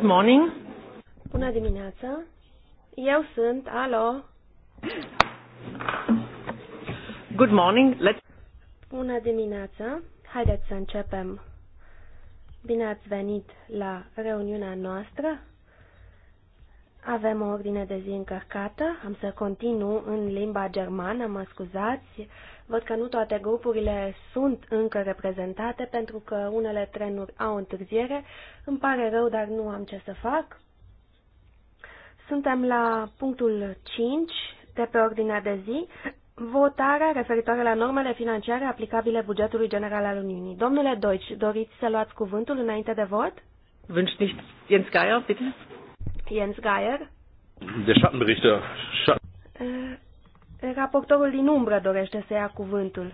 good morning. Bună dimineața. Eu sunt, alo. Good morning. Let's... Bună dimineața. Haideți să începem. Bine ați venit la reuniunea noastră. Avem o ordine de zi încărcată. Am să continu în limba germană, mă scuzați Văd că nu toate grupurile sunt încă reprezentate pentru că unele trenuri au întârziere. Îmi pare rău, dar nu am ce să fac. Suntem la punctul 5 de pe ordinea de zi, votarea referitoare la normele financiare aplicabile bugetului general al Uniunii. Domnule Deutsch, doriți să luați cuvântul înainte de vot? Wünscht nicht Jens Geier, bitte. Jens Geier. Der Schattenberichter. Eh, Raportorul din umbră dorește să ia cuvântul.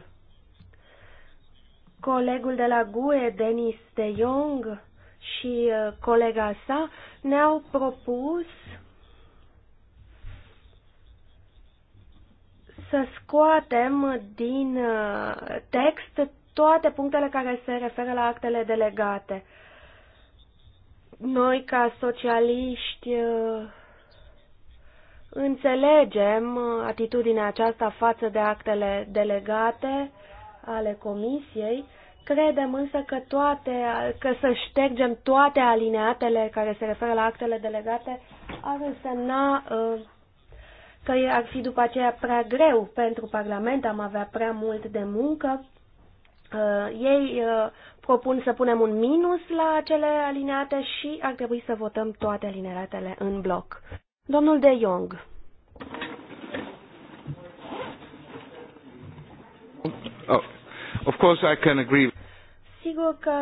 Colegul de la GUE, Denis de Jong, și uh, colega sa ne-au propus să scoatem din uh, text toate punctele care se referă la actele delegate. Noi, ca socialiști, uh, Înțelegem atitudinea aceasta față de actele delegate ale Comisiei, credem însă că, toate, că să ștergem toate alineatele care se referă la actele delegate ar însemna uh, că ar fi după aceea prea greu pentru Parlament, am avea prea mult de muncă. Uh, ei uh, propun să punem un minus la acele alineate și ar trebui să votăm toate alineatele în bloc. Domnul De Jong. Oh, of course I can agree. Sigur că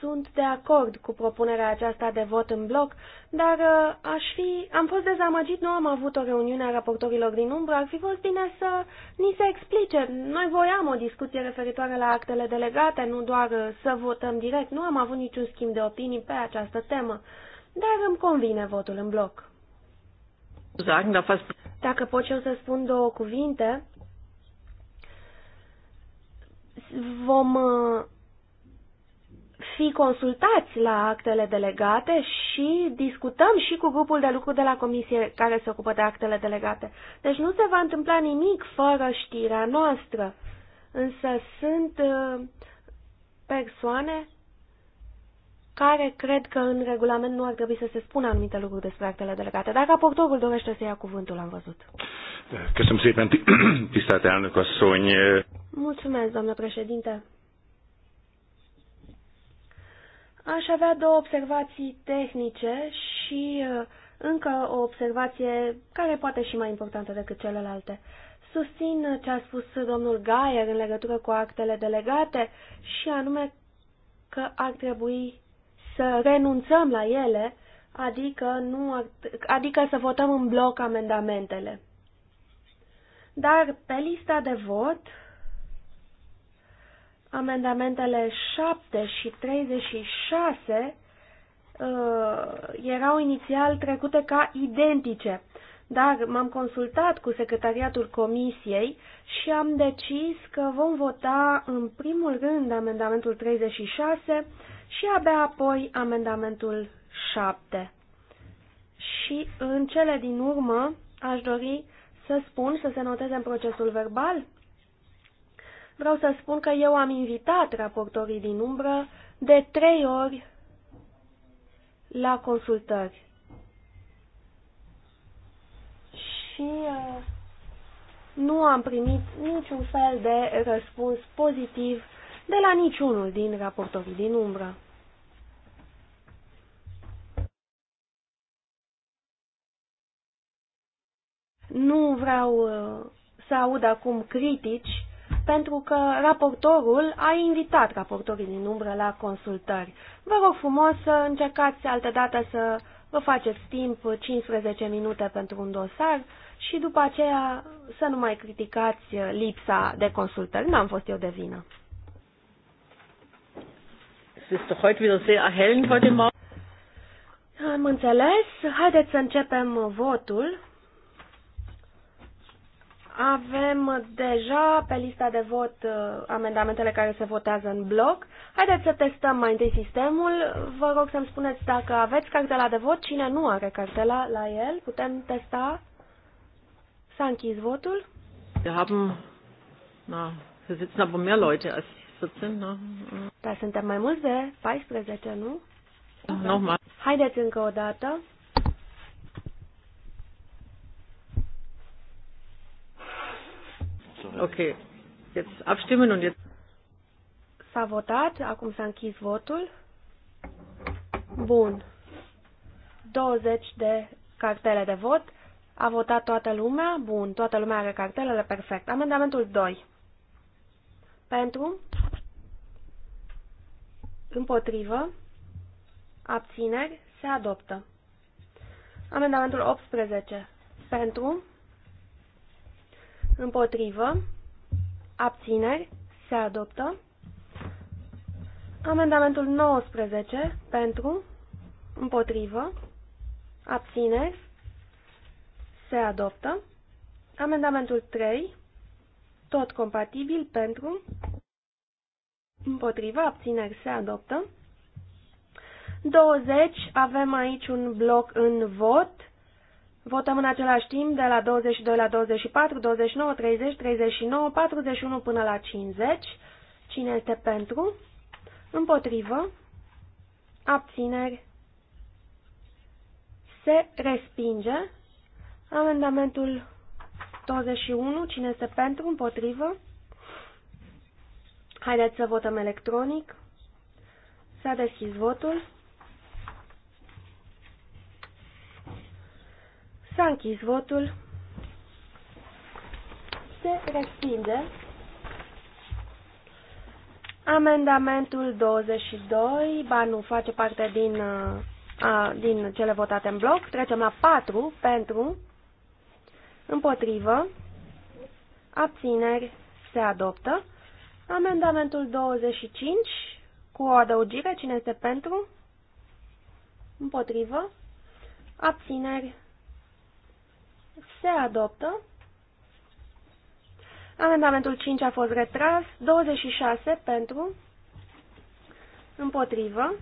sunt de acord cu propunerea aceasta de vot în bloc, dar uh, aș fi, am fost dezamăgit, nu am avut o reuniune a raportorilor din umbră, ar fi fost bine să ni se explice. Noi voiam o discuție referitoare la actele delegate, nu doar uh, să votăm direct, nu am avut niciun schimb de opinii pe această temă, dar îmi convine votul în bloc sagen da dacă pot eu să spun două cuvinte, vom uh, fi consultați la actele delegate și discutăm și cu grupul de lucru de la comisie care se ocupă de actele delegate. Deci nu se va întâmpla nimic fără știrea noastră, însă sunt uh, persoane care cred că în regulament nu ar trebui să se spună anumite lucruri despre actele delegate. Dacă raportorul dorește să ia cuvântul, am văzut. Mulțumesc, doamnă președinte. Aș avea două observații tehnice și uh, încă o observație care poate și mai importantă decât celelalte. Susțin ce a spus domnul Gaier în legătură cu actele delegate și anume că ar trebui să renunțăm la ele, adică, nu adică să votăm în bloc amendamentele. Dar pe lista de vot, amendamentele 7 și 36 uh, erau inițial trecute ca identice, dar m-am consultat cu secretariatul comisiei și am decis că vom vota în primul rând amendamentul 36 și abia apoi amendamentul 7. Și în cele din urmă aș dori să spun, să se noteze în procesul verbal, vreau să spun că eu am invitat raportorii din umbră de trei ori la consultări. Și uh, nu am primit niciun fel de răspuns pozitiv uh, de la niciunul din raportorii din umbră. Nu vreau uh, să aud acum critici, pentru că raportorul a invitat raportorii din umbră la consultări. Vă rog frumos să încercați altădată să vă faceți timp 15 minute pentru un dosar și după aceea să nu mai criticați lipsa de consultări. N-am fost eu de vină ist doch heute wieder sehr erhellend heute Morgen. Am înțeles. Haideți să începem votul. Avem deja pe lista de vot uh, amendamentele care se votează în bloc. Haideți să testăm mai întâi sistemul. Vă rog să-mi spuneți dacă aveți cartela de vot, cine nu are cartela la el. Putem testa. S-a închis votul. Wir haben, na, hier sitzen aber mehr Leute als puțin, nu? Dar suntem mai mulți de 14, nu? Da. Nu, mai. Haideți încă o dată. Ok. Jetzt abstimmen und jetzt. S-a votat, acum s-a închis votul. Bun. 20 de cartele de vot. A votat toată lumea? Bun, toată lumea are cartelele, perfect. Amendamentul 2. Pentru? Împotrivă. Abțineri. Se adoptă. Amendamentul 18. Pentru. Împotrivă. Abțineri. Se adoptă. Amendamentul 19. Pentru. Împotrivă. Abțineri. Se adoptă. Amendamentul 3. Tot compatibil pentru. Împotriva, abțineri se adoptă. 20, avem aici un bloc în vot. Votăm în același timp de la 22 la 24, 29, 30, 39, 41 până la 50. Cine este pentru? Împotrivă. Abțineri. Se respinge. Amendamentul 21. Cine este pentru? Împotrivă. Haideți să votăm electronic. S-a deschis votul. S-a închis votul. Se respinge. Amendamentul 22, ba nu, face parte din, uh, a, din cele votate în bloc. Trecem la 4, pentru, împotrivă, abțineri, se adoptă. Amendamentul 25 cu o adăugire. Cine este pentru? Împotrivă. Abțineri. Se adoptă. Amendamentul 5 a fost retras. 26 pentru. Împotrivă.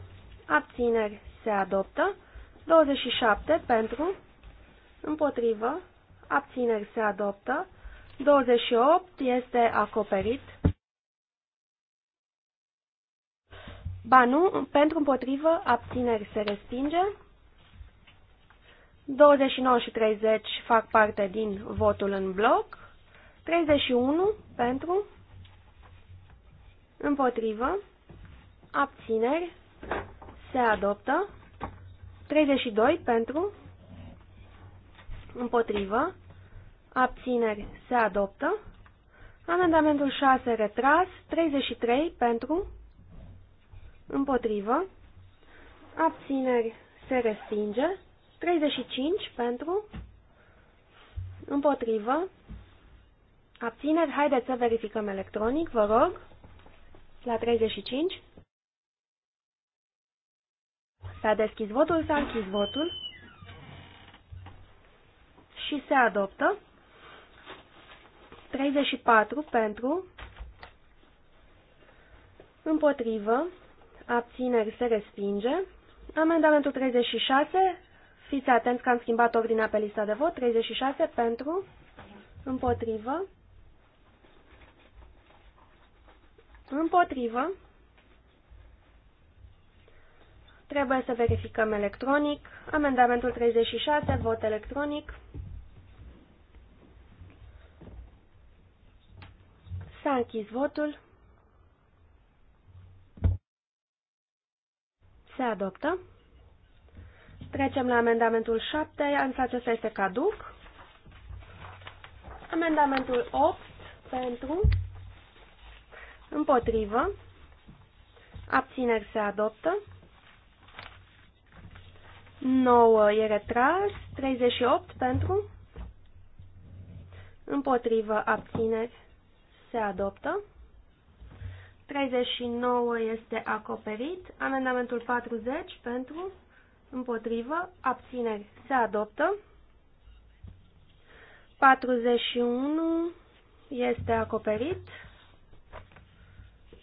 Abțineri. Se adoptă. 27 pentru. Împotrivă. Abțineri. Se adoptă. 28 este acoperit Ba nu, pentru împotrivă, abțineri se respinge. 29 și 30 fac parte din votul în bloc. 31 pentru, împotrivă, abțineri, se adoptă. 32 pentru, împotrivă, abțineri, se adoptă. Amendamentul 6 retras, 33 pentru, împotrivă, abțineri se respinge, 35 pentru, împotrivă, abțineri, haideți să verificăm electronic, vă rog, la 35. S-a deschis votul, s-a închis votul și se adoptă. 34 pentru, împotrivă, abțineri se respinge. Amendamentul 36, fiți atenți că am schimbat ordinea pe lista de vot, 36 pentru, împotrivă, împotrivă, trebuie să verificăm electronic, amendamentul 36, vot electronic, s-a închis votul, Se adoptă. Trecem la amendamentul 7, însă acesta este caduc. Amendamentul 8 pentru, împotrivă, abțineri se adoptă, 9 e retras, 38 pentru, împotrivă, abțineri se adoptă. 39 este acoperit. Amendamentul 40 pentru, împotrivă, abțineri se adoptă. 41 este acoperit.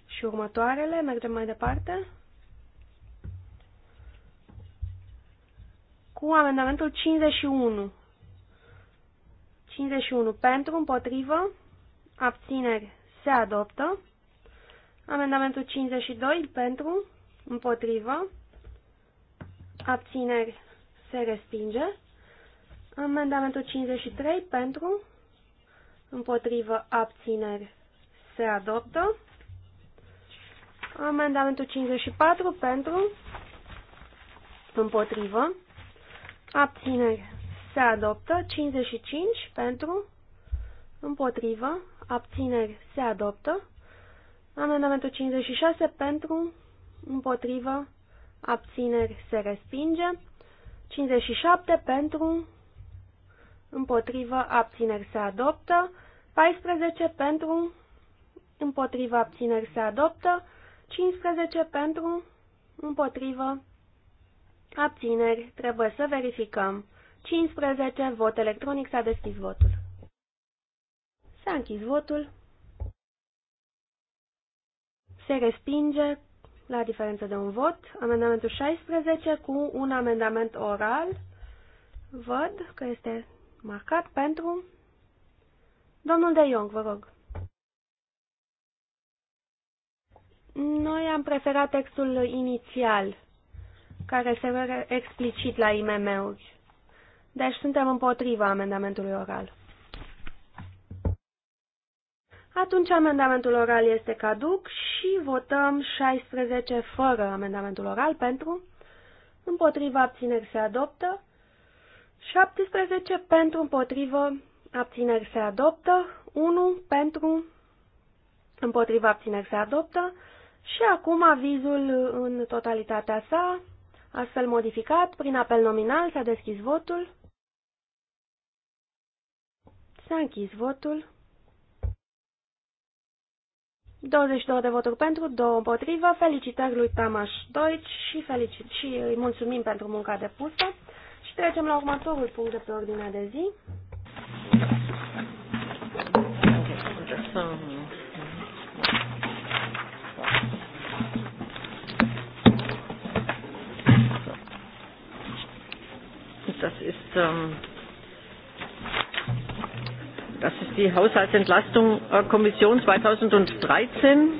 Și următoarele, mergem mai departe. Cu amendamentul 51. 51 pentru, împotrivă, abțineri se adoptă. Amendamentul 52 pentru, împotrivă, abțineri se respinge. Amendamentul 53 pentru, împotrivă, abțineri se adoptă. Amendamentul 54 pentru, împotrivă, abțineri se adoptă. 55 pentru, împotrivă, abțineri se adoptă. Amendamentul 56 pentru, împotrivă, abțineri se respinge. 57 pentru, împotrivă, abțineri se adoptă. 14 pentru, împotrivă, abțineri se adoptă. 15 pentru, împotrivă, abțineri, trebuie să verificăm. 15, vot electronic, s-a deschis votul. S-a închis votul. Se respinge la diferență de un vot. Amendamentul 16 cu un amendament oral. Văd că este marcat pentru... Domnul De Jong, vă rog. Noi am preferat textul inițial, care se explicit la IMM-uri. Deci suntem împotriva amendamentului oral. Atunci amendamentul oral este caduc și votăm 16 fără amendamentul oral pentru, împotriva abțineri se adoptă, 17 pentru împotrivă abțineri se adoptă, 1 pentru împotriva abțineri se adoptă și acum avizul în totalitatea sa, astfel modificat, prin apel nominal s-a deschis votul, s-a închis votul. 22 de voturi pentru, 2 împotrivă. Felicitări lui Tamas Deutsch și, felicit, și îi mulțumim pentru munca depusă. Și trecem la următorul punct de pe ordinea de zi. Das ist ähm, Das ist die Haushaltsentlastung äh, Kommission 2013.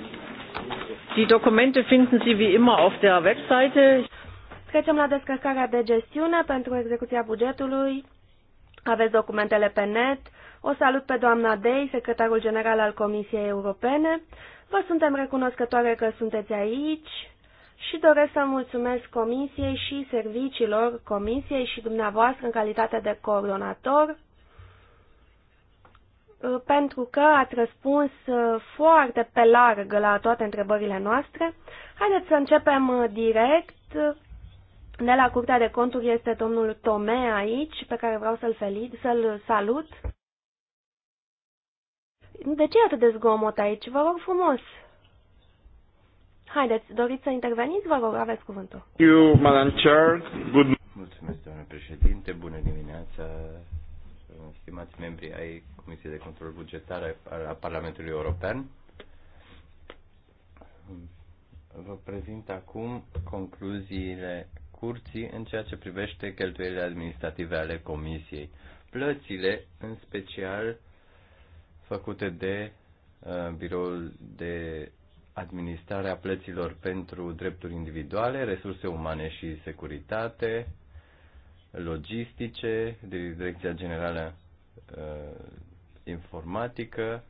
Die Dokumente finden Sie wie immer auf der Webseite. Trecem la descărcarea de gestiune pentru execuția bugetului. Aveți documentele pe net. O salut pe doamna Dei, secretarul general al Comisiei Europene. Vă suntem recunoscătoare că sunteți aici și doresc să mulțumesc Comisiei și serviciilor Comisiei și dumneavoastră în calitate de coordonator Uh, pentru că ați răspuns uh, foarte pe larg la toate întrebările noastre. Haideți să începem uh, direct. De la Curtea de Conturi este domnul Tome aici, pe care vreau să-l felit, să-l salut. De ce e atât de zgomot aici? Vă rog frumos! Haideți, doriți să interveniți? Vă rog, aveți cuvântul. You, Madam Chair. Good... Mulțumesc, doamne președinte. Bună dimineața, Uh, stimați membri ai Comisiei de Control Bugetar a Parlamentului European. Vă prezint acum concluziile curții în ceea ce privește cheltuielile administrative ale Comisiei. Plățile, în special, făcute de uh, Biroul de Administrare a Plăților pentru Drepturi Individuale, Resurse Umane și Securitate, logistice, Direcția Generală uh, Informatică.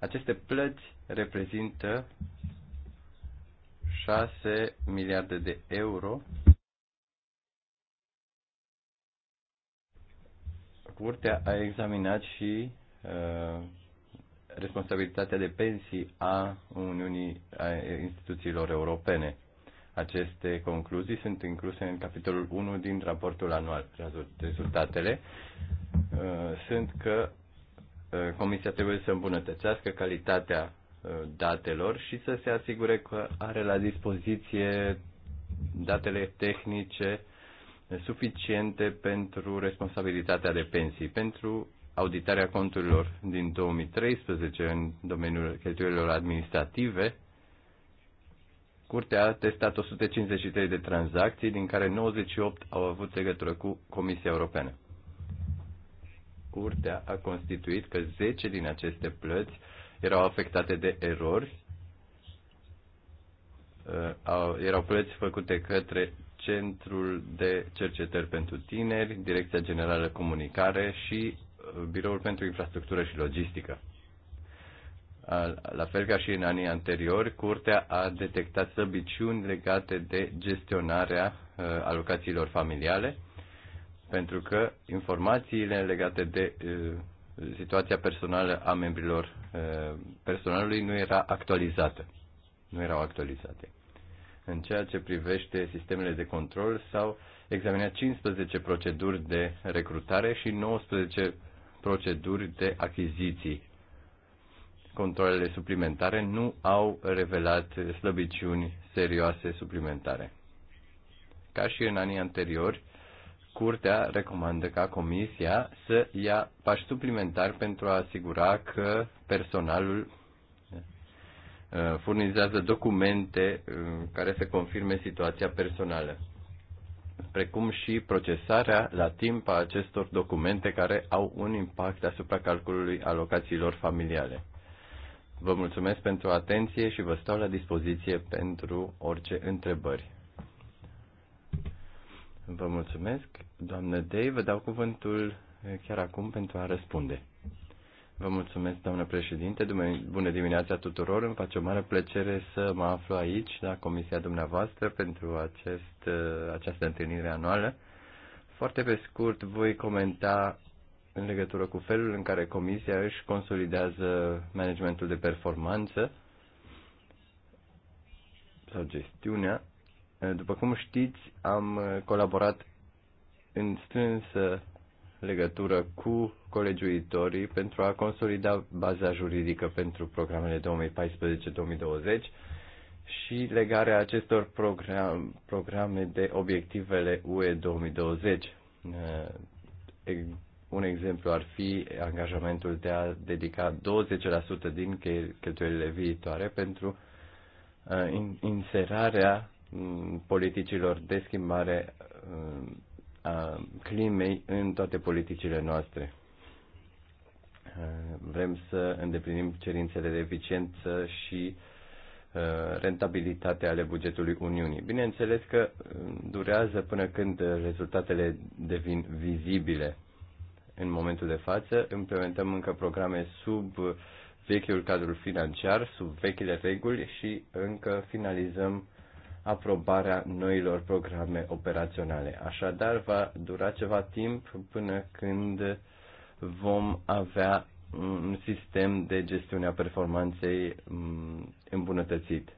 Aceste plăți reprezintă 6 miliarde de euro. Curtea a examinat și uh, responsabilitatea de pensii a Uniunii a instituțiilor europene. Aceste concluzii sunt incluse în capitolul 1 din raportul anual. Rezultatele uh, sunt că uh, Comisia trebuie să îmbunătățească calitatea uh, datelor și să se asigure că are la dispoziție datele tehnice suficiente pentru responsabilitatea de pensii, pentru auditarea conturilor din 2013 în domeniul cheltuielilor administrative Curtea a testat 153 de tranzacții, din care 98 au avut legătură cu Comisia Europeană. Curtea a constituit că 10 din aceste plăți erau afectate de erori, uh, erau plăți făcute către Centrul de Cercetări pentru Tineri, Direcția Generală Comunicare și uh, Biroul pentru Infrastructură și Logistică. La fel ca și în anii anteriori, Curtea a detectat slăbiciuni legate de gestionarea alocațiilor familiale, pentru că informațiile legate de situația personală a membrilor personalului nu era actualizată. Nu erau actualizate. În ceea ce privește sistemele de control, s-au examinat 15 proceduri de recrutare și 19 proceduri de achiziții controlele suplimentare nu au revelat slăbiciuni serioase suplimentare. Ca și în anii anteriori, Curtea recomandă ca Comisia să ia pași suplimentari pentru a asigura că personalul uh, furnizează documente uh, care să confirme situația personală, precum și procesarea la timp a acestor documente care au un impact asupra calculului alocațiilor familiale. Vă mulțumesc pentru atenție și vă stau la dispoziție pentru orice întrebări. Vă mulțumesc, doamnă Dei, vă dau cuvântul chiar acum pentru a răspunde. Vă mulțumesc, doamnă președinte, bună dimineața tuturor, îmi face o mare plăcere să mă aflu aici, la comisia dumneavoastră, pentru acest, această întâlnire anuală. Foarte pe scurt voi comenta în legătură cu felul în care Comisia își consolidează managementul de performanță sau gestiunea. După cum știți, am colaborat în strânsă legătură cu colegiuitorii pentru a consolida baza juridică pentru programele 2014-2020 și legarea acestor program, programe de obiectivele UE 2020. Un exemplu ar fi angajamentul de a dedica 20% din cheltuielile viitoare pentru uh, inserarea mm, politicilor de schimbare uh, a climei în toate politicile noastre. Uh, vrem să îndeplinim cerințele de eficiență și rentabilitate ale bugetului Uniunii. Bineînțeles că durează până când rezultatele devin vizibile în momentul de față. Implementăm încă programe sub vechiul cadru financiar, sub vechile reguli și încă finalizăm aprobarea noilor programe operaționale. Așadar, va dura ceva timp până când vom avea un sistem de gestiune a performanței mm, îmbunătățit.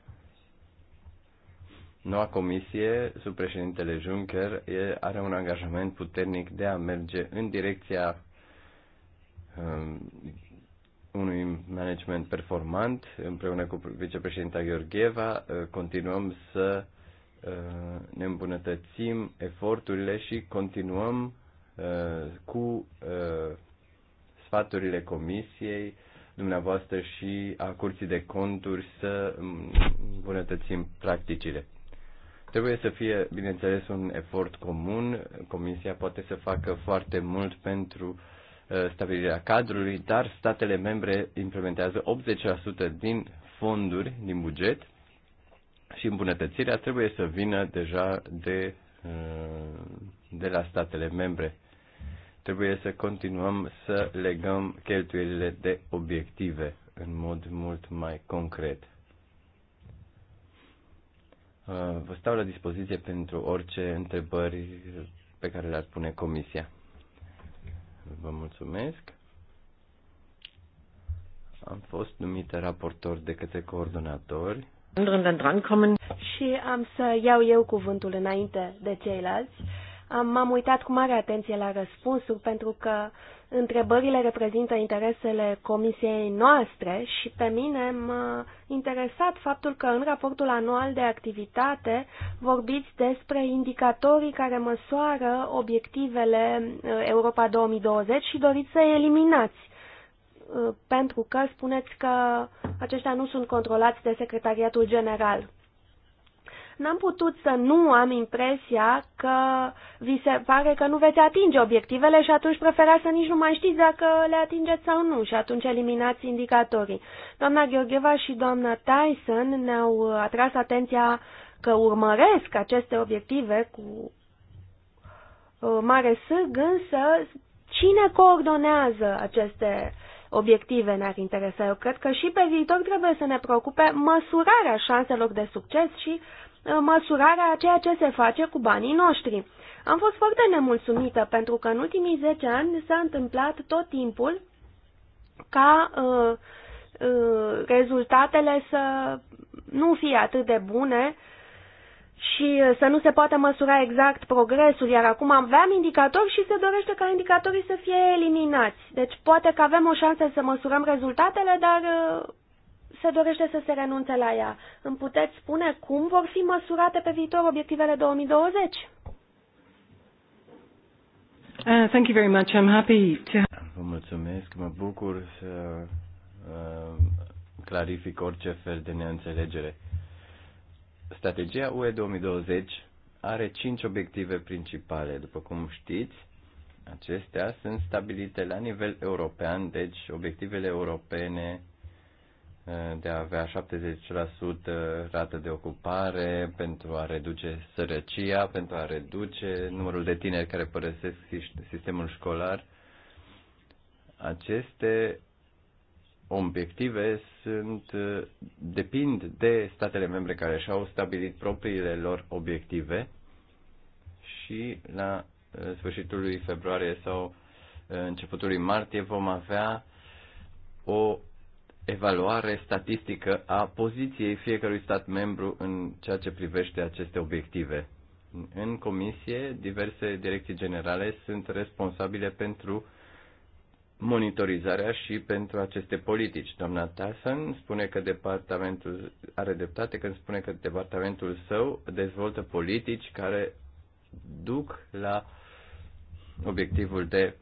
Noua comisie, sub președintele Juncker, are un angajament puternic de a merge în direcția um, unui management performant. Împreună cu vicepreședinta Gheorgheva uh, continuăm să uh, ne îmbunătățim eforturile și continuăm uh, cu sfaturile comisiei dumneavoastră și a curții de conturi să um, îmbunătățim practicile. Trebuie să fie, bineînțeles, un efort comun. Comisia poate să facă foarte mult pentru uh, stabilirea cadrului, dar statele membre implementează 80% din fonduri, din buget și îmbunătățirea trebuie să vină deja de, uh, de la statele membre. Trebuie să continuăm să legăm cheltuielile de obiective în mod mult mai concret. Uh, vă stau la dispoziție pentru orice întrebări pe care le-ar pune comisia. Vă mulțumesc. Am fost numit raportor de către coordonatori. Și am să iau eu cuvântul înainte de ceilalți M-am uitat cu mare atenție la răspunsuri pentru că întrebările reprezintă interesele comisiei noastre și pe mine m-a interesat faptul că în raportul anual de activitate vorbiți despre indicatorii care măsoară obiectivele uh, Europa 2020 și doriți să eliminați uh, pentru că spuneți că aceștia nu sunt controlați de Secretariatul General n-am putut să nu am impresia că vi se pare că nu veți atinge obiectivele și atunci preferați să nici nu mai știți dacă le atingeți sau nu și atunci eliminați indicatorii. Doamna Gheorgheva și doamna Tyson ne-au atras atenția că urmăresc aceste obiective cu uh, mare sârg, însă cine coordonează aceste obiective ne-ar interesa. Eu cred că și pe viitor trebuie să ne preocupe măsurarea șanselor de succes și Uh, măsurarea a ceea ce se face cu banii noștri. Am fost foarte nemulțumită pentru că în ultimii 10 ani s-a întâmplat tot timpul ca uh, uh, rezultatele să nu fie atât de bune și uh, să nu se poată măsura exact progresul, iar acum aveam indicatori și se dorește ca indicatorii să fie eliminați. Deci poate că avem o șansă să măsurăm rezultatele, dar uh, se dorește să se renunțe la ea. Îmi puteți spune cum vor fi măsurate pe viitor obiectivele 2020? Uh, thank you very much. I'm happy to... Vă mulțumesc. Mă bucur să uh, clarific orice fel de neînțelegere. Strategia UE 2020 are cinci obiective principale. După cum știți, acestea sunt stabilite la nivel european, deci obiectivele europene de a avea 70% rată de ocupare, pentru a reduce sărăcia, pentru a reduce numărul de tineri care părăsesc sistemul școlar. Aceste obiective sunt, depind de statele membre care și-au stabilit propriile lor obiective și la uh, sfârșitul lui februarie sau uh, începutul lui martie vom avea o evaluare statistică a poziției fiecărui stat membru în ceea ce privește aceste obiective. În comisie, diverse direcții generale sunt responsabile pentru monitorizarea și pentru aceste politici. Doamna Tyson spune că departamentul are dreptate când spune că departamentul său dezvoltă politici care duc la obiectivul de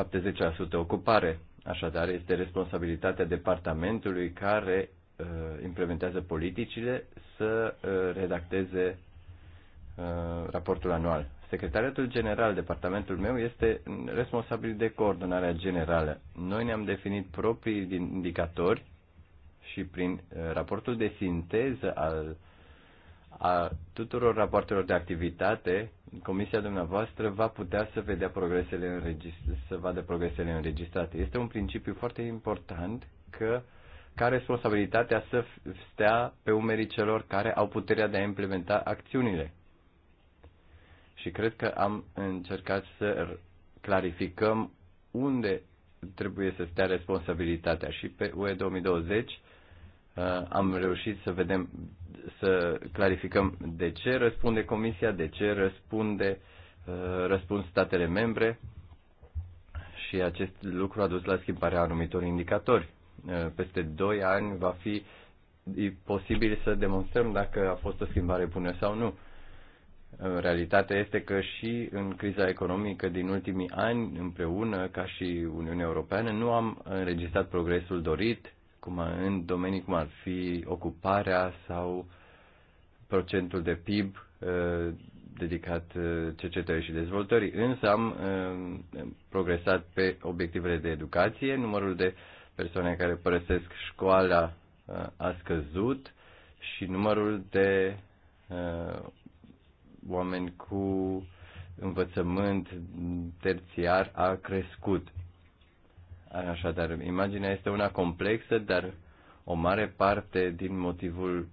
70% ocupare. Așadar, este responsabilitatea departamentului care uh, implementează politicile să uh, redacteze uh, raportul anual. Secretariatul general, departamentul meu, este responsabil de coordonarea generală. Noi ne-am definit proprii indicatori și prin uh, raportul de sinteză al a tuturor rapoartelor de activitate comisia dumneavoastră va putea să vedea progresele înregistrate, să vadă progresele înregistrate. Este un principiu foarte important că ca responsabilitatea să stea pe umerii celor care au puterea de a implementa acțiunile. Și cred că am încercat să clarificăm unde trebuie să stea responsabilitatea și pe UE 2020 Uh, am reușit să vedem, să clarificăm de ce răspunde Comisia, de ce răspunde, uh, răspund statele membre și acest lucru a dus la schimbarea anumitor indicatori. Uh, peste 2 ani va fi posibil să demonstrăm dacă a fost o schimbare bună sau nu. Realitatea este că și în criza economică din ultimii ani, împreună, ca și Uniunea Europeană, nu am înregistrat progresul dorit cum, în domenii cum ar fi ocuparea sau procentul de PIB uh, dedicat uh, cercetării și dezvoltării. Însă uh, am progresat pe obiectivele de educație, numărul de persoane care părăsesc școala a scăzut și numărul de oameni cu învățământ terțiar a crescut. Așadar, imaginea este una complexă, dar o mare parte din motivul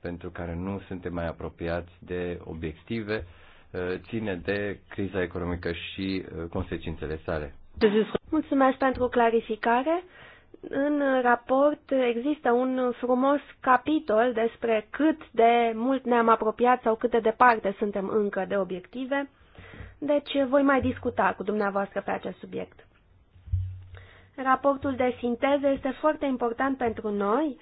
pentru care nu suntem mai apropiați de obiective uh, ține de criza economică și uh, consecințele sale. Mulțumesc pentru clarificare. În raport există un frumos capitol despre cât de mult ne-am apropiat sau cât de departe suntem încă de obiective, deci voi mai discuta cu dumneavoastră pe acest subiect. Raportul de sinteză este foarte important pentru noi,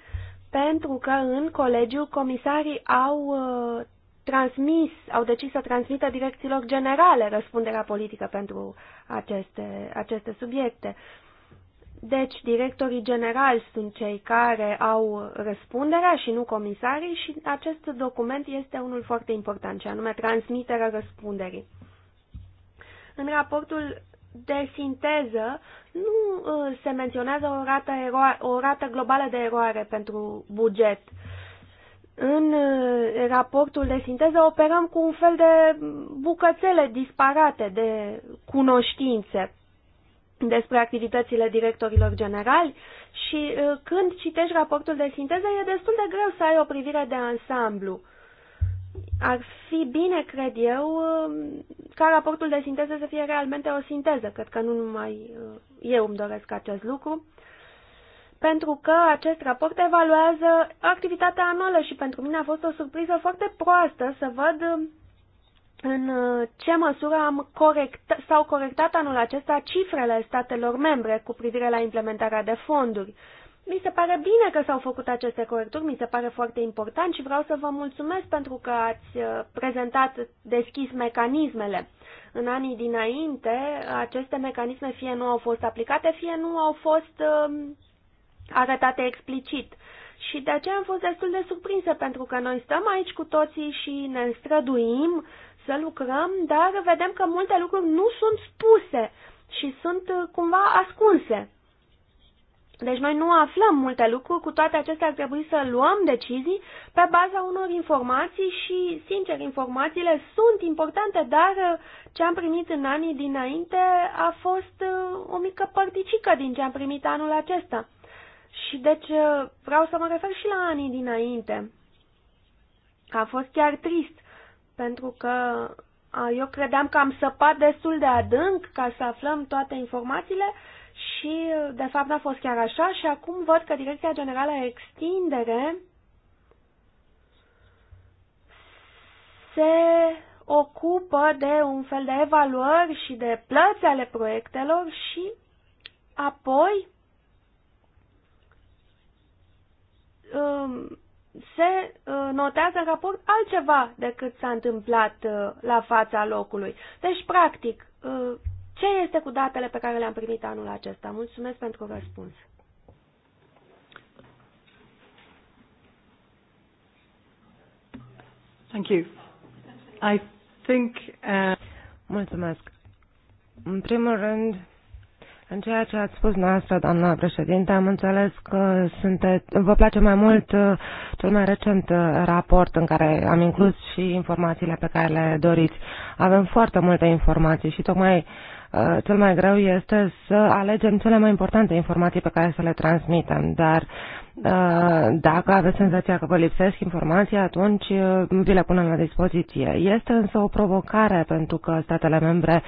pentru că în colegiu comisarii au uh, transmis, au decis să transmită direcțiilor generale răspunderea politică pentru aceste, aceste subiecte. Deci, directorii generali sunt cei care au răspunderea și nu comisarii și acest document este unul foarte important, și anume transmiterea răspunderii. În raportul de sinteză nu uh, se menționează o rată, eroare, o rată globală de eroare pentru buget. În uh, raportul de sinteză operăm cu un fel de bucățele disparate de cunoștințe despre activitățile directorilor generali și uh, când citești raportul de sinteză e destul de greu să ai o privire de ansamblu ar fi bine, cred eu, ca raportul de sinteză să fie realmente o sinteză. Cred că nu numai uh, eu îmi doresc acest lucru, pentru că acest raport evaluează activitatea anuală și pentru mine a fost o surpriză foarte proastă să văd uh, în uh, ce măsură am s-au corectat anul acesta cifrele statelor membre cu privire la implementarea de fonduri. Uh, mi se pare bine că s-au făcut aceste corecturi, mi se pare foarte important și vreau să vă mulțumesc pentru că ați uh, prezentat deschis mecanismele. În anii dinainte, aceste mecanisme fie nu au fost aplicate, fie nu au fost um, arătate explicit. Și de aceea am fost destul de surprinsă, pentru că noi stăm aici cu toții și ne străduim să lucrăm, dar vedem că multe lucruri nu sunt spuse și sunt uh, cumva ascunse. Deci noi nu aflăm multe lucruri, cu toate acestea ar trebui să luăm decizii pe baza unor informații și, sincer, informațiile sunt importante, dar uh, ce am primit în anii dinainte a fost uh, o mică părticică din ce am primit anul acesta. Și deci uh, vreau să mă refer și la anii dinainte. A fost chiar trist, pentru că eu credeam că am săpat destul de adânc ca să aflăm toate informațiile, și, de fapt, a fost chiar așa și acum văd că Direcția Generală Extindere se ocupă de un fel de evaluări și de plăți ale proiectelor și apoi um, se uh, notează în raport altceva decât s-a întâmplat uh, la fața locului. Deci, practic, uh, ce este cu datele pe care le-am primit anul acesta? Mulțumesc pentru răspuns. Thank you. I think, uh... Mulțumesc. În primul rând, în ceea ce ați spus noastră, doamna președinte, am înțeles că sunte... vă place mai mult uh, cel mai recent uh, raport în care am inclus și informațiile pe care le doriți. Avem foarte multe informații și tocmai uh, Eh, cel mai greu este să alegem cele mai importante informații pe care să le transmitem, dar eh, dacă aveți senzația că vă lipsesc informații, atunci eh, vi le punem la dispoziție. Este însă o provocare pentru că statele membre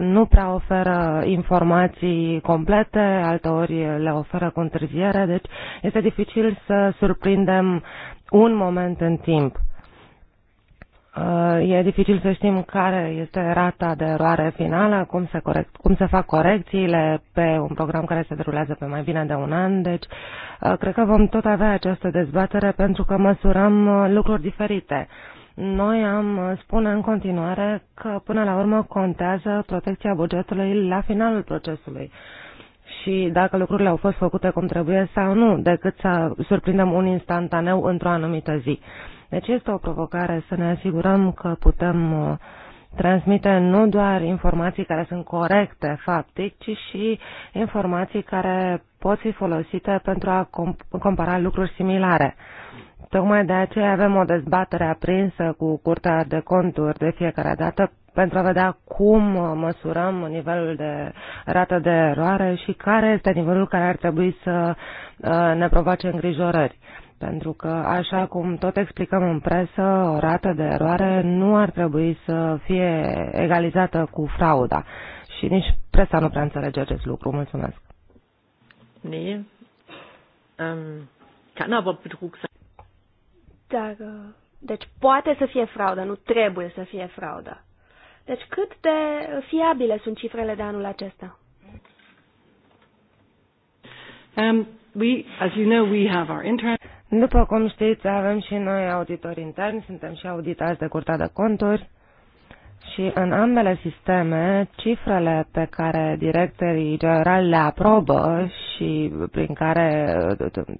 nu prea oferă informații complete, alteori le oferă cu întârziere, deci este dificil să surprindem un moment în timp. Uh, e dificil să știm care este rata de eroare finală, cum se, corect, cum se fac corecțiile pe un program care se derulează pe mai bine de un an. Deci, uh, cred că vom tot avea această dezbatere pentru că măsurăm uh, lucruri diferite. Noi am spune în continuare că până la urmă contează protecția bugetului la finalul procesului și dacă lucrurile au fost făcute cum trebuie sau nu, decât să surprindem un instantaneu într-o anumită zi. Deci este o provocare să ne asigurăm că putem uh, transmite nu doar informații care sunt corecte, faptic, ci și informații care pot fi folosite pentru a compara lucruri similare. Tocmai de aceea avem o dezbatere aprinsă cu Curtea de Conturi de fiecare dată pentru a vedea cum uh, măsurăm nivelul de rată de eroare și care este nivelul care ar trebui să uh, ne provoace îngrijorări pentru că, așa cum tot explicăm în presă, o rată de eroare nu ar trebui să fie egalizată cu frauda. Și nici presa nu prea înțelege acest lucru. Mulțumesc. Nee. Um, kann aber Betrug sein. Dar, deci poate să fie fraudă, nu trebuie să fie fraudă. Deci cât de fiabile sunt cifrele de anul acesta? Um, we, as you know, we have our internet. După cum știți, avem și noi auditori interni, suntem și auditați de Curtea de Conturi și în ambele sisteme, cifrele pe care directorii generali le aprobă și prin care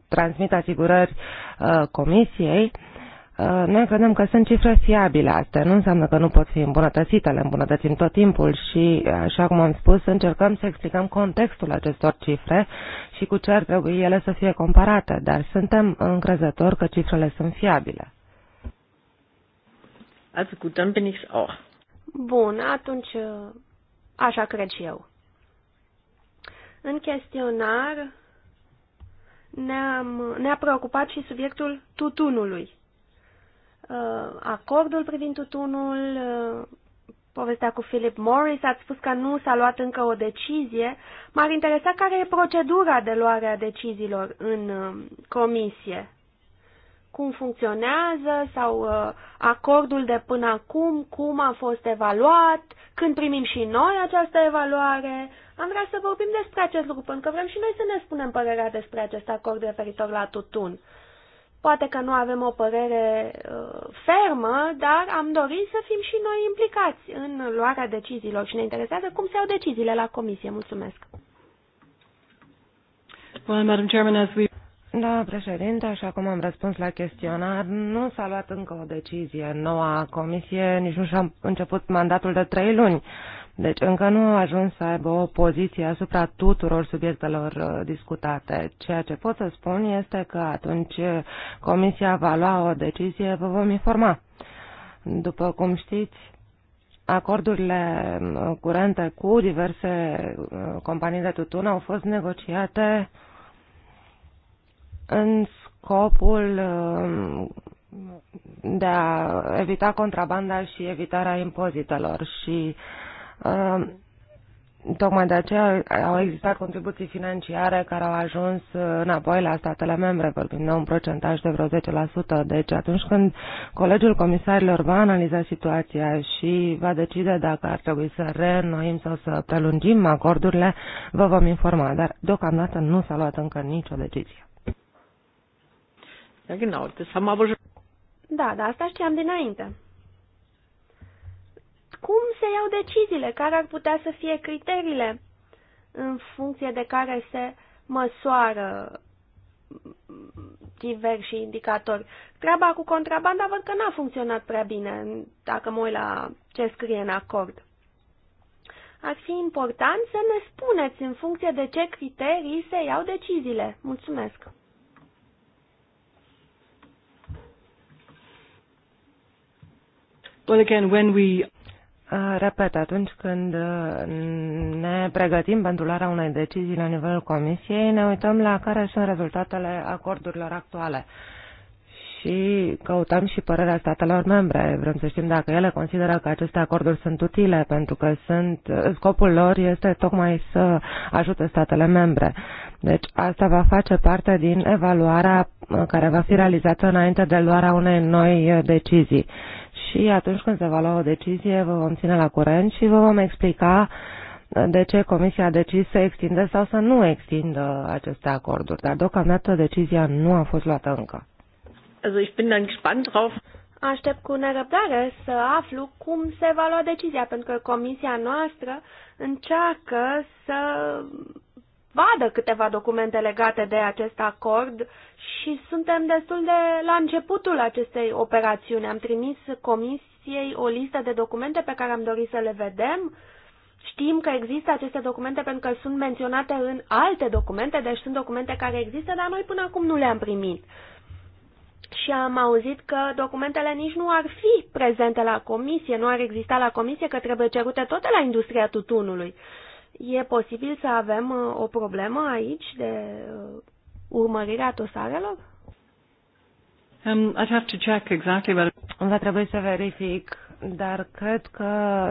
transmit asigurări uh, comisiei, uh, Uh, noi credem că sunt cifre fiabile astea, nu înseamnă că nu pot fi îmbunătățite, le îmbunătățim tot timpul și, uh, așa cum am spus, încercăm să explicăm contextul acestor cifre și cu ce ar trebui ele să fie comparate, dar suntem încrezători că cifrele sunt fiabile. Ați gut, dann bin auch. Bun, atunci uh, așa cred și eu. În chestionar ne-a ne, ne preocupat și subiectul tutunului. Uh, acordul privind tutunul, uh, povestea cu Philip Morris, ați spus că nu s-a luat încă o decizie. M-ar interesa care e procedura de luare a deciziilor în uh, comisie. Cum funcționează sau acordul de până acum, cum a fost evaluat, când primim și noi această evaluare. Am vrea să vorbim despre acest lucru, pentru că vrem și noi să ne spunem părerea despre acest acord referitor la tutun. Poate că nu avem o părere uh, fermă, dar am dorit să fim și noi implicați în luarea deciziilor și ne interesează cum se iau deciziile la comisie. Mulțumesc. Well, Madam Chairman, as we... Da, președinte, așa cum am răspuns la chestionar, nu s-a luat încă o decizie. Noua comisie nici nu și-a început mandatul de trei luni. Deci încă nu au ajuns să aibă o poziție asupra tuturor subiectelor uh, discutate. Ceea ce pot să spun este că atunci uh, Comisia va lua o decizie, vă vom informa. După cum știți, acordurile uh, curente cu diverse companii de tutun au fost negociate în scopul de a evita contrabanda și evitarea impozitelor și Ehm, tocmai de aceea au existat contribuții financiare care au ajuns înapoi la statele membre, vorbind de un procentaj de vreo 10%. Deci atunci când Colegiul Comisarilor va analiza situația și va decide dacă ar trebui să reînnoim sau să prelungim acordurile, vă vom informa. Dar deocamdată nu s-a luat încă nicio decizie. Da, Da, dar asta știam dinainte cum se iau deciziile, care ar putea să fie criteriile în funcție de care se măsoară diversi indicatori. Treaba cu contrabanda văd că n-a funcționat prea bine, dacă mă uit la ce scrie în acord. Ar fi important să ne spuneți în funcție de ce criterii se iau deciziile. Mulțumesc! Well, again, when we Uh, repet, atunci când uh, ne pregătim pentru luarea unei decizii la nivelul Comisiei, ne uităm la care sunt rezultatele acordurilor actuale și căutăm și părerea statelor membre. Vrem să știm dacă ele consideră că aceste acorduri sunt utile, pentru că sunt, uh, scopul lor este tocmai să ajute statele membre. Deci asta va face parte din evaluarea care va fi realizată înainte de luarea unei noi decizii și atunci când se va lua o decizie vă vom ține la curent și vă vom explica de ce Comisia a decis să extindă sau să nu extindă aceste acorduri, dar deocamdată decizia nu a fost luată încă. Also ich bin dann gespannt drauf. Aștept cu nerăbdare să aflu cum se va lua decizia, pentru că comisia noastră încearcă să vadă câteva documente legate de acest acord și suntem destul de la începutul acestei operațiuni. Am trimis comisiei o listă de documente pe care am dorit să le vedem. Știm că există aceste documente pentru că sunt menționate în alte documente, deci sunt documente care există, dar noi până acum nu le-am primit. Și am auzit că documentele nici nu ar fi prezente la comisie, nu ar exista la comisie, că trebuie cerute toate la industria tutunului. E posibil să avem uh, o problemă aici de uh, urmărirea dosarelor? Um, I'd have to check exactly what... Va trebui să verific, dar cred că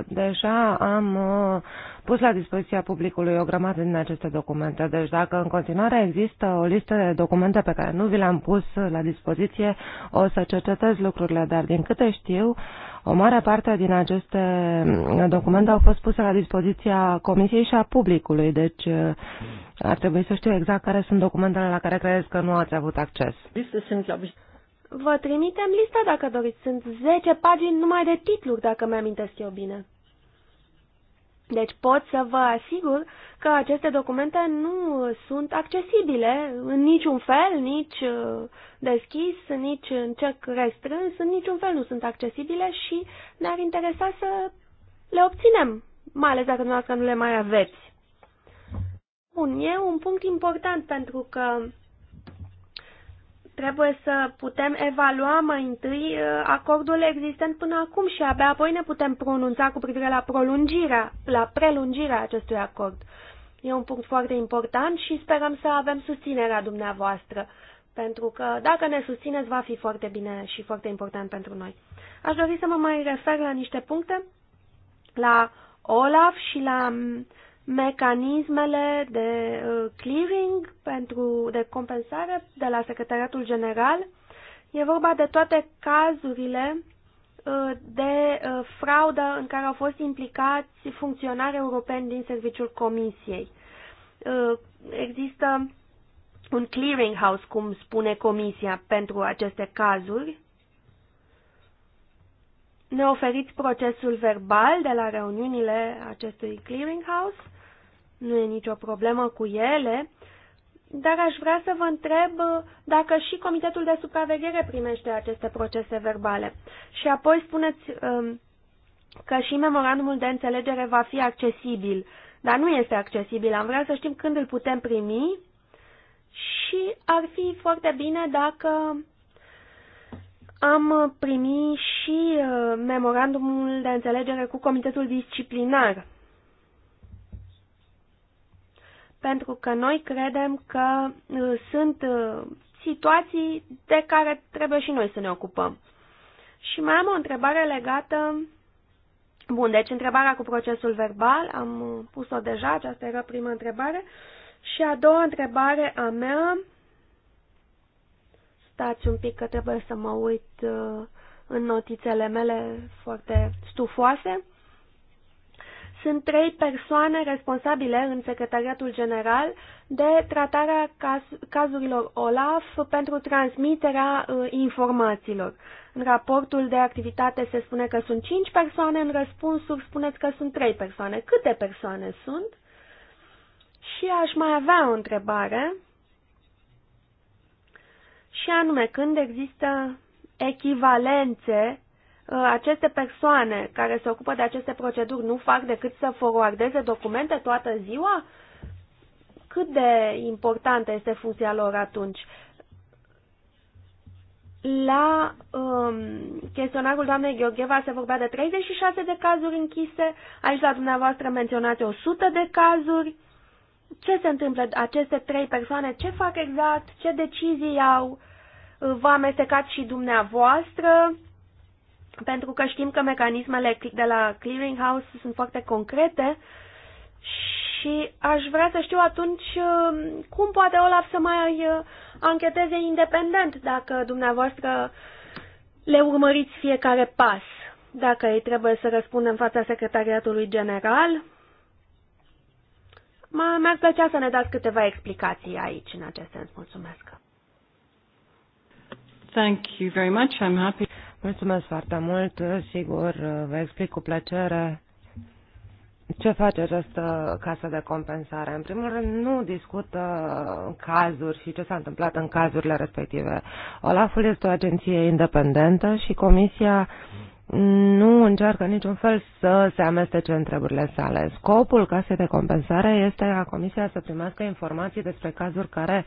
deja am uh, pus la dispoziția publicului o grămadă din aceste documente. Deci dacă în continuare există o listă de documente pe care nu vi le-am pus la dispoziție, o să cercetez lucrurile, dar din câte știu, uh, o mare parte din aceste mm, documente au fost puse la dispoziția Comisiei și a publicului, deci uh, ar trebui să știu exact care sunt documentele la care credeți că nu ați avut acces. Vă trimitem lista dacă doriți. Sunt 10 pagini numai de titluri, dacă mi-amintesc eu bine. Deci pot să vă asigur că aceste documente nu sunt accesibile în niciun fel, nici uh, deschis, nici în cerc restrâns, în niciun fel nu sunt accesibile și ne-ar interesa să le obținem, mai ales dacă dumneavoastră nu le mai aveți. Bun, e un punct important pentru că Trebuie să putem evalua mai întâi uh, acordul existent până acum și abia apoi ne putem pronunța cu privire la prolungirea, la prelungirea acestui acord. E un punct foarte important și sperăm să avem susținerea dumneavoastră, pentru că dacă ne susțineți va fi foarte bine și foarte important pentru noi. Aș dori să mă mai refer la niște puncte, la OLAF și la mm, mecanismele de uh, clearing pentru de compensare de la Secretariatul General. E vorba de toate cazurile uh, de uh, fraudă în care au fost implicați funcționari europeni din serviciul Comisiei. Există un clearing house, cum spune Comisia, pentru aceste cazuri. Ne oferiți procesul verbal de la reuniunile acestui clearing house nu e nicio problemă cu ele, dar aș vrea să vă întreb dacă și Comitetul de Supraveghere primește aceste procese verbale. Și apoi spuneți um, că și memorandumul de înțelegere va fi accesibil, dar nu este accesibil. Am vrea să știm când îl putem primi și ar fi foarte bine dacă am primit și uh, memorandumul de înțelegere cu Comitetul Disciplinar pentru că noi credem că uh, sunt uh, situații de care trebuie și noi să ne ocupăm. Și mai am o întrebare legată. Bun, deci întrebarea cu procesul verbal, am uh, pus-o deja, aceasta era prima întrebare. Și a doua întrebare a mea, stați un pic că trebuie să mă uit în notițele mele foarte stufoase. Sunt trei persoane responsabile în Secretariatul General de tratarea caz cazurilor OLAF pentru transmiterea uh, informațiilor. În raportul de activitate se spune că sunt cinci persoane, în răspunsuri spuneți că sunt trei persoane. Câte persoane sunt? Și aș mai avea o întrebare, și anume când există echivalențe Uh, aceste persoane care se ocupă de aceste proceduri nu fac decât să forwardeze documente toată ziua? Cât de importantă este funcția lor atunci? La um, chestionarul doamnei Gheorgheva se vorbea de 36 de cazuri închise, aici la dumneavoastră menționați 100 de cazuri. Ce se întâmplă aceste trei persoane? Ce fac exact? Ce decizii au? Uh, Vă amestecați și dumneavoastră? pentru că știm că mecanismele de la clearinghouse sunt foarte concrete și aș vrea să știu atunci um, cum poate Olaf să mai uh, ancheteze independent dacă dumneavoastră le urmăriți fiecare pas, dacă ei trebuie să răspundă în fața Secretariatului General. Mi-ar plăcea să ne dați câteva explicații aici, în acest sens. Mulțumesc. Thank you very much. I'm happy. Mulțumesc foarte mult. Sigur, vă explic cu plăcere ce face această casă de compensare? În primul rând, nu discută cazuri și ce s-a întâmplat în cazurile respective. Olaful este o agenție independentă și comisia nu încearcă niciun fel să se amestece în treburile sale. Scopul casei de compensare este ca Comisia să primească informații despre cazuri care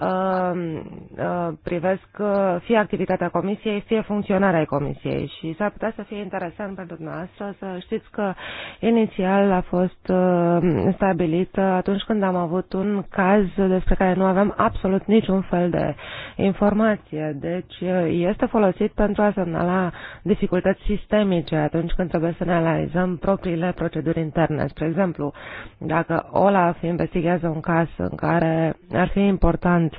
uh, uh, privesc uh, fie activitatea Comisiei, fie funcționarea Comisiei și s-ar putea să fie interesant pentru dumneavoastră să știți că inițial a fost uh, stabilit uh, atunci când am avut un caz despre care nu aveam absolut niciun fel de informație. Deci uh, este folosit pentru a semnala dificultăți dificultăți sistemice atunci când trebuie să ne analizăm propriile proceduri interne. Spre exemplu, dacă OLAF investigează un caz în care ar fi important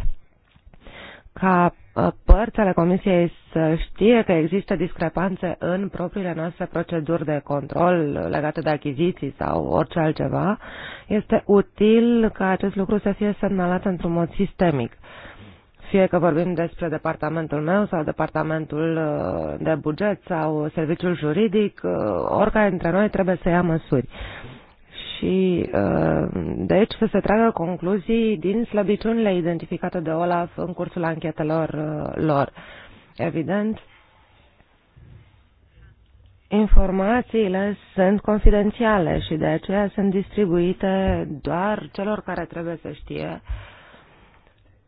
ca uh, părțile Comisiei să știe că există discrepanțe în propriile noastre proceduri de control legate de achiziții sau orice altceva, este util ca acest lucru să fie semnalat într-un mod sistemic. Uh, fie că vorbim despre departamentul meu sau departamentul uh, de buget sau serviciul juridic, uh, oricare dintre noi trebuie să ia măsuri. Și uh, de aici să se tragă concluzii din slăbiciunile identificate de Olaf în cursul anchetelor lor. Evident, informațiile sunt confidențiale și de aceea sunt distribuite doar celor care trebuie să știe uh,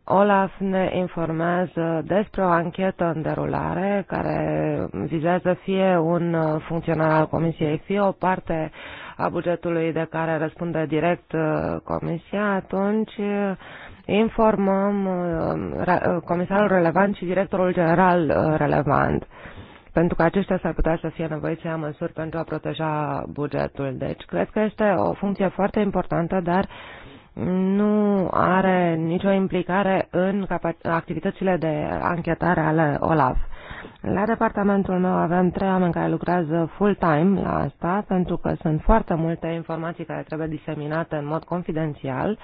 Olaf ne informează despre o anchetă în derulare care vizează fie un uh, funcționar al Comisiei, fie o parte a bugetului de care răspunde direct uh, Comisia, atunci uh, informăm comisarul relevant și directorul general relevant pentru că aceștia s-ar putea să fie nevoiți să ia măsuri pentru a proteja bugetul. Deci, cred că este o funcție foarte importantă, dar uh, nu are nicio implicare în activitățile de anchetare ale OLAF. La departamentul meu avem trei oameni care lucrează full-time la asta, pentru că sunt foarte multe informații care trebuie diseminate în mod confidențial.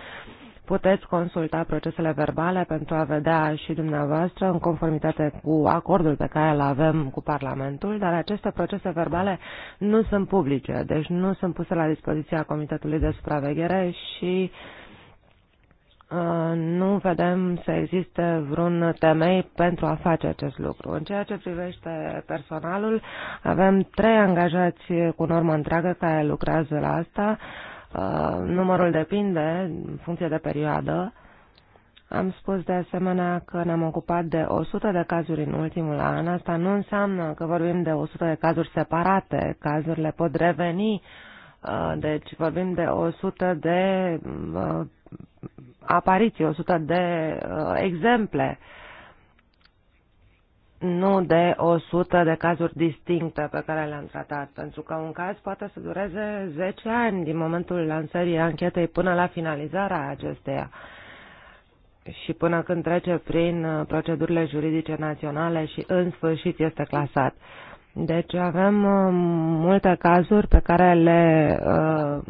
Puteți consulta procesele verbale pentru a vedea și dumneavoastră, în conformitate cu acordul pe care îl avem cu Parlamentul, dar aceste procese verbale nu sunt publice, deci nu sunt puse la dispoziția Comitetului de Supraveghere și uh, Uh, nu vedem să existe vreun temei pentru a face acest lucru. În ceea ce privește personalul, avem trei angajați cu normă întreagă care lucrează la asta. Uh, numărul depinde în funcție de perioadă. Am spus de asemenea că ne-am ocupat de 100 de cazuri în ultimul an. Asta nu înseamnă că vorbim de 100 de cazuri separate. Cazurile pot reveni uh, Uh, deci vorbim de 100 de uh, apariții, 100 de uh, exemple, nu de 100 de cazuri distincte pe care le-am tratat, pentru că un caz poate să dureze 10 ani din momentul lansării anchetei până la finalizarea acesteia și până când trece prin procedurile juridice naționale și în sfârșit este clasat. Deci avem uh, multe cazuri pe care le uh,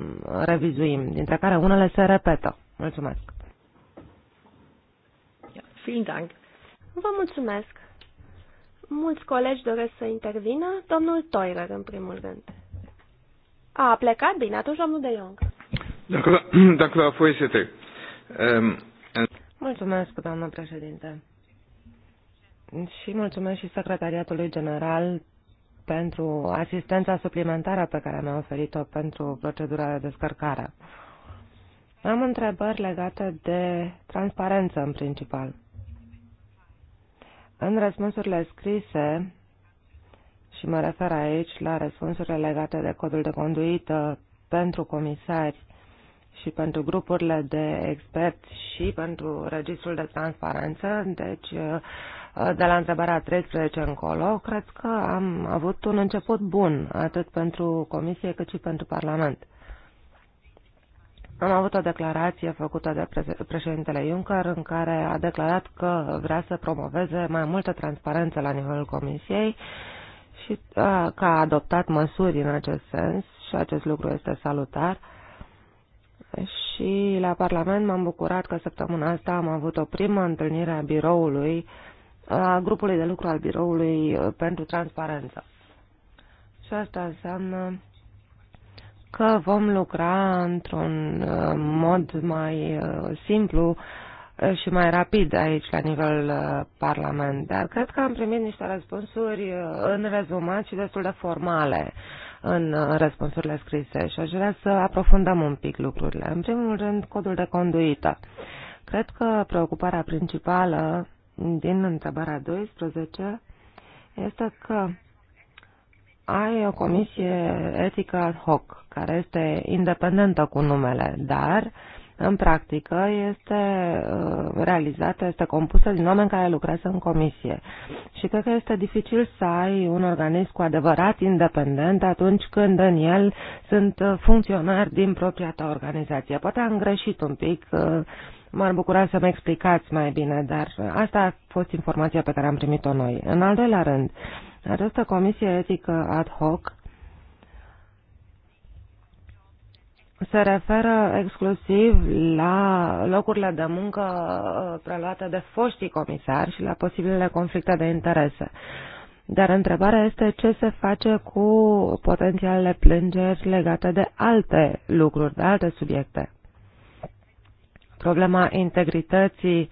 revizuim, dintre care unele se repetă. Mulțumesc. Vielen Dank. Vă mulțumesc. Mulți colegi doresc să intervină. Domnul Toirer, în primul rând. A, a plecat bine, atunci domnul De Jong. Dacă vă um, Mulțumesc, doamnă președinte. Și mulțumesc și secretariatului general pentru asistența suplimentară pe care mi-a oferit-o pentru procedura de descărcare. Am întrebări legate de transparență în principal. În răspunsurile scrise, și mă refer aici la răspunsurile legate de codul de conduită pentru comisari și pentru grupurile de experți și pentru registrul de transparență, deci Uh, de la întrebarea 13 încolo, cred că am avut un început bun, atât pentru Comisie cât și pentru Parlament. Am avut o declarație făcută de președintele Juncker în care a declarat că vrea să promoveze mai multă transparență la nivelul Comisiei și uh, că a adoptat măsuri în acest sens și acest lucru este salutar. Și la Parlament m-am bucurat că săptămâna asta am avut o primă întâlnire a biroului uh, a grupului de lucru al biroului uh, pentru transparență. Și asta înseamnă că vom lucra într-un uh, mod mai uh, simplu și mai rapid aici la nivel parlament. Dar cred că am primit niște răspunsuri în rezumat și destul de formale în răspunsurile scrise și aș vrea să aprofundăm un pic lucrurile. În primul rând, codul de conduită. Cred că preocuparea principală din întrebarea 12 este că ai o comisie etică ad hoc, care este independentă cu numele, dar în practică este uh, realizată, este compusă din oameni care lucrează în comisie. Și cred că este dificil să ai un organism cu adevărat independent atunci când în el sunt uh, funcționari din propria ta organizație. Poate am greșit un pic uh, M-ar bucura să-mi explicați mai bine, dar asta a fost informația pe care am primit-o noi. În al doilea rând, această comisie etică ad hoc se referă exclusiv la locurile de muncă uh, preluate de foștii comisari și la posibilele conflicte de interese. Dar întrebarea este ce se face cu potențialele plângeri legate de alte lucruri, de alte subiecte problema integrității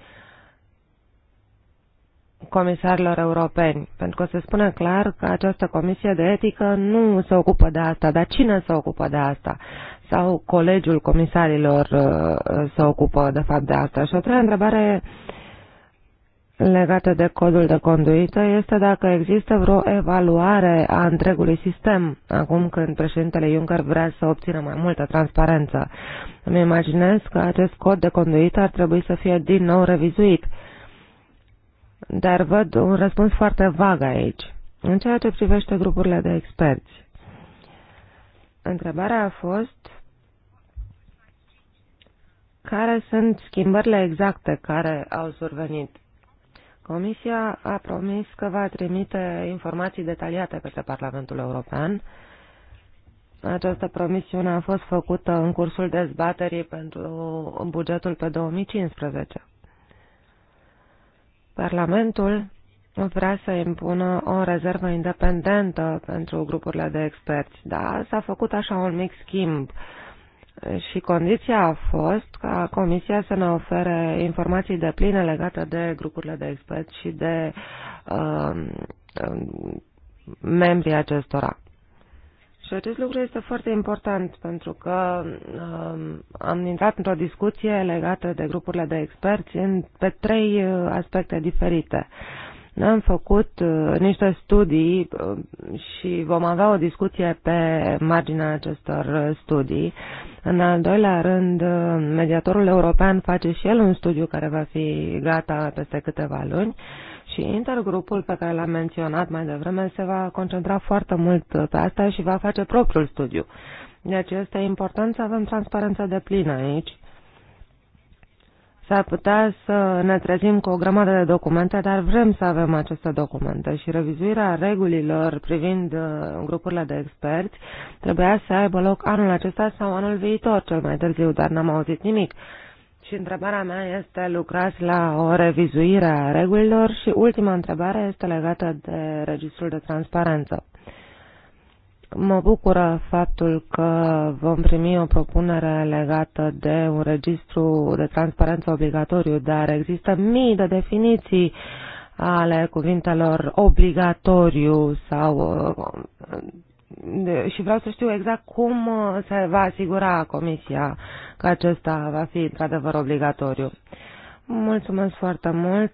comisarilor europeni, pentru că se spune clar că această comisie de etică nu se ocupă de asta, dar cine se ocupă de asta? Sau colegiul comisarilor uh, se ocupă de fapt de asta? Și o treia întrebare uh, legate de codul de conduită este dacă există vreo evaluare a întregului sistem, acum când președintele Juncker vrea să obțină mai multă transparență. Îmi imaginez că acest cod de conduită ar trebui să fie din nou revizuit, dar văd un răspuns foarte vag aici. În ceea ce privește grupurile de experți, întrebarea a fost care sunt schimbările exacte care au survenit Comisia a promis că va trimite informații detaliate către Parlamentul European. Această promisiune a fost făcută în cursul dezbaterii pentru bugetul pe 2015. Parlamentul vrea să impună o rezervă independentă pentru grupurile de experți, dar s-a făcut așa un mic schimb și condiția a fost ca Comisia să ne ofere informații de pline legate de grupurile de experți și de uh, membrii acestora. Și acest lucru este foarte important pentru că uh, am intrat într-o discuție legată de grupurile de experți în, pe trei uh, aspecte diferite. Uh, am făcut uh, niște studii uh, și vom avea o discuție pe marginea acestor uh, studii. În al doilea rând, mediatorul european face și el un studiu care va fi gata peste câteva luni și intergrupul pe care l-am menționat mai devreme se va concentra foarte mult pe asta și va face propriul studiu. Deci este important să avem transparență de plină aici S-ar putea să ne trezim cu o grămadă de documente, dar vrem să avem aceste documente și revizuirea regulilor privind uh, grupurile de experți trebuia să aibă loc anul acesta sau anul viitor, cel mai târziu, dar n-am auzit nimic. Și întrebarea mea este, lucrați la o revizuire a regulilor? Și ultima întrebare este legată de registrul de transparență. Mă bucură faptul că vom primi o propunere legată de un registru de transparență obligatoriu, dar există mii de definiții ale cuvintelor obligatoriu sau uh, și vreau să știu exact cum se va asigura Comisia că acesta va fi într-adevăr obligatoriu. Mulțumesc foarte mult.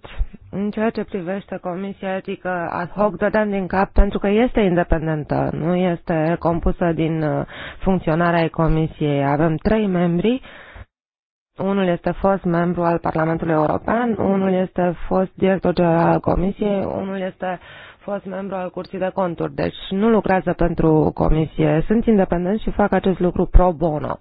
În ceea ce privește Comisia Etică ad hoc, dădeam din cap pentru că este independentă, nu este compusă din uh, funcționarea ai Comisiei. Avem trei membri, unul este fost membru al Parlamentului European, unul este fost director general al Comisiei, unul este fost membru al Curții de Conturi, deci nu lucrează pentru Comisie. Sunt independenți și fac acest lucru pro bono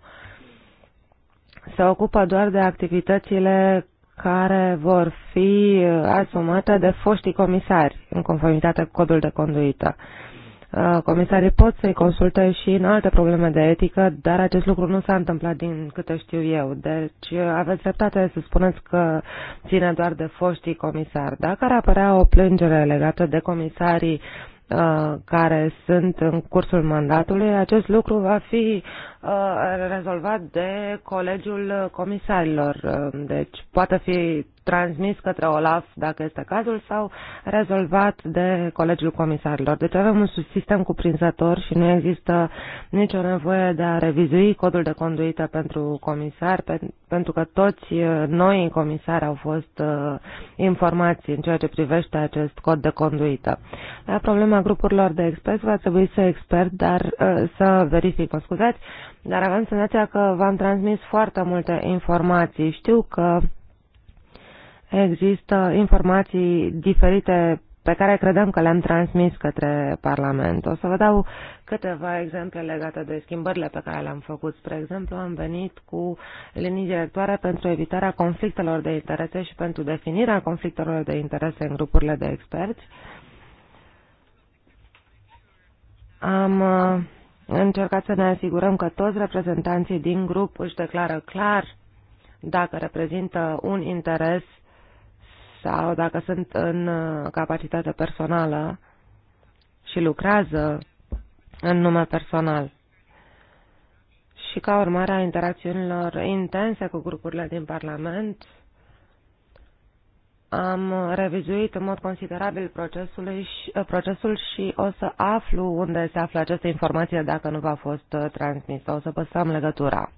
se ocupă doar de activitățile care vor fi uh, asumate de foștii comisari în conformitate cu codul de conduită. Uh, comisarii pot să-i consulte și în alte probleme de etică, dar acest lucru nu s-a întâmplat din câte știu eu. Deci uh, aveți dreptate să spuneți că ține doar de foștii comisari. Dacă ar apărea o plângere legată de comisarii care sunt în cursul mandatului, acest lucru va fi Uh, rezolvat de Colegiul Comisarilor. Uh, deci poate fi transmis către OLAF dacă este cazul sau rezolvat de Colegiul Comisarilor. Deci avem un sistem cuprinzător și nu există nicio nevoie de a revizui codul de conduită pentru comisar, pentru că toți uh, noi comisari au fost informați în ceea ce privește acest cod de conduită. La problema grupurilor de experți va trebui să expert, dar să verific, mă scuzați, dar aveam senzația că v-am transmis foarte multe informații. Știu că există informații diferite pe care credeam că le-am transmis către Parlament. O să vă dau câteva exemple legate de schimbările pe care le-am făcut. Spre exemplu, am venit cu linii directoare pentru evitarea conflictelor de interese și pentru definirea conflictelor de interese în grupurile de experți. Am uh, încercat să ne asigurăm că toți reprezentanții din grup își declară clar dacă reprezintă un interes sau dacă sunt în uh, capacitate personală și lucrează în nume personal. Și ca urmare a interacțiunilor intense cu grupurile din Parlament, am revizuit în mod considerabil procesul și, procesul și o să aflu unde se află această informație dacă nu v-a fost uh, transmisă. O să păstrăm legătura.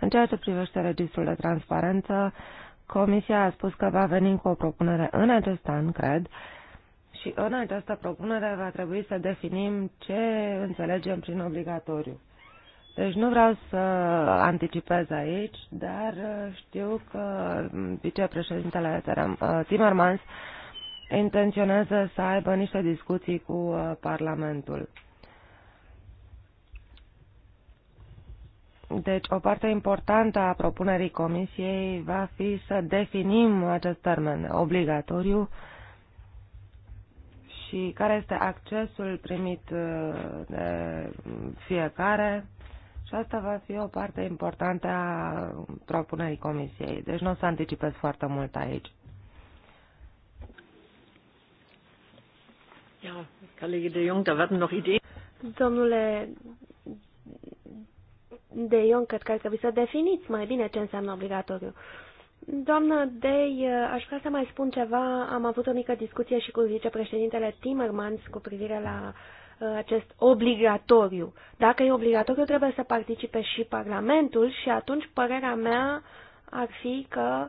În ceea ce privește registrul de transparență, Comisia a spus că va veni cu o propunere în acest an, cred, și în această propunere va trebui să definim ce înțelegem prin obligatoriu. Deci nu vreau să anticipez aici, dar uh, știu că mm, vicepreședintele uh, Timmermans intenționează să aibă niște discuții cu uh, Parlamentul. Deci o parte importantă a propunerii Comisiei va fi să definim acest termen obligatoriu și care este accesul primit de fiecare și asta va fi o parte importantă a propunerii comisiei. Deci nu o să anticipez foarte mult aici. Ja, Kollege de Jong, da werden noch Ideen. Domnule de Jong, cred că ar trebui să definiți mai bine ce înseamnă obligatoriu. Doamnă Dei, aș vrea să mai spun ceva. Am avut o mică discuție și cu vicepreședintele Timmermans cu privire la uh, Uh, acest obligatoriu. Dacă e obligatoriu, trebuie să participe și Parlamentul și atunci părerea mea ar fi că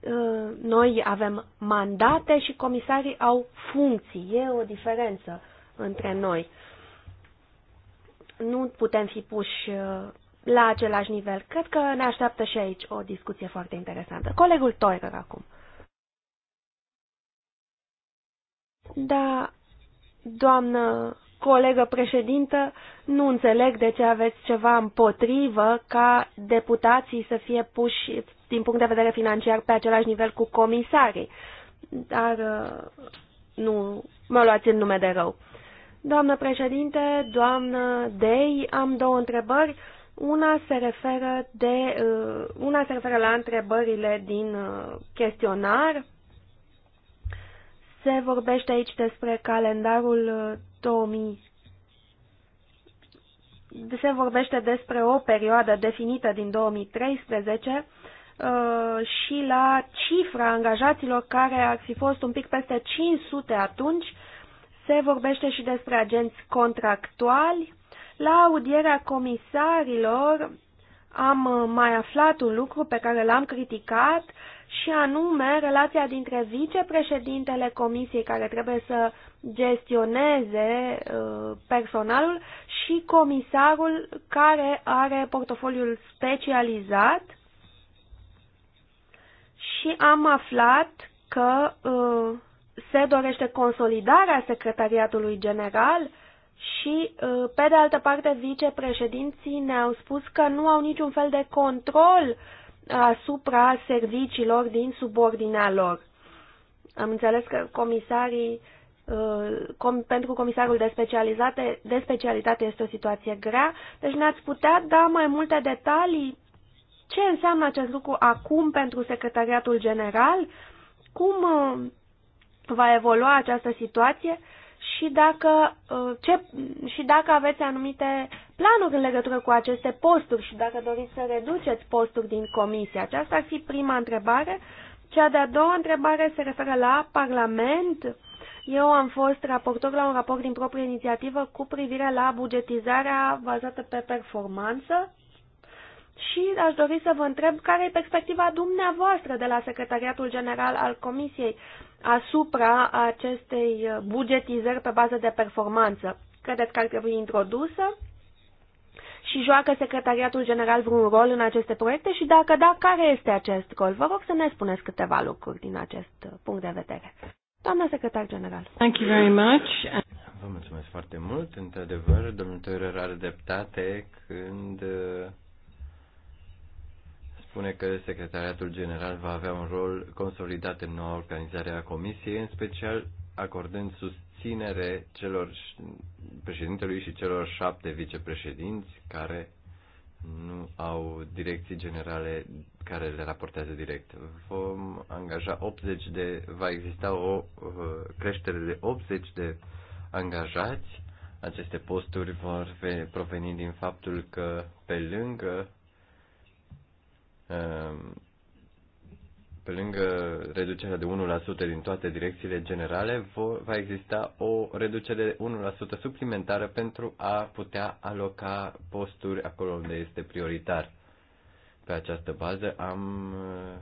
uh, noi avem mandate și comisarii au funcții. E o diferență între noi. Nu putem fi puși uh, la același nivel. Cred că ne așteaptă și aici o discuție foarte interesantă. Colegul Toirer acum. Da, doamnă colegă președintă, nu înțeleg de ce aveți ceva împotrivă ca deputații să fie puși din punct de vedere financiar pe același nivel cu comisarii. Dar uh, nu mă luați în nume de rău. Doamnă președinte, doamnă Dei, am două întrebări. Una se referă, de, uh, una se referă la întrebările din uh, chestionar se vorbește aici despre calendarul 2000. Uh, se vorbește despre o perioadă definită din 2013 uh, și la cifra angajaților care ar fi fost un pic peste 500 atunci, se vorbește și despre agenți contractuali. La audierea comisarilor am uh, mai aflat un lucru pe care l-am criticat și anume relația dintre vicepreședintele comisiei care trebuie să gestioneze uh, personalul și comisarul care are portofoliul specializat și am aflat că uh, se dorește consolidarea secretariatului general și, uh, pe de altă parte, vicepreședinții ne-au spus că nu au niciun fel de control asupra serviciilor din subordinea lor. Am înțeles că comisarii, uh, com, pentru comisarul de, specializate, de specialitate este o situație grea, deci ne-ați putea da mai multe detalii ce înseamnă acest lucru acum pentru Secretariatul General, cum uh, va evolua această situație și dacă, uh, ce, și dacă aveți anumite planuri în legătură cu aceste posturi și dacă doriți să reduceți posturi din comisie. Aceasta ar fi prima întrebare. Cea de-a doua întrebare se referă la Parlament. Eu am fost raportor la un raport din proprie inițiativă cu privire la bugetizarea bazată pe performanță și aș dori să vă întreb care e perspectiva dumneavoastră de la Secretariatul General al Comisiei asupra acestei bugetizări pe bază de performanță. Credeți că ar trebui introdusă? Și joacă Secretariatul General vreun rol în aceste proiecte și dacă da, care este acest rol? Vă rog să ne spuneți câteva lucruri din acest uh, punct de vedere. Doamna secretar general. Thank you very much. Vă mulțumesc foarte mult. Într-adevăr, domnul Teurer are dreptate când uh, spune că secretariatul general va avea un rol consolidat în noua organizare a comisiei, în special acordând susținere celor președintelui și celor șapte vicepreședinți care nu au direcții generale care le raportează direct. Vom angaja 80 de, va exista o uh, creștere de 80 de angajați. Aceste posturi vor proveni din faptul că pe lângă um, pe lângă reducerea de 1% din toate direcțiile generale, va exista o reducere de 1% suplimentară pentru a putea aloca posturi acolo unde este prioritar. Pe această bază am uh,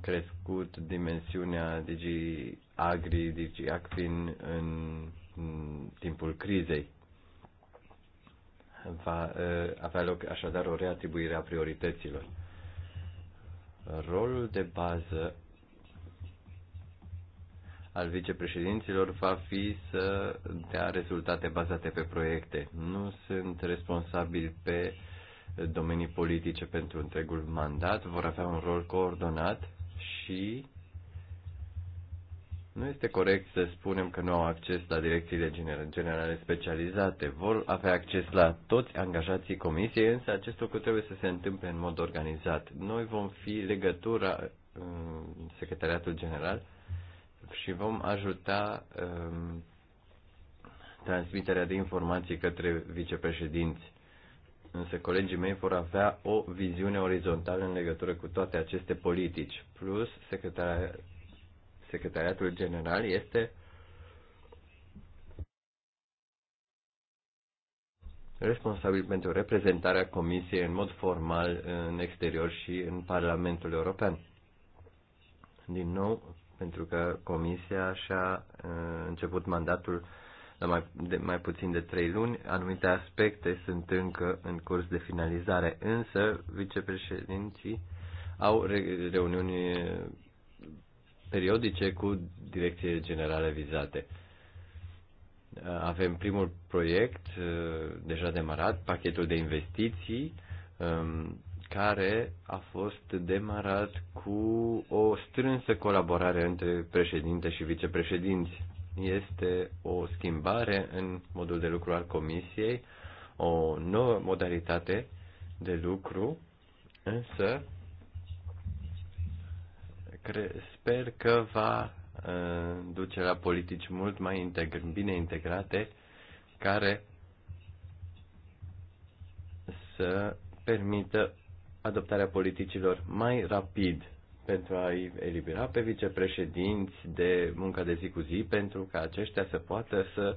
crescut dimensiunea Digi Agri, Digi Acfin în, în timpul crizei. Va uh, avea loc așadar o reatribuire a priorităților rolul de bază al vicepreședinților va fi să dea rezultate bazate pe proiecte. Nu sunt responsabili pe domenii politice pentru întregul mandat, vor avea un rol coordonat și nu este corect să spunem că nu au acces la direcțiile generale specializate. Vor avea acces la toți angajații comisiei, însă acest lucru trebuie să se întâmple în mod organizat. Noi vom fi legătura în uh, Secretariatul General și vom ajuta um, transmiterea de informații către vicepreședinți. Însă colegii mei vor avea o viziune orizontală în legătură cu toate aceste politici. Plus, secretariatul Secretariatul General este responsabil pentru reprezentarea Comisiei în mod formal în exterior și în Parlamentul European. Din nou, pentru că Comisia și-a uh, început mandatul la mai, de, mai puțin de trei luni, anumite aspecte sunt încă în curs de finalizare, însă vicepreședinții au reuniuni periodice cu direcție generale vizate. Avem primul proiect uh, deja demarat, pachetul de investiții, um, care a fost demarat cu o strânsă colaborare între președinte și vicepreședinți. Este o schimbare în modul de lucru al comisiei, o nouă modalitate de lucru, însă sper că va uh, duce la politici mult mai integr- bine integrate care să permită adoptarea politicilor mai rapid pentru a-i elibera pe vicepreședinți de munca de zi cu zi, pentru ca aceștia să poată să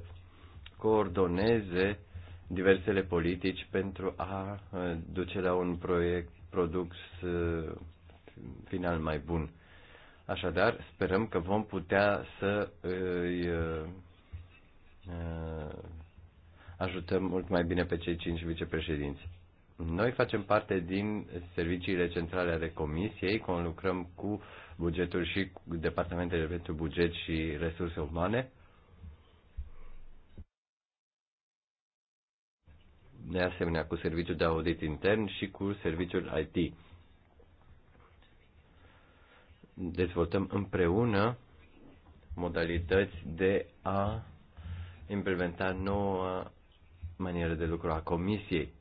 coordoneze diversele politici pentru a uh, duce la un proiect, produs uh, final mai bun. Așadar, sperăm că vom putea să îi uh, uh, ajutăm mult mai bine pe cei cinci vicepreședinți. Noi facem parte din serviciile centrale ale Comisiei, conlucrăm cu bugetul și cu departamentele pentru buget și resurse umane. De asemenea, cu serviciul de audit intern și cu serviciul IT dezvoltăm împreună modalități de a implementa noua manieră de lucru a Comisiei.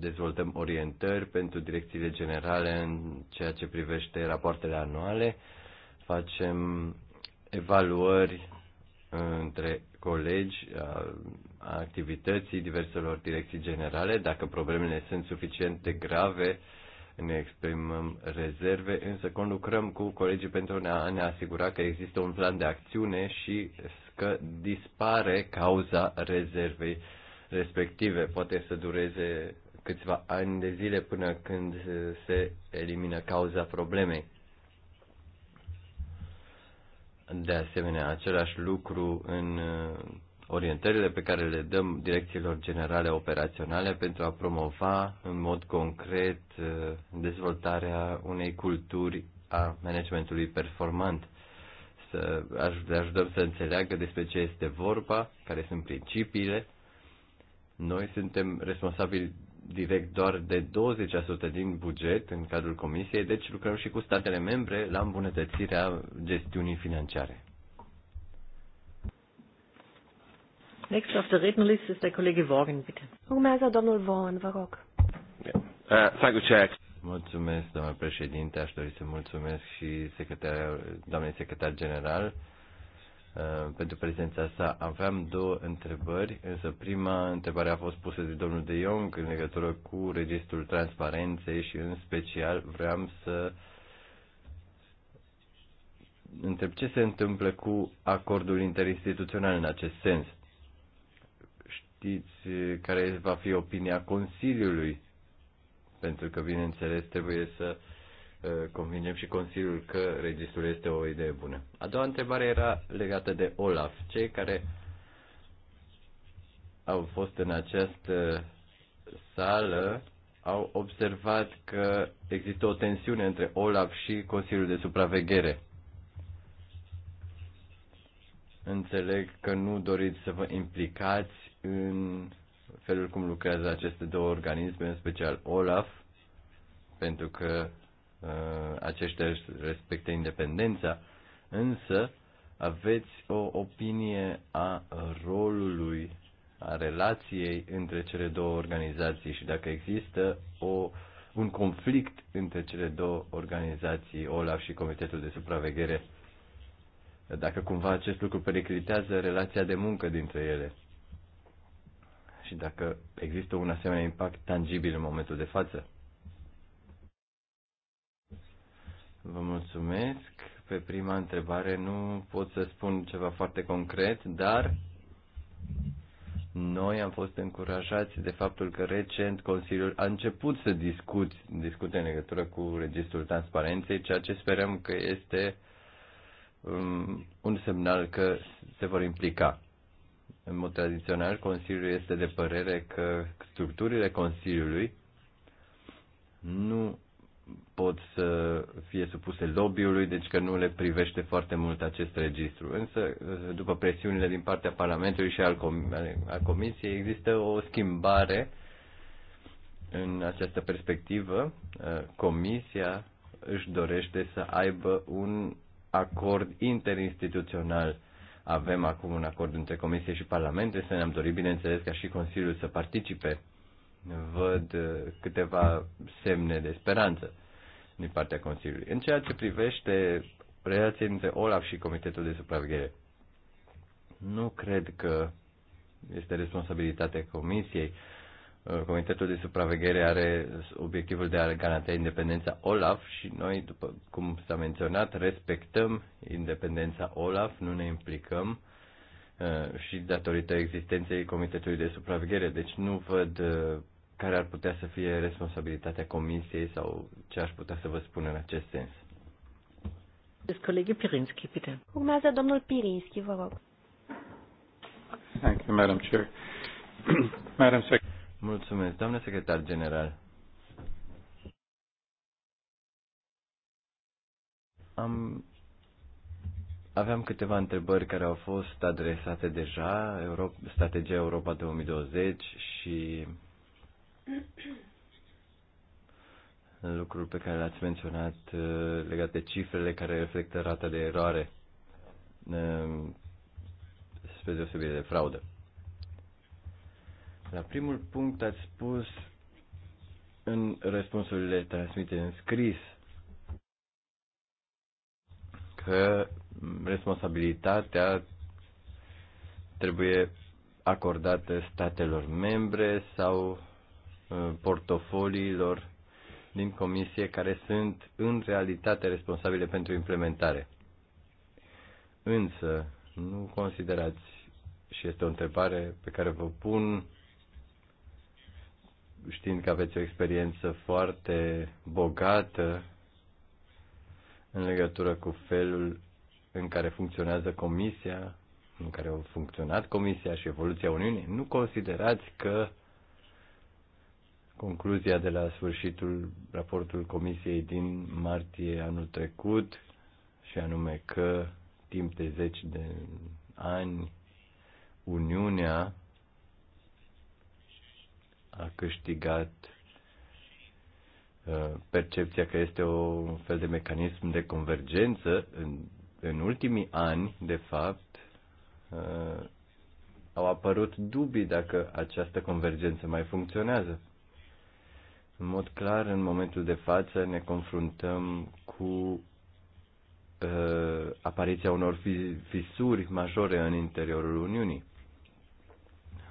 Dezvoltăm orientări pentru direcțiile generale în ceea ce privește rapoartele anuale, facem evaluări uh, între colegi a, uh, a activității diverselor direcții generale, dacă problemele sunt suficient de grave uh, ne exprimăm rezerve, însă conlucrăm cu colegii pentru a ne asigura că există un plan de acțiune și că dispare cauza rezervei respective. Poate să dureze câțiva ani de zile până când se elimină cauza problemei. De asemenea, același lucru în orientările pe care le dăm direcțiilor generale operaționale pentru a promova în mod concret uh, dezvoltarea unei culturi a managementului performant. Să le ajutăm să înțeleagă despre ce este vorba, care sunt principiile. Noi suntem responsabili direct doar de 20% din buget în cadrul Comisiei, deci lucrăm și cu statele membre la îmbunătățirea gestiunii financiare. Next the written list is the colleague Vaughan, bitte. Urmează domnul Vaughan, vă rog. Uh, thank you, Chair. Mulțumesc, doamnă președinte. Aș dori să mulțumesc și secretar, doamnei secretar general uh, pentru prezența sa. Aveam două întrebări, însă prima întrebare a fost pusă de domnul De Jong în legătură cu registrul transparenței și în special vreau să întreb ce se întâmplă cu acordul interinstituțional în acest sens știți care va fi opinia Consiliului, pentru că, bineînțeles, trebuie să uh, convingem și Consiliul că registrul este o idee bună. A doua întrebare era legată de Olaf. Cei care au fost în această sală au observat că există o tensiune între Olaf și Consiliul de Supraveghere. Înțeleg că nu doriți să vă implicați în felul cum lucrează aceste două organisme, în special OLAF, pentru că uh, aceștia își respectă independența, însă aveți o opinie a rolului, a relației între cele două organizații și dacă există o, un conflict între cele două organizații, OLAF și Comitetul de Supraveghere, dacă cumva acest lucru periclitează relația de muncă dintre ele și dacă există un asemenea impact tangibil în momentul de față. Vă mulțumesc. Pe prima întrebare nu pot să spun ceva foarte concret, dar noi am fost încurajați de faptul că recent Consiliul a început să discut, discute în legătură cu Registrul Transparenței, ceea ce sperăm că este um, un semnal că se vor implica. În mod tradițional, Consiliul este de părere că structurile Consiliului nu pot să fie supuse lobby-ului, deci că nu le privește foarte mult acest registru. Însă, după presiunile din partea Parlamentului și al, com- al Comisiei, există o schimbare în această perspectivă. Comisia își dorește să aibă un acord interinstituțional avem acum un acord între Comisie și Parlament, Să ne-am dorit, bineînțeles, ca și Consiliul să participe. Văd uh, câteva semne de speranță din partea Consiliului. În ceea ce privește relația între OLAF și Comitetul de Supraveghere, nu cred că este responsabilitatea Comisiei Uh, Comitetul de supraveghere are obiectivul de a garanta independența OLAF și noi, după cum s-a menționat, respectăm independența OLAF, nu ne implicăm uh, și datorită existenței Comitetului de supraveghere. Deci nu văd uh, care ar putea să fie responsabilitatea Comisiei sau ce aș putea să vă spun în acest sens. Colegii Pirinski, Urmează domnul Pirinski, vă rog. Thank you, Madam Chair. Madam Secretary. Mulțumesc, doamne secretar general. Am Aveam câteva întrebări care au fost adresate deja, Europa, strategia Europa 2020 și lucruri pe care le ați menționat uh, legate de cifrele care reflectă rata de eroare uh, spre deosebire de fraudă. La primul punct ați spus în răspunsurile transmite în scris că responsabilitatea trebuie acordată statelor membre sau uh, portofoliilor din comisie care sunt în realitate responsabile pentru implementare. Însă, nu considerați, și este o întrebare pe care vă pun știind că aveți o experiență foarte bogată în legătură cu felul în care funcționează comisia, în care a funcționat comisia și evoluția Uniunii, nu considerați că concluzia de la sfârșitul raportul comisiei din martie anul trecut, și anume că timp de zeci de ani Uniunea a câștigat uh, percepția că este un fel de mecanism de convergență. În, în ultimii ani, de fapt, uh, au apărut dubii dacă această convergență mai funcționează. În mod clar, în momentul de față, ne confruntăm cu uh, apariția unor fisuri majore în interiorul Uniunii.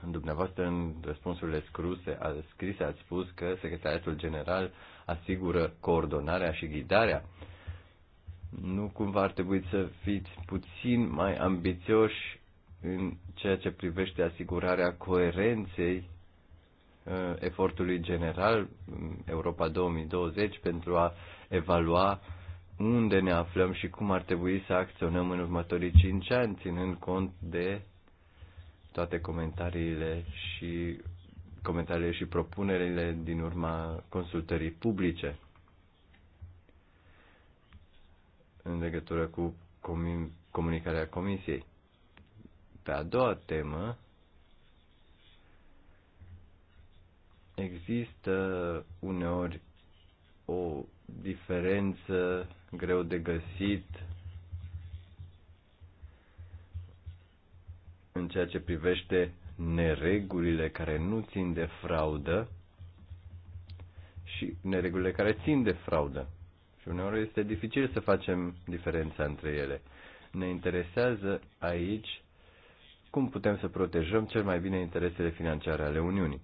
Dumneavoastră, în răspunsurile scruse, a, scrise, ați spus că Secretariatul General asigură coordonarea și ghidarea. Nu cumva ar trebui să fiți puțin mai ambițioși în ceea ce privește asigurarea coerenței uh, efortului general um, Europa 2020 pentru a evalua unde ne aflăm și cum ar trebui să acționăm în următorii 5 ani, ținând cont de toate comentariile și comentariile și propunerile din urma consultării publice în legătură cu comunicarea comisiei. Pe a doua temă, există uneori o diferență greu de găsit în ceea ce privește neregulile care nu țin de fraudă și neregulile care țin de fraudă. Și uneori este dificil să facem diferența între ele. Ne interesează aici cum putem să protejăm cel mai bine interesele financiare ale Uniunii.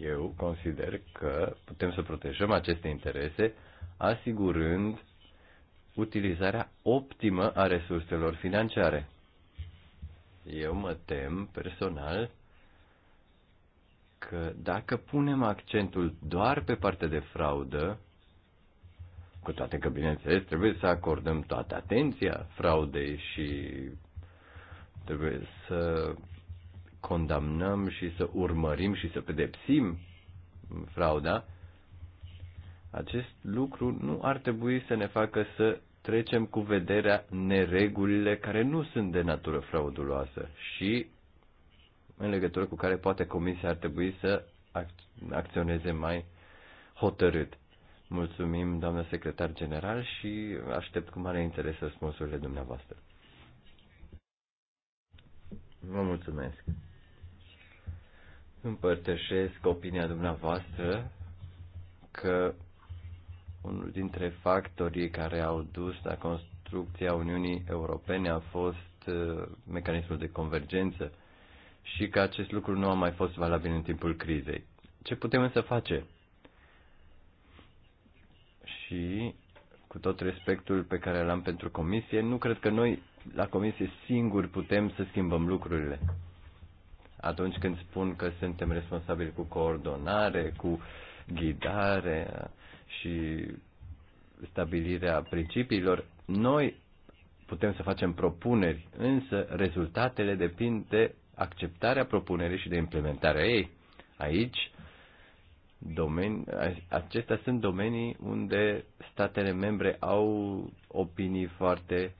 Eu consider că putem să protejăm aceste interese asigurând utilizarea optimă a resurselor financiare. Eu mă tem personal că dacă punem accentul doar pe partea de fraudă, cu toate că, bineînțeles, trebuie să acordăm toată atenția fraudei și trebuie să condamnăm și să urmărim și să pedepsim frauda, acest lucru nu ar trebui să ne facă să trecem cu vederea neregulile care nu sunt de natură frauduloasă și în legătură cu care poate Comisia ar trebui să acționeze mai hotărât. Mulțumim, doamnă secretar general, și aștept cu mare interes răspunsurile dumneavoastră. Vă mulțumesc. Împărtășesc opinia dumneavoastră că unul dintre factorii care au dus la construcția Uniunii Europene a fost uh, mecanismul de convergență și că acest lucru nu a mai fost valabil în timpul crizei. Ce putem însă face? Și cu tot respectul pe care l-am pentru comisie, nu cred că noi la comisie singuri putem să schimbăm lucrurile. Atunci când spun că suntem responsabili cu coordonare, cu ghidare, și stabilirea principiilor, noi putem să facem propuneri, însă rezultatele depind de acceptarea propunerii și de implementarea ei. Aici, domeni, acestea sunt domenii unde statele membre au opinii foarte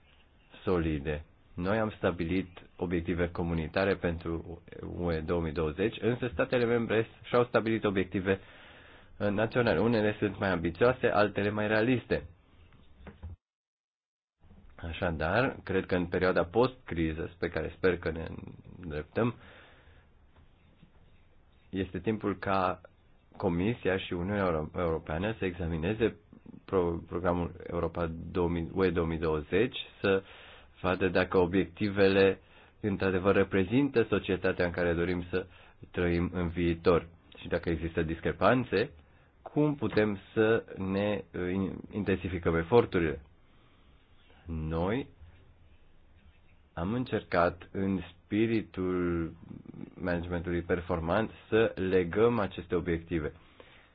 solide. Noi am stabilit obiective comunitare pentru UE 2020, însă statele membre și-au stabilit obiective Uh, naționale. Unele sunt mai ambițioase, altele mai realiste. Așadar, cred că în perioada post-criză, pe care sper că ne îndreptăm, este timpul ca Comisia și Uniunea Europeană să examineze programul Europa 2000, UE 2020, să vadă dacă obiectivele într-adevăr reprezintă societatea în care dorim să trăim în viitor și dacă există discrepanțe, cum putem să ne uh, intensificăm eforturile. Noi am încercat în spiritul managementului performant să legăm aceste obiective.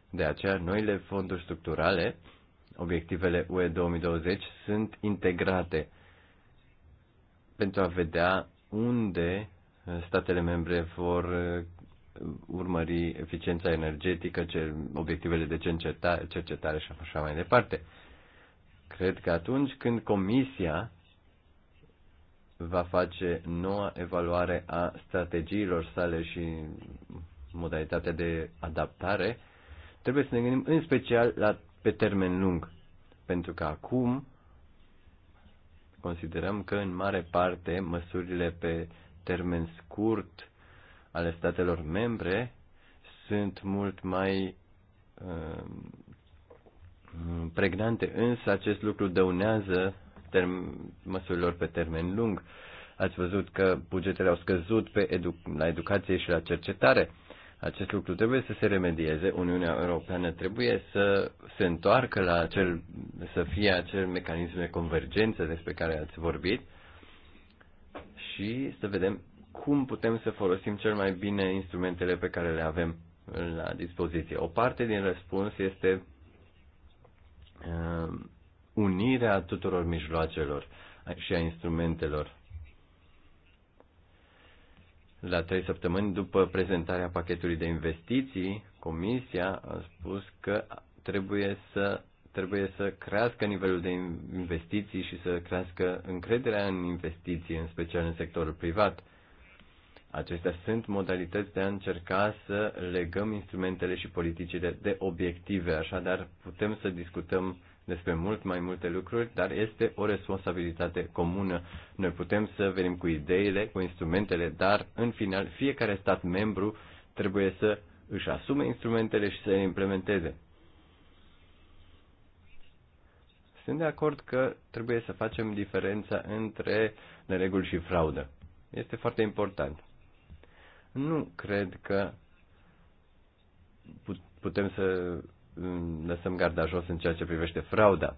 De aceea, noile fonduri structurale, obiectivele UE 2020, sunt integrate pentru a vedea unde statele membre vor uh, urmări eficiența energetică, obiectivele de cercetare, cercetare și așa mai departe. Cred că atunci când Comisia va face noua evaluare a strategiilor sale și modalitatea de adaptare, trebuie să ne gândim în special la, pe termen lung. Pentru că acum considerăm că în mare parte măsurile pe termen scurt ale statelor membre sunt mult mai uh, pregnante, însă acest lucru dăunează term- măsurilor pe termen lung. Ați văzut că bugetele au scăzut pe edu- la educație și la cercetare. Acest lucru trebuie să se remedieze. Uniunea Europeană trebuie să se întoarcă la acel, să fie acel mecanism de convergență despre care ați vorbit și să vedem cum putem să folosim cel mai bine instrumentele pe care le avem la dispoziție. O parte din răspuns este uh, unirea tuturor mijloacelor și a instrumentelor. La trei săptămâni după prezentarea pachetului de investiții, Comisia a spus că trebuie să trebuie să crească nivelul de investiții și să crească încrederea în investiții, în special în sectorul privat. Acestea sunt modalități de a încerca să legăm instrumentele și politicile de obiective, așadar putem să discutăm despre mult mai multe lucruri, dar este o responsabilitate comună. Noi putem să venim cu ideile, cu instrumentele, dar în final fiecare stat membru trebuie să își asume instrumentele și să le implementeze. Sunt de acord că trebuie să facem diferența între nereguli și fraudă. Este foarte important nu cred că putem să lăsăm garda jos în ceea ce privește frauda,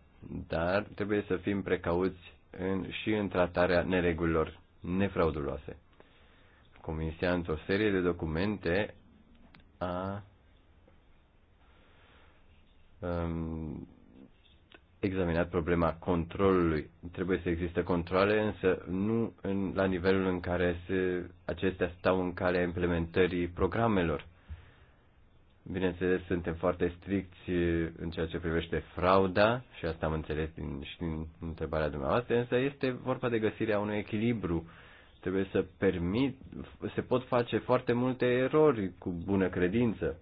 dar trebuie să fim precauți în, și în tratarea neregulilor nefrauduloase. Comisia, într-o serie de documente, a um, examinat problema controlului. Trebuie să existe controle, însă nu în, la nivelul în care se, acestea stau în calea implementării programelor. Bineînțeles, suntem foarte stricți în ceea ce privește frauda, și asta am înțeles din, și din întrebarea dumneavoastră, însă este vorba de găsirea unui echilibru. Trebuie să permit, se pot face foarte multe erori cu bună credință.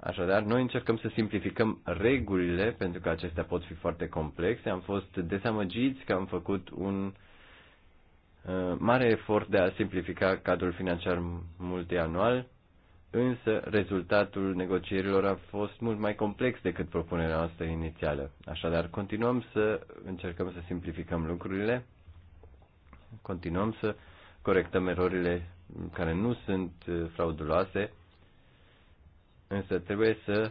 Așadar, noi încercăm să simplificăm regulile, pentru că acestea pot fi foarte complexe. Am fost dezamăgiți că am făcut un uh, mare efort de a simplifica cadrul financiar multianual, însă rezultatul negocierilor a fost mult mai complex decât propunerea noastră inițială. Așadar, continuăm să încercăm să simplificăm lucrurile, continuăm să corectăm erorile care nu sunt uh, frauduloase, Însă trebuie să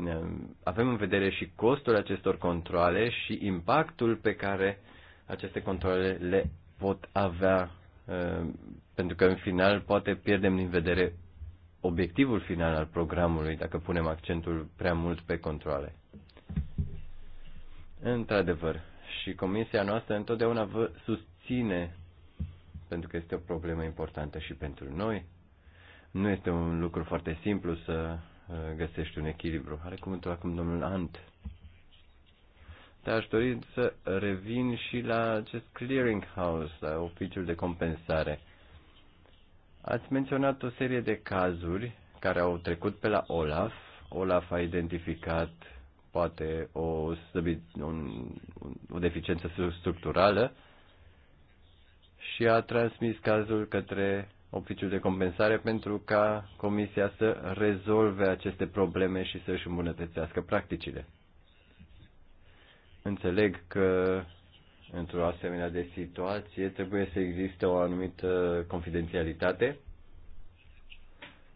uh, avem în vedere și costul acestor controle și impactul pe care aceste controle le pot avea, uh, pentru că în final poate pierdem din vedere obiectivul final al programului dacă punem accentul prea mult pe controle. Într-adevăr, și comisia noastră întotdeauna vă susține pentru că este o problemă importantă și pentru noi, nu este un lucru foarte simplu să uh, găsești un echilibru. Are cuvântul acum domnul Ant. Dar aș dori să revin și la acest clearing house, la oficiul de compensare. Ați menționat o serie de cazuri care au trecut pe la Olaf. Olaf a identificat poate o, un, o deficiență structurală și a transmis cazul către oficiul de compensare pentru ca Comisia să rezolve aceste probleme și să își îmbunătățească practicile. Înțeleg că într-o asemenea de situație trebuie să existe o anumită confidențialitate.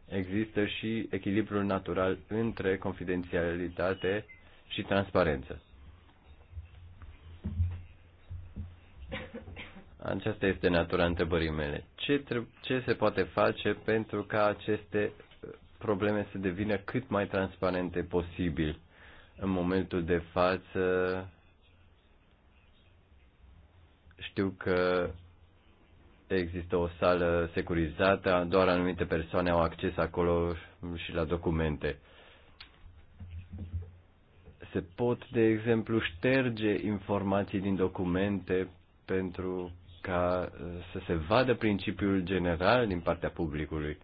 Există și echilibrul natural între confidențialitate și transparență. Aceasta este natura întrebării mele. Ce, ce se poate face pentru ca aceste uh, probleme să devină cât mai transparente posibil? În momentul de față știu că există o sală securizată, doar anumite persoane au acces acolo și la documente. Se pot, de exemplu, șterge informații din documente pentru ca uh, să se vadă principiul general din partea publicului,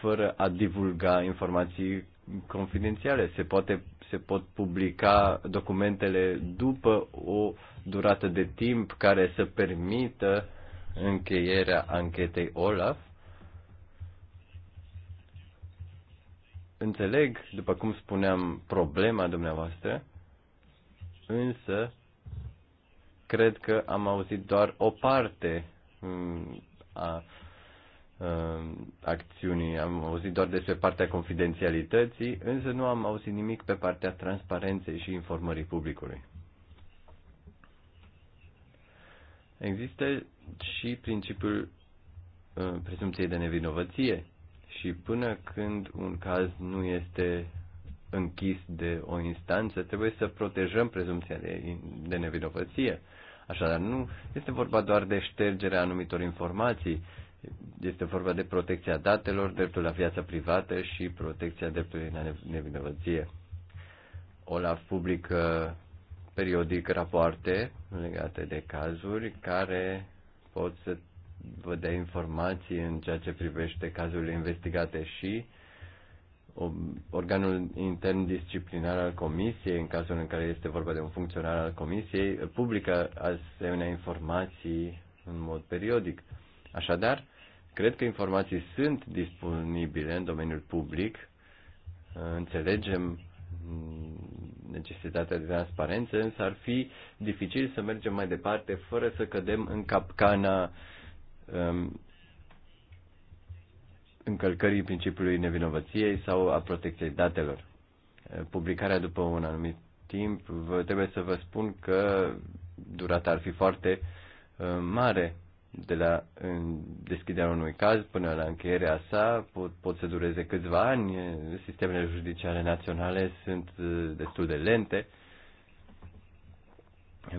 fără a divulga informații confidențiale. Se, poate, se pot publica documentele după o durată de timp care să permită încheierea anchetei Olaf. Înțeleg, după cum spuneam, problema dumneavoastră, însă cred că am auzit doar o parte mm, a acțiunii, am auzit doar despre partea confidențialității, însă nu am auzit nimic pe partea transparenței și informării publicului. Există și principiul prezumției de nevinovăție și până când un caz nu este închis de o instanță, trebuie să protejăm prezumția de, de nevinovăție. Așadar, nu este vorba doar de ștergerea anumitor informații, este vorba de protecția datelor, dreptul la viața privată și protecția dreptului la nevinovăție. Olaf publică periodic rapoarte legate de cazuri care pot să vă dea informații în ceea ce privește cazurile investigate și organul intern disciplinar al comisiei, în cazul în care este vorba de un funcționar al comisiei, publică asemenea informații în mod periodic. Așadar, cred că informații sunt disponibile în domeniul public, înțelegem necesitatea de transparență, însă ar fi dificil să mergem mai departe fără să cădem în capcana um, încălcării principiului nevinovăției sau a protecției datelor. Publicarea după un anumit timp, vă, trebuie să vă spun că durata ar fi foarte uh, mare de la deschiderea unui caz până la încheierea sa pot, pot să dureze câțiva ani. Sistemele judiciare naționale sunt uh, destul de lente.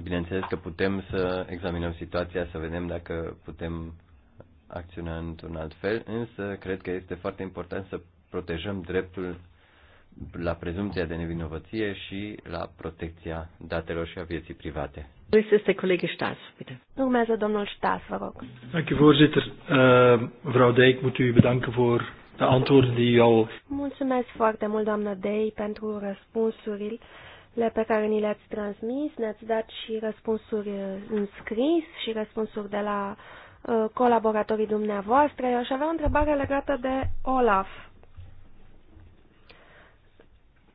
Bineînțeles că putem să examinăm situația, să vedem dacă putem acționa într-un alt fel, însă cred că este foarte important să protejăm dreptul la prezumția de nevinovăție și la protecția datelor și a vieții private. Este colegii Urmează domnul Stas, vă rog. Eh, de Mulțumesc foarte mult, doamnă Dei, pentru răspunsurile pe care ni le-ați transmis. Ne-ați dat și răspunsuri eh, în scris și răspunsuri de la uh, Uh, colaboratorii dumneavoastră. Eu aș avea o întrebare legată de Olaf.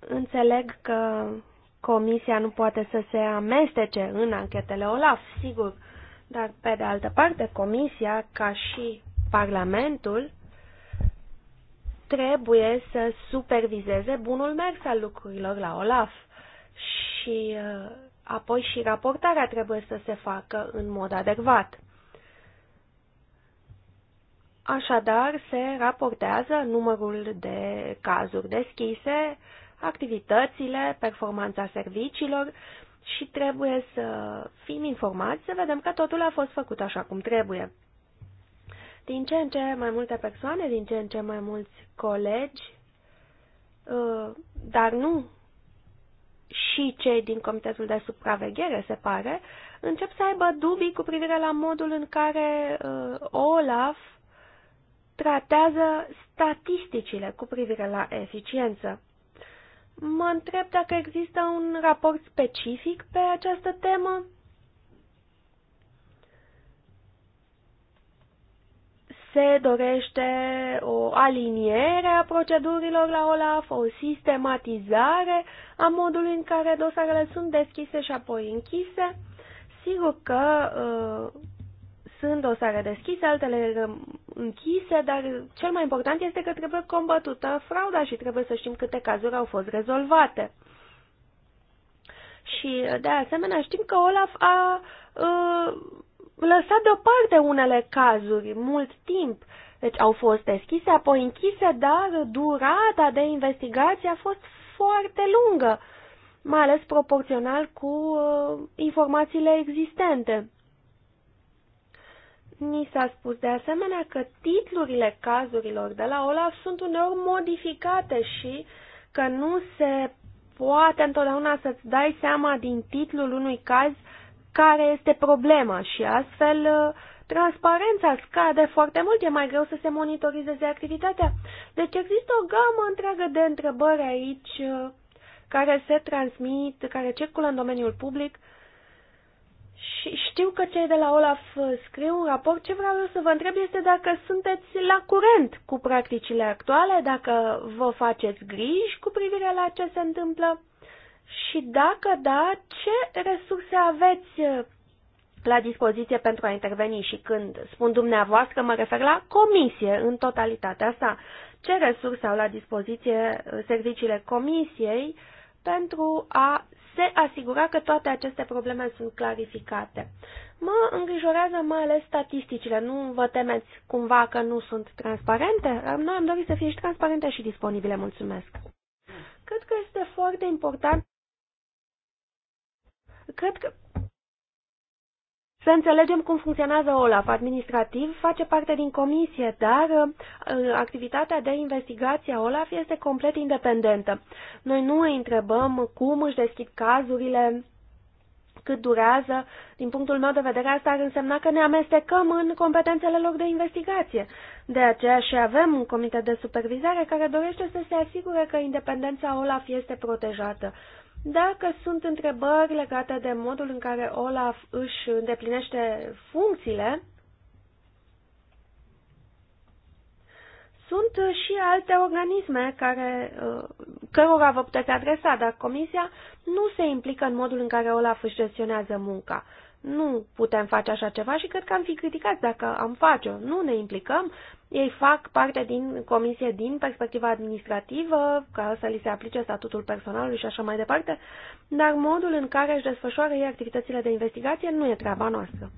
Înțeleg că Comisia nu poate să se amestece în anchetele Olaf, sigur, dar pe de altă parte Comisia, ca și Parlamentul, trebuie să superviseze bunul mers al lucrurilor la Olaf și uh, apoi și raportarea trebuie să se facă în mod adecvat. Așadar, se raportează numărul de cazuri deschise, activitățile, performanța serviciilor și trebuie să fim informați să vedem că totul a fost făcut așa cum trebuie. Din ce în ce mai multe persoane, din ce în ce mai mulți colegi, uh, dar nu și cei din Comitetul de Supraveghere, se pare, încep să aibă dubii cu privire la modul în care uh, OLAF tratează statisticile cu privire la eficiență. Mă întreb dacă există un raport specific pe această temă? Se dorește o aliniere a procedurilor la OLAF, o sistematizare a modului în care dosarele sunt deschise și apoi închise. Sigur că uh, sunt dosare deschise, altele închise, dar cel mai important este că trebuie combătută frauda și trebuie să știm câte cazuri au fost rezolvate. Și, de asemenea, știm că Olaf a uh, lăsat deoparte unele cazuri mult timp. Deci au fost deschise, apoi închise, dar durata de investigație a fost foarte lungă, mai ales proporțional cu uh, informațiile existente. Ni s-a spus de asemenea că titlurile cazurilor de la OLAF sunt uneori modificate și că nu se poate întotdeauna să-ți dai seama din titlul unui caz care este problema și astfel uh, transparența scade foarte mult, e mai greu să se monitorizeze activitatea. Deci există o gamă întreagă de întrebări aici uh, care se transmit, care circulă în domeniul public și știu că cei de la Olaf uh, scriu un raport. Ce vreau eu să vă întreb este dacă sunteți la curent cu practicile actuale, dacă vă faceți griji cu privire la ce se întâmplă și dacă da, ce resurse aveți uh, la dispoziție pentru a interveni și când spun dumneavoastră, mă refer la comisie în totalitatea Asta. Ce resurse au la dispoziție uh, serviciile comisiei pentru a se asigura că toate aceste probleme sunt clarificate. Mă îngrijorează mai ales statisticile. Nu vă temeți cumva că nu sunt transparente? Noi am dorit să fie și transparente și disponibile. Mulțumesc! Cred că este foarte important. Cred că să înțelegem cum funcționează OLAF. Administrativ face parte din comisie, dar uh, activitatea de investigație a OLAF este complet independentă. Noi nu îi întrebăm cum își deschid cazurile, cât durează. Din punctul meu de vedere, asta ar însemna că ne amestecăm în competențele lor de investigație. De aceea și avem un comitet de supervizare care dorește să se asigure că independența OLAF este protejată. Dacă sunt întrebări legate de modul în care Olaf își îndeplinește funcțiile, sunt și alte organisme care, uh, cărora vă puteți adresa, dar Comisia nu se implică în modul în care Olaf își gestionează munca. Nu putem face așa ceva și cred că am fi criticați dacă am face-o. Nu ne implicăm, ei fac parte din comisie din perspectiva administrativă, ca să li se aplice statutul personalului și așa mai departe, dar modul în care își desfășoară ei activitățile de investigație nu e treaba noastră.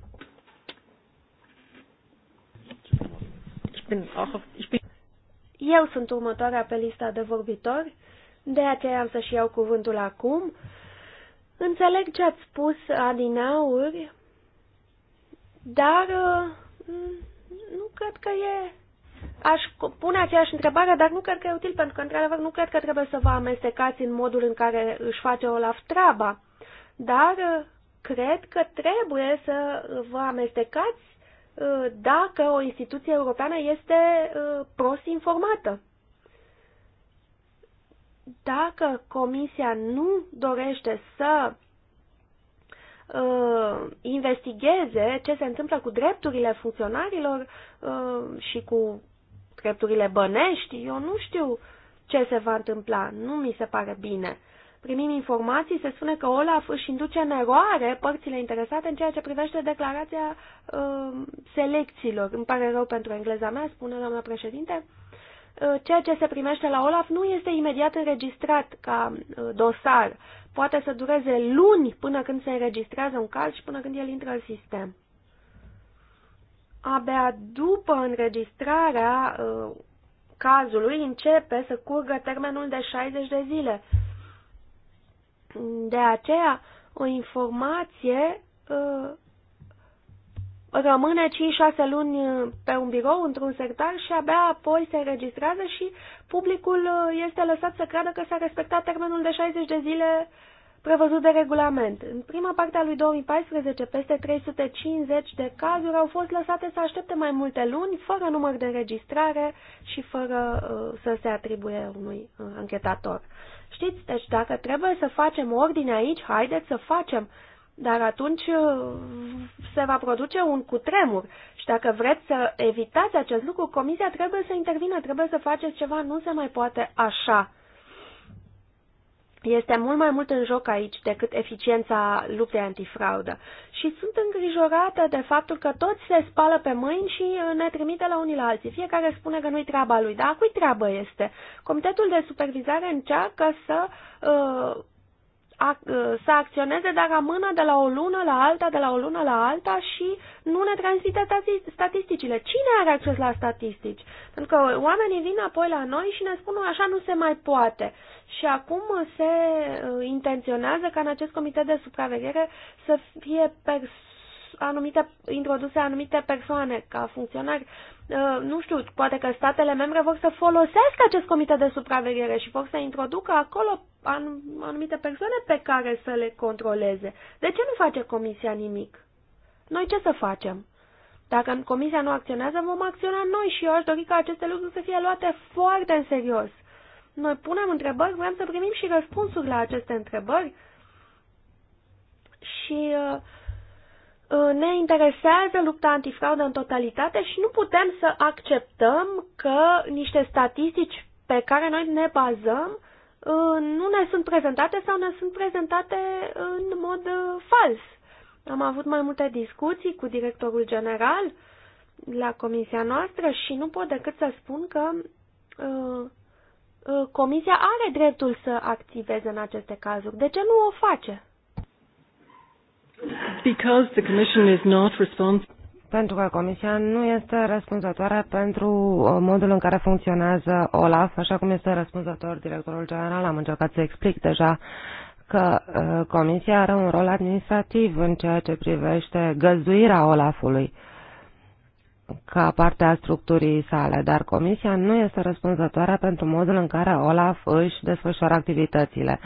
Eu sunt următoarea pe lista de vorbitori, de aceea am să-și iau cuvântul acum Înțeleg ce ați spus adinauri, dar uh, nu cred că e... Aș pune aceeași întrebare, dar nu cred că e util, pentru că, într-adevăr, nu cred că trebuie să vă amestecați în modul în care își face Olaf treaba. Dar uh, cred că trebuie să vă amestecați uh, dacă o instituție europeană este prost informată dacă comisia nu dorește să uh, investigheze ce se întâmplă cu drepturile funcționarilor uh, și cu drepturile bănești, eu nu știu ce se va întâmpla. Nu mi se pare bine. Primim informații, se spune că Olaf își induce în eroare părțile interesate în ceea ce privește declarația uh, selecțiilor. Îmi pare rău pentru engleza mea, spune doamna președinte. Uh, Uh, ceea ce se primește la OLAF nu este imediat înregistrat ca uh, dosar. Poate să dureze luni până când se înregistrează un caz și până când el intră în sistem. Abia după înregistrarea uh, cazului începe să curgă termenul de 60 de zile. De aceea, o informație rămâne 5-6 luni uh, pe un birou, într-un sertar și abia apoi se registrează și publicul uh, este lăsat să creadă că s-a respectat termenul de 60 de zile prevăzut de regulament. În prima parte a lui 2014, peste 350 de cazuri au fost lăsate să aștepte mai multe luni, fără număr de înregistrare și fără uh, să se atribuie unui uh, anchetator. Știți, deci dacă trebuie să facem ordine aici, haideți să facem. Uh, dar atunci uh, se va produce un cutremur și dacă vreți să evitați acest lucru, comisia trebuie să intervină, trebuie să faceți ceva, nu se mai poate așa. Este mult mai mult în joc aici decât eficiența luptei antifraudă. Și sunt îngrijorată de faptul că toți se spală pe mâini și uh, ne trimite la unii la alții. Fiecare spune că nu-i treaba lui, dar cui treabă este? Comitetul de supervizare încearcă să uh, să acționeze, dar amână de la o lună la alta, de la o lună la alta și nu ne transmite statisticile. Cine are acces la statistici? Pentru că oamenii vin apoi la noi și ne spun așa nu se mai poate. Și acum se uh, intenționează ca în acest comitet de supraveghere să fie persoane anumite, introduse anumite persoane ca funcționari. Uh, nu știu, poate că statele membre vor să folosească acest comitet de supraveghere și vor să introducă acolo anumite persoane pe care să le controleze. De ce nu face Comisia nimic? Noi ce să facem? Dacă Comisia nu acționează, vom acționa noi și eu aș dori ca aceste lucruri să fie luate foarte în serios. Noi punem întrebări, vrem să primim și răspunsuri la aceste întrebări și uh, Uh, ne interesează lupta antifraudă în totalitate și nu putem să acceptăm că niște statistici pe care noi ne bazăm uh, nu ne sunt prezentate sau ne sunt prezentate în mod uh, fals. Am avut mai multe discuții cu directorul general la comisia noastră și nu pot decât să spun că comisia are dreptul să activeze în aceste cazuri. De ce nu o face? Because the Commission is not responsible pentru că Comisia nu este răspunzătoare pentru uh, modul în care funcționează OLAF, așa cum este răspunzător directorul general. Am încercat să explic deja că uh, Comisia are un rol administrativ în ceea ce privește găzduirea OLAF-ului ca parte a structurii sale, dar Comisia nu este răspunzătoare pentru modul în care OLAF își desfășoară activitățile.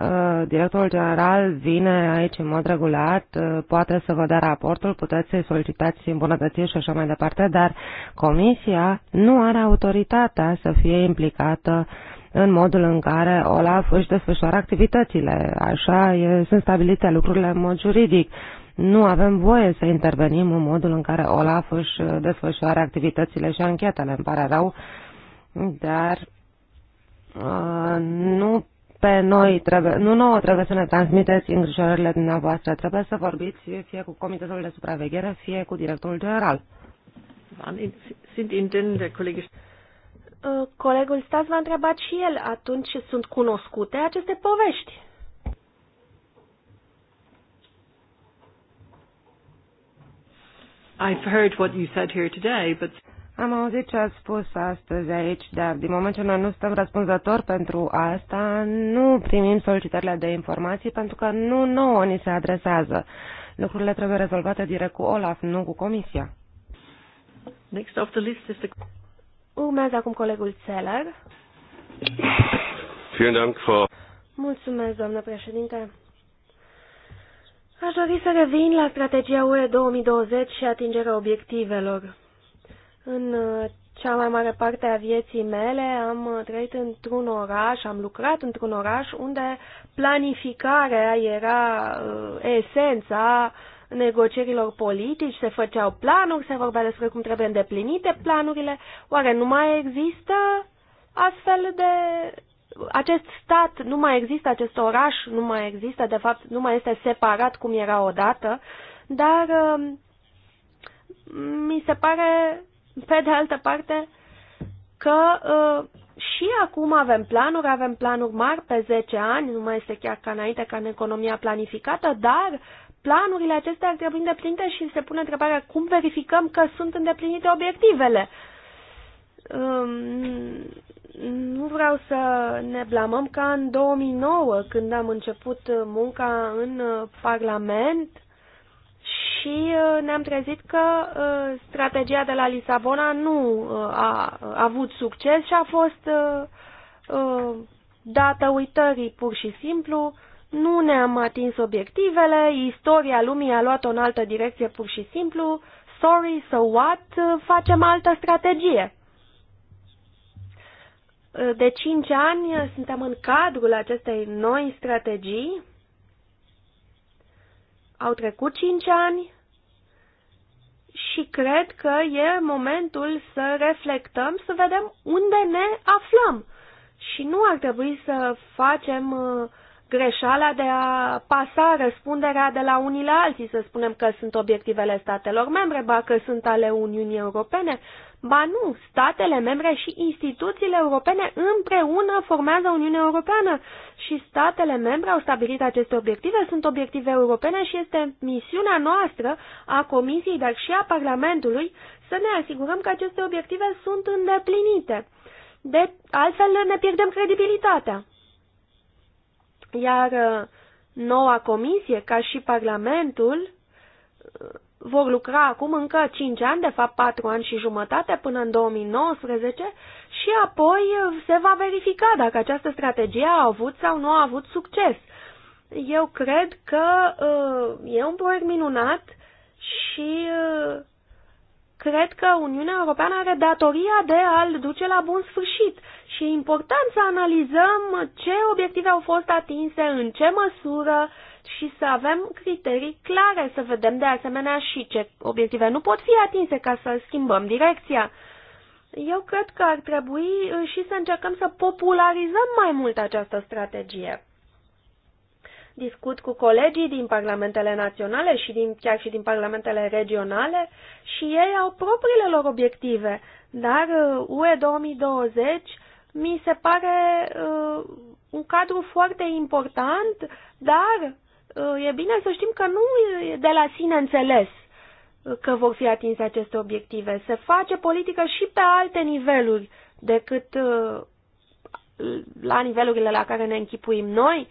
Uh, directorul general vine aici în mod regulat, uh, poate să vă dea raportul, puteți să-i solicitați îmbunătățiri și așa mai departe, dar comisia nu are autoritatea să fie implicată în modul în care OLAF își desfășoară activitățile. Așa e, sunt stabilite lucrurile în mod juridic. Nu avem voie să intervenim în modul în care OLAF își desfășoară activitățile și anchetele. Îmi pare rău, dar uh, nu pe noi, trebuie, nu nouă trebuie să ne transmiteți îngrijorările dumneavoastră, trebuie să vorbiți fie cu Comitetul de Supraveghere, fie cu Directorul General. Sunt intende, colegi. Uh, colegul Stas v-a întrebat și el, atunci sunt cunoscute aceste povești? I've heard what you said here today, but am auzit ce ați spus astăzi aici, dar din moment ce noi nu suntem răspunzători pentru asta, nu primim solicitările de informații pentru că nu nouă ni se adresează. Lucrurile trebuie rezolvate direct cu Olaf, nu cu Comisia. Next of the list is the... Urmează acum colegul Zeller. Mulțumesc, doamnă președinte. Aș dori să revin la strategia UE 2020 și atingerea obiectivelor. În uh, cea mai mare parte a vieții mele am uh, trăit într-un oraș, am lucrat într-un oraș unde planificarea era uh, esența negocierilor politici, se făceau planuri, se vorbea despre cum trebuie îndeplinite planurile. Oare nu mai există astfel de... Acest stat, nu mai există acest oraș, nu mai există, de fapt, nu mai este separat cum era odată, dar mi se pare pe de altă parte, că uh, și acum avem planuri, avem planuri mari pe 10 ani, nu mai este chiar ca înainte, ca în economia planificată, dar planurile acestea ar trebui îndeplinite și se pune întrebarea cum verificăm că sunt îndeplinite obiectivele. Um, nu vreau să ne blamăm ca în 2009, când am început munca în uh, Parlament, și uh, ne-am trezit că uh, strategia de la Lisabona nu uh, a avut succes și a fost dată uitării pur și simplu, nu ne-am atins obiectivele, istoria lumii a luat o în altă direcție pur și simplu, sorry, so what, facem altă strategie. De cinci ani suntem în cadrul acestei noi strategii. Au trecut cinci ani și cred că e momentul să reflectăm, să vedem unde ne aflăm. Și nu ar trebui să facem uh, greșeala de a pasa răspunderea de la unii la alții, să spunem că sunt obiectivele statelor membre, ba că sunt ale Uniunii Europene, Ba nu, statele membre și instituțiile europene împreună formează Uniunea Europeană și statele membre au stabilit aceste obiective, sunt obiective europene și este misiunea noastră a Comisiei, dar și a Parlamentului să ne asigurăm că aceste obiective sunt îndeplinite. De altfel ne pierdem credibilitatea. Iar uh, noua comisie, ca și Parlamentul, uh, vor lucra acum încă 5 ani, de fapt 4 ani și jumătate până în 2019 și apoi se va verifica dacă această strategie a avut sau nu a avut succes. Eu cred că uh, e un proiect minunat și uh, cred că Uniunea Europeană are datoria de a-l duce la bun sfârșit și e important să analizăm ce obiective au fost atinse, în ce măsură, uh, și să avem criterii clare, să vedem de asemenea și ce obiective nu pot fi atinse ca să schimbăm direcția. Eu cred că ar trebui uh, și să încercăm să popularizăm mai mult această strategie. Discut cu colegii din parlamentele naționale și din, chiar și din parlamentele regionale și ei au propriile lor obiective, dar uh, UE 2020 mi se pare uh, un cadru foarte important, dar Uh, e bine să știm că nu e de la sine înțeles uh, că vor fi atinse aceste obiective. Se face politică și pe alte niveluri decât uh, la nivelurile la care ne închipuim noi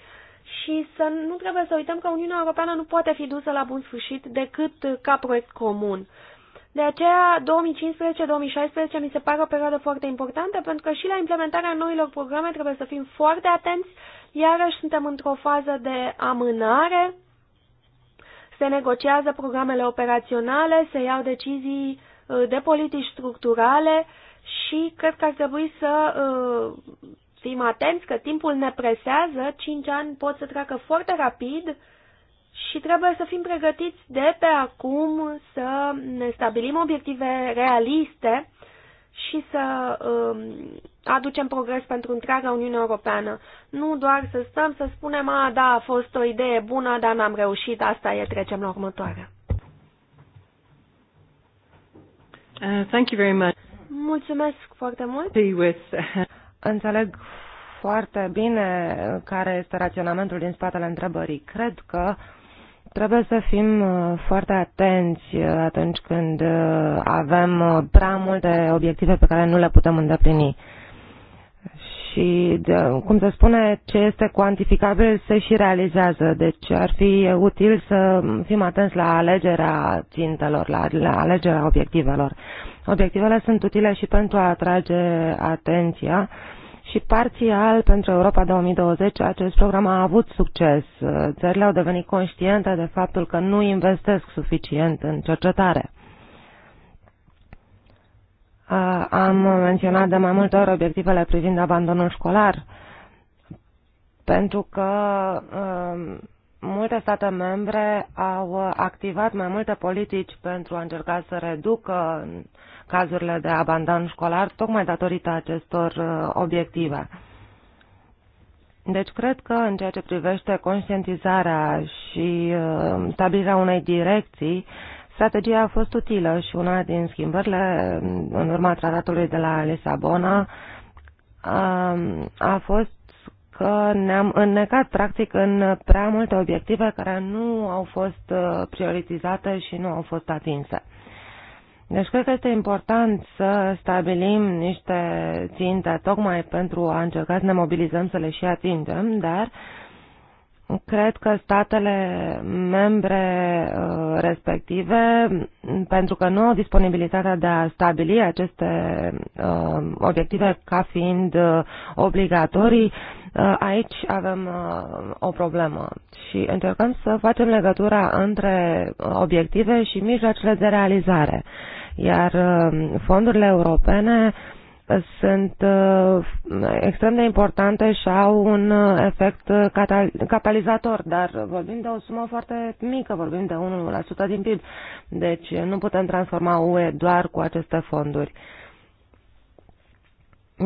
și să nu trebuie să uităm că Uniunea Europeană nu poate fi dusă la bun sfârșit decât ca proiect comun. De aceea, 2015-2016 mi se pare o perioadă foarte importantă, pentru că și la implementarea noilor programe trebuie să fim foarte atenți Iarăși suntem într-o fază de amânare, se negociază programele operaționale, se iau decizii uh, de politici structurale și cred că ar trebui să uh, fim atenți că timpul ne presează, 5 ani pot să treacă foarte rapid și trebuie să fim pregătiți de pe acum să ne stabilim obiective realiste și să uh, aducem progres pentru întreaga Uniune Europeană. Nu doar să stăm să spunem, a, da, a fost o idee bună, dar n-am reușit, asta e, trecem la următoarea. Uh, thank you very much. Mulțumesc foarte mult. Uh, Înțeleg foarte bine care este raționamentul din spatele întrebării. Cred că uh, Trebuie să fim uh, foarte atenți uh, atunci când uh, avem prea multe obiective pe care nu le putem îndeplini. Și, cum se spune, ce este cuantificabil se și realizează. Deci ar fi util să fim atenți la alegerea țintelor, la, la alegerea obiectivelor. Obiectivele sunt utile și pentru a atrage atenția și parțial pentru Europa 2020 acest program a avut succes. Țările au devenit conștiente de faptul că nu investesc suficient în cercetare. Am menționat de mai multe ori obiectivele privind abandonul școlar, pentru că multe state membre au activat mai multe politici pentru a încerca să reducă cazurile de abandon școlar, tocmai datorită acestor uh, obiective. Deci cred că în ceea ce privește conștientizarea și uh, stabilirea unei direcții, strategia a fost utilă și una din schimbările mm, în urma tratatului de la Lisabona um, a fost că ne-am înnecat practic în prea multe obiective care nu au fost uh, prioritizate și nu au fost atinse. Deci cred că este important să stabilim niște ținte tocmai pentru a încerca să ne mobilizăm să le și atingem, dar cred că statele membre uh, respective, pentru că nu au disponibilitatea de a stabili aceste uh, obiective ca fiind uh, obligatorii, aici avem o problemă și încercăm să facem legătura între obiective și mijloacele de realizare. Iar uh, fondurile europene uh, sunt uh, extrem de importante și au un efect catalizator, dar vorbim de o sumă foarte mică, vorbim de 1% din PIB, deci nu putem transforma UE doar cu aceste fonduri.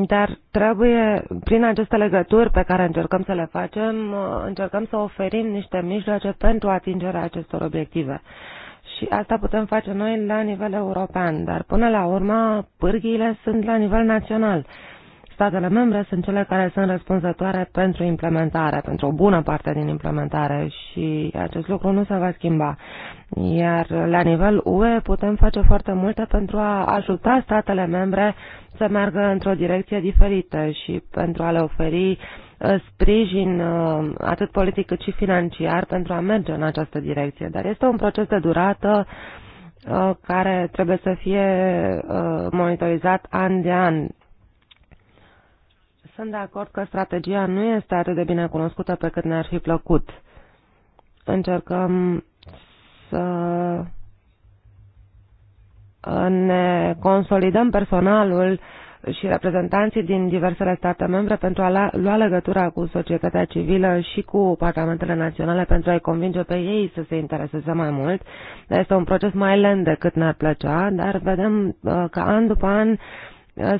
Dar trebuie, prin aceste legături pe care încercăm să le facem, încercăm să oferim niște mijloace pentru atingerea acestor obiective și asta putem face noi la nivel european, dar până la urmă pârghiile sunt la nivel național. Statele membre sunt cele care sunt răspunzătoare pentru implementare, pentru o bună parte din implementare și acest lucru nu se va schimba. Iar la nivel UE putem face foarte multe pentru a ajuta statele membre să meargă într-o direcție diferită și pentru a le oferi Uh, sprijin uh, atât politic cât și financiar pentru a merge în această direcție. Dar este un proces de durată uh, care trebuie să fie monitorizat an de an. Sunt de acord că strategia nu este atât de bine cunoscută pe cât ne-ar fi plăcut. Încercăm să ne consolidăm personalul uh, și reprezentanții din diversele state membre pentru a lua legătura cu societatea civilă și cu parlamentele naționale pentru a-i convinge pe ei să se intereseze mai mult. Este un proces mai lent decât ne-ar plăcea, dar vedem uh, că an după an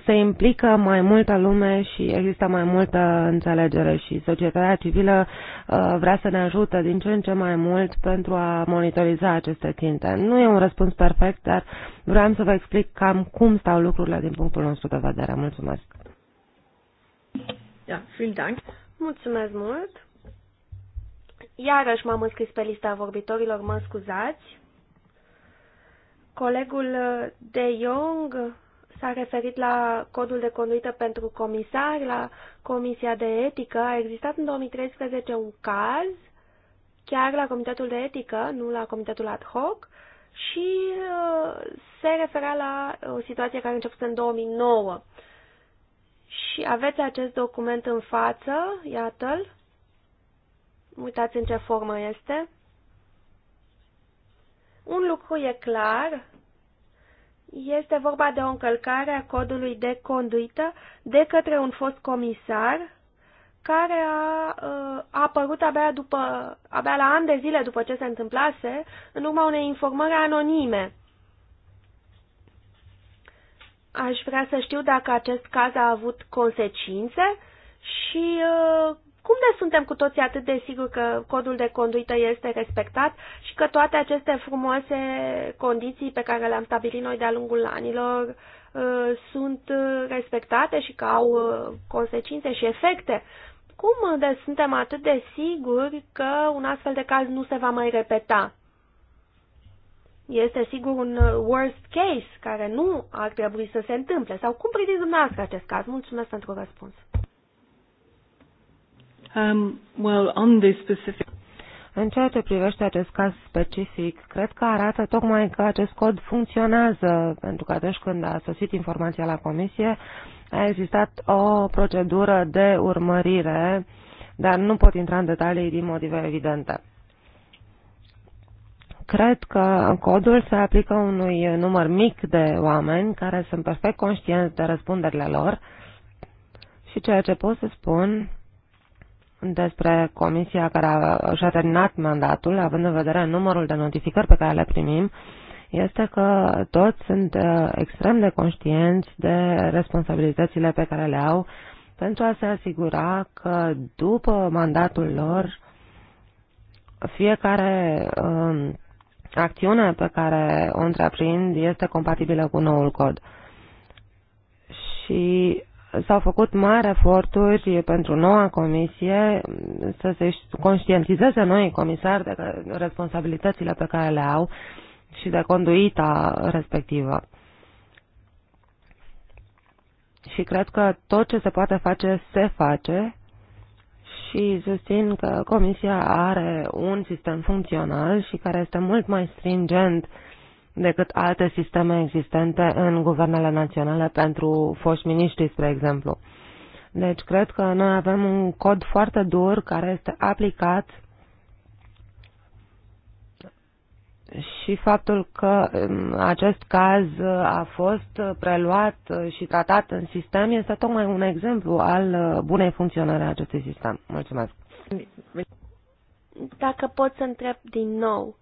se implică mai multă lume și există mai multă înțelegere și societatea civilă uh, vrea să ne ajute din ce în ce mai mult pentru a monitoriza aceste ținte. Nu e un răspuns perfect, dar vreau să vă explic cam cum stau lucrurile din punctul nostru de vedere. Mulțumesc! Da, vielen Dank. Mulțumesc mult! Iarăși m-am înscris pe lista vorbitorilor, mă scuzați. Colegul uh, De Jong s-a referit la codul de conduită pentru comisari, la Comisia de Etică. A existat în 2013 un caz, chiar la Comitetul de Etică, nu la Comitetul Ad Hoc, și uh, se referea la o situație care a început în 2009. Și aveți acest document în față, iată-l. Uitați în ce formă este. Un lucru e clar, este vorba de o încălcare a codului de conduită de către un fost comisar care a, uh, a apărut abia, după, abia la ani de zile după ce se întâmplase, în urma unei informări anonime. Aș vrea să știu dacă acest caz a avut consecințe și uh, cum de suntem cu toții atât de siguri că codul de conduită este respectat și că toate aceste frumoase condiții pe care le-am stabilit noi de-a lungul anilor uh, sunt uh, respectate și că au uh, consecințe și efecte? Cum de suntem atât de siguri că un astfel de caz nu se va mai repeta? Este sigur un worst case care nu ar trebui să se întâmple. Sau cum priviți dumneavoastră acest caz? Mulțumesc pentru răspuns. Um, well, on this specific... În ceea ce privește acest caz specific, cred că arată tocmai că acest cod funcționează, pentru că atunci când a sosit informația la comisie, a existat o procedură de urmărire, dar nu pot intra în detalii din motive evidente. Cred că codul se aplică unui număr mic de oameni care sunt perfect conștienți de răspunderile lor și ceea ce pot să spun despre comisia care și-a terminat mandatul, având în vedere numărul de notificări pe care le primim, este că toți sunt uh, extrem de conștienți de responsabilitățile pe care le au pentru a se asigura că după mandatul lor fiecare um, acțiune pe care o întreprind este compatibilă cu noul cod. Și s-au făcut mari eforturi pentru noua comisie să se conștientizeze noi comisari de responsabilitățile pe care le au și de conduita respectivă. Și cred că tot ce se poate face, se face și susțin că Comisia are un sistem funcțional și care este mult mai stringent uh, decât alte sisteme existente în guvernele naționale pentru foști miniștri, spre exemplu. Deci cred că noi avem un cod foarte dur care este aplicat și faptul că um, acest caz a fost preluat și tratat în sistem este tocmai un exemplu al uh, bunei funcționări a acestui sistem. Mulțumesc. Dacă pot să întreb din nou,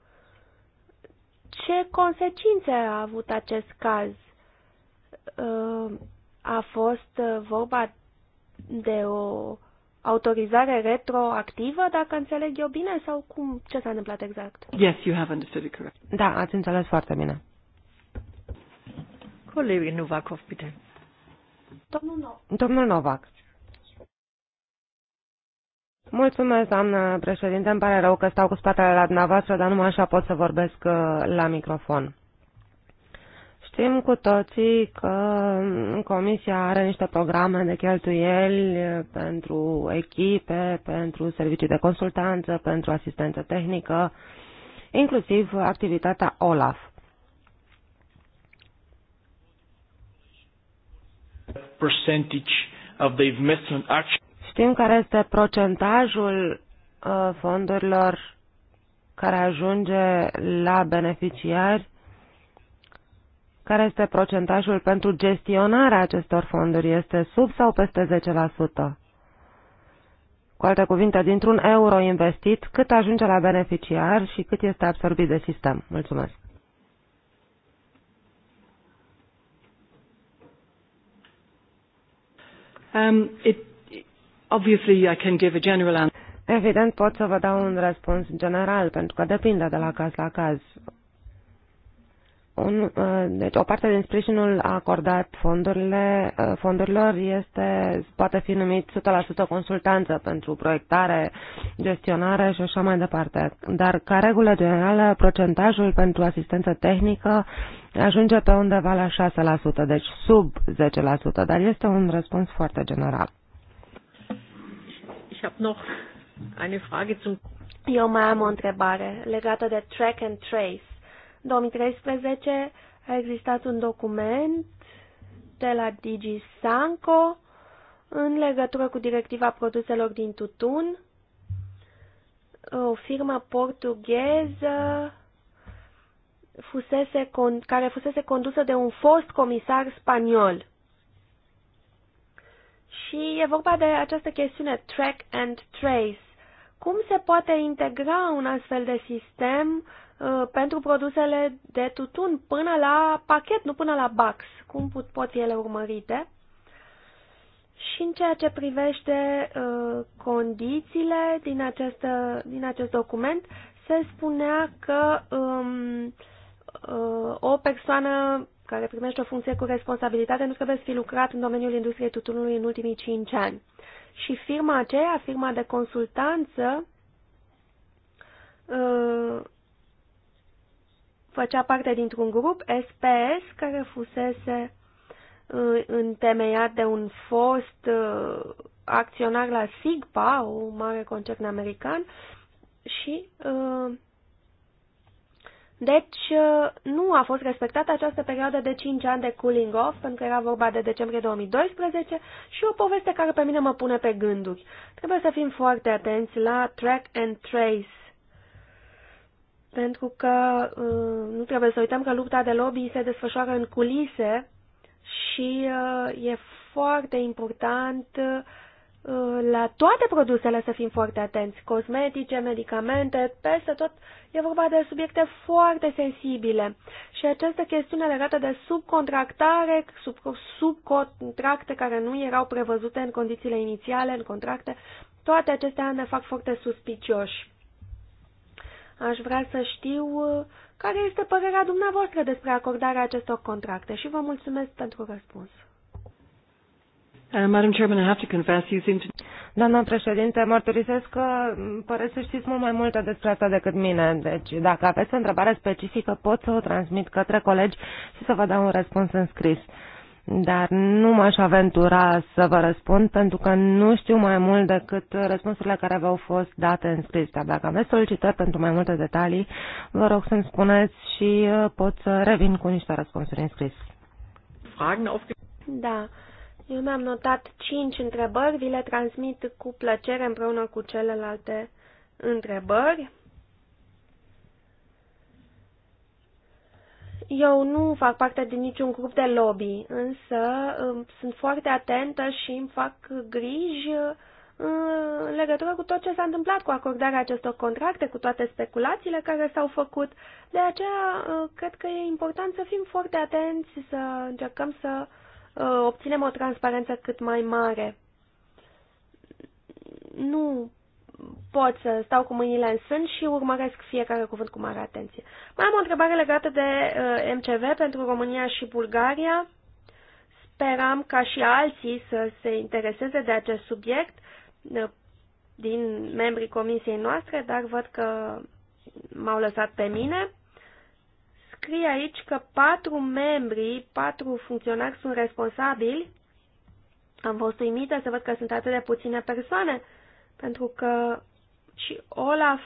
ce consecințe a avut acest caz? Uh, a fost uh, vorba de o autorizare retroactivă, dacă înțeleg eu bine, sau cum? Ce s-a întâmplat exact? Yes, you have understood it correct. Da, ați înțeles foarte bine. Colegii Novakov, bine. Domnul, Novak. Domnul Novak. Mulțumesc, doamnă președinte. Îmi pare rău că stau cu spatele la dumneavoastră, dar numai așa pot să vorbesc uh, la microfon. Știm cu toții că mm, Comisia are niște programe de cheltuieli uh, pentru echipe, pentru servicii de consultanță, pentru asistență tehnică, inclusiv activitatea OLAF. Percentage of the investment action Știm care este procentajul uh, fondurilor care ajunge la beneficiari, care este procentajul pentru gestionarea acestor fonduri, este sub sau peste 10%? Cu alte cuvinte, dintr-un euro investit, cât ajunge la beneficiar și cât este absorbit de sistem? Mulțumesc. Um, it Obviously, I can give a general answer. Evident, pot să vă dau un răspuns general, pentru că depinde de la caz la caz. Un, uh, deci o parte din sprijinul acordat fondurile, uh, fondurilor este, poate fi numit 100% consultanță pentru proiectare, gestionare și așa mai departe. Dar ca regulă generală, procentajul pentru asistență tehnică ajunge pe undeva la 6%, deci sub 10%, dar este un răspuns foarte general. Ich habe noch eine Frage zum Eu mai am o întrebare legată de track and trace. În 2013 a existat un document de la Digi Sanco în legătură cu directiva produselor din tutun. O firmă portugheză fusese, care fusese condusă de un fost comisar spaniol și e vorba de această chestiune track and trace. Cum se poate integra un astfel de sistem uh, pentru produsele de tutun până la pachet, nu până la box? Cum pot, pot ele urmărite? Și în ceea ce privește uh, condițiile din, această, din acest document, se spunea că um, uh, o persoană care primește o funcție cu responsabilitate nu trebuie să fi lucrat în domeniul industriei tutunului în ultimii 5 ani. Și firma aceea, firma de consultanță, uh, făcea parte dintr-un grup, SPS, care fusese uh, întemeiat de un fost uh, acționar la SIGPA, un mare concern american, și deci uh, nu a fost respectată această perioadă de 5 ani de cooling off, pentru că era vorba de decembrie 2012 și o poveste care pe mine mă pune pe gânduri. Trebuie să fim foarte atenți la track and trace, pentru că uh, nu trebuie să uităm că lupta de lobby se desfășoară în culise și uh, e foarte important Uh, la toate produsele să fim foarte atenți, cosmetice, medicamente, peste tot e vorba de subiecte foarte sensibile și această chestiune legată de subcontractare, sub, subcontracte care nu erau prevăzute în condițiile inițiale, în contracte, toate acestea ne fac foarte suspicioși. Aș vrea să știu uh, care este părerea dumneavoastră despre acordarea acestor contracte și vă mulțumesc pentru răspuns. Uh, Madam Chairman, I have to confess, you seem to... Doamna președinte, mărturisesc că pare să știți mult mai multe despre asta decât mine. Deci, dacă aveți o întrebare specifică, pot să o transmit către colegi și să vă dau un răspuns în scris. Dar nu m-aș aventura să vă răspund, pentru că nu știu mai mult decât răspunsurile care v-au fost date în scris. Dar dacă aveți solicitări pentru mai multe detalii, vă rog să-mi spuneți și uh, pot să revin cu niște răspunsuri în scris. Da. Eu mi-am notat cinci întrebări, vi le transmit cu plăcere împreună cu celelalte întrebări. Eu nu fac parte din niciun grup de lobby, însă um, sunt foarte atentă și îmi fac griji uh, în legătură cu tot ce s-a întâmplat cu acordarea acestor contracte, cu toate speculațiile care s-au făcut. De aceea, uh, cred că e important să fim foarte atenți, să încercăm să Uh, obținem o transparență cât mai mare. Nu pot să stau cu mâinile în sân și urmăresc fiecare cuvânt cu mare atenție. Mai am o întrebare legată de uh, MCV pentru România și Bulgaria. Speram ca și alții să se intereseze de acest subiect uh, din membrii comisiei noastre, dar văd că m-au lăsat pe mine scrie aici că patru membri, patru funcționari sunt responsabili. Am fost uimită să văd că sunt atât de puține persoane, pentru că și Olaf,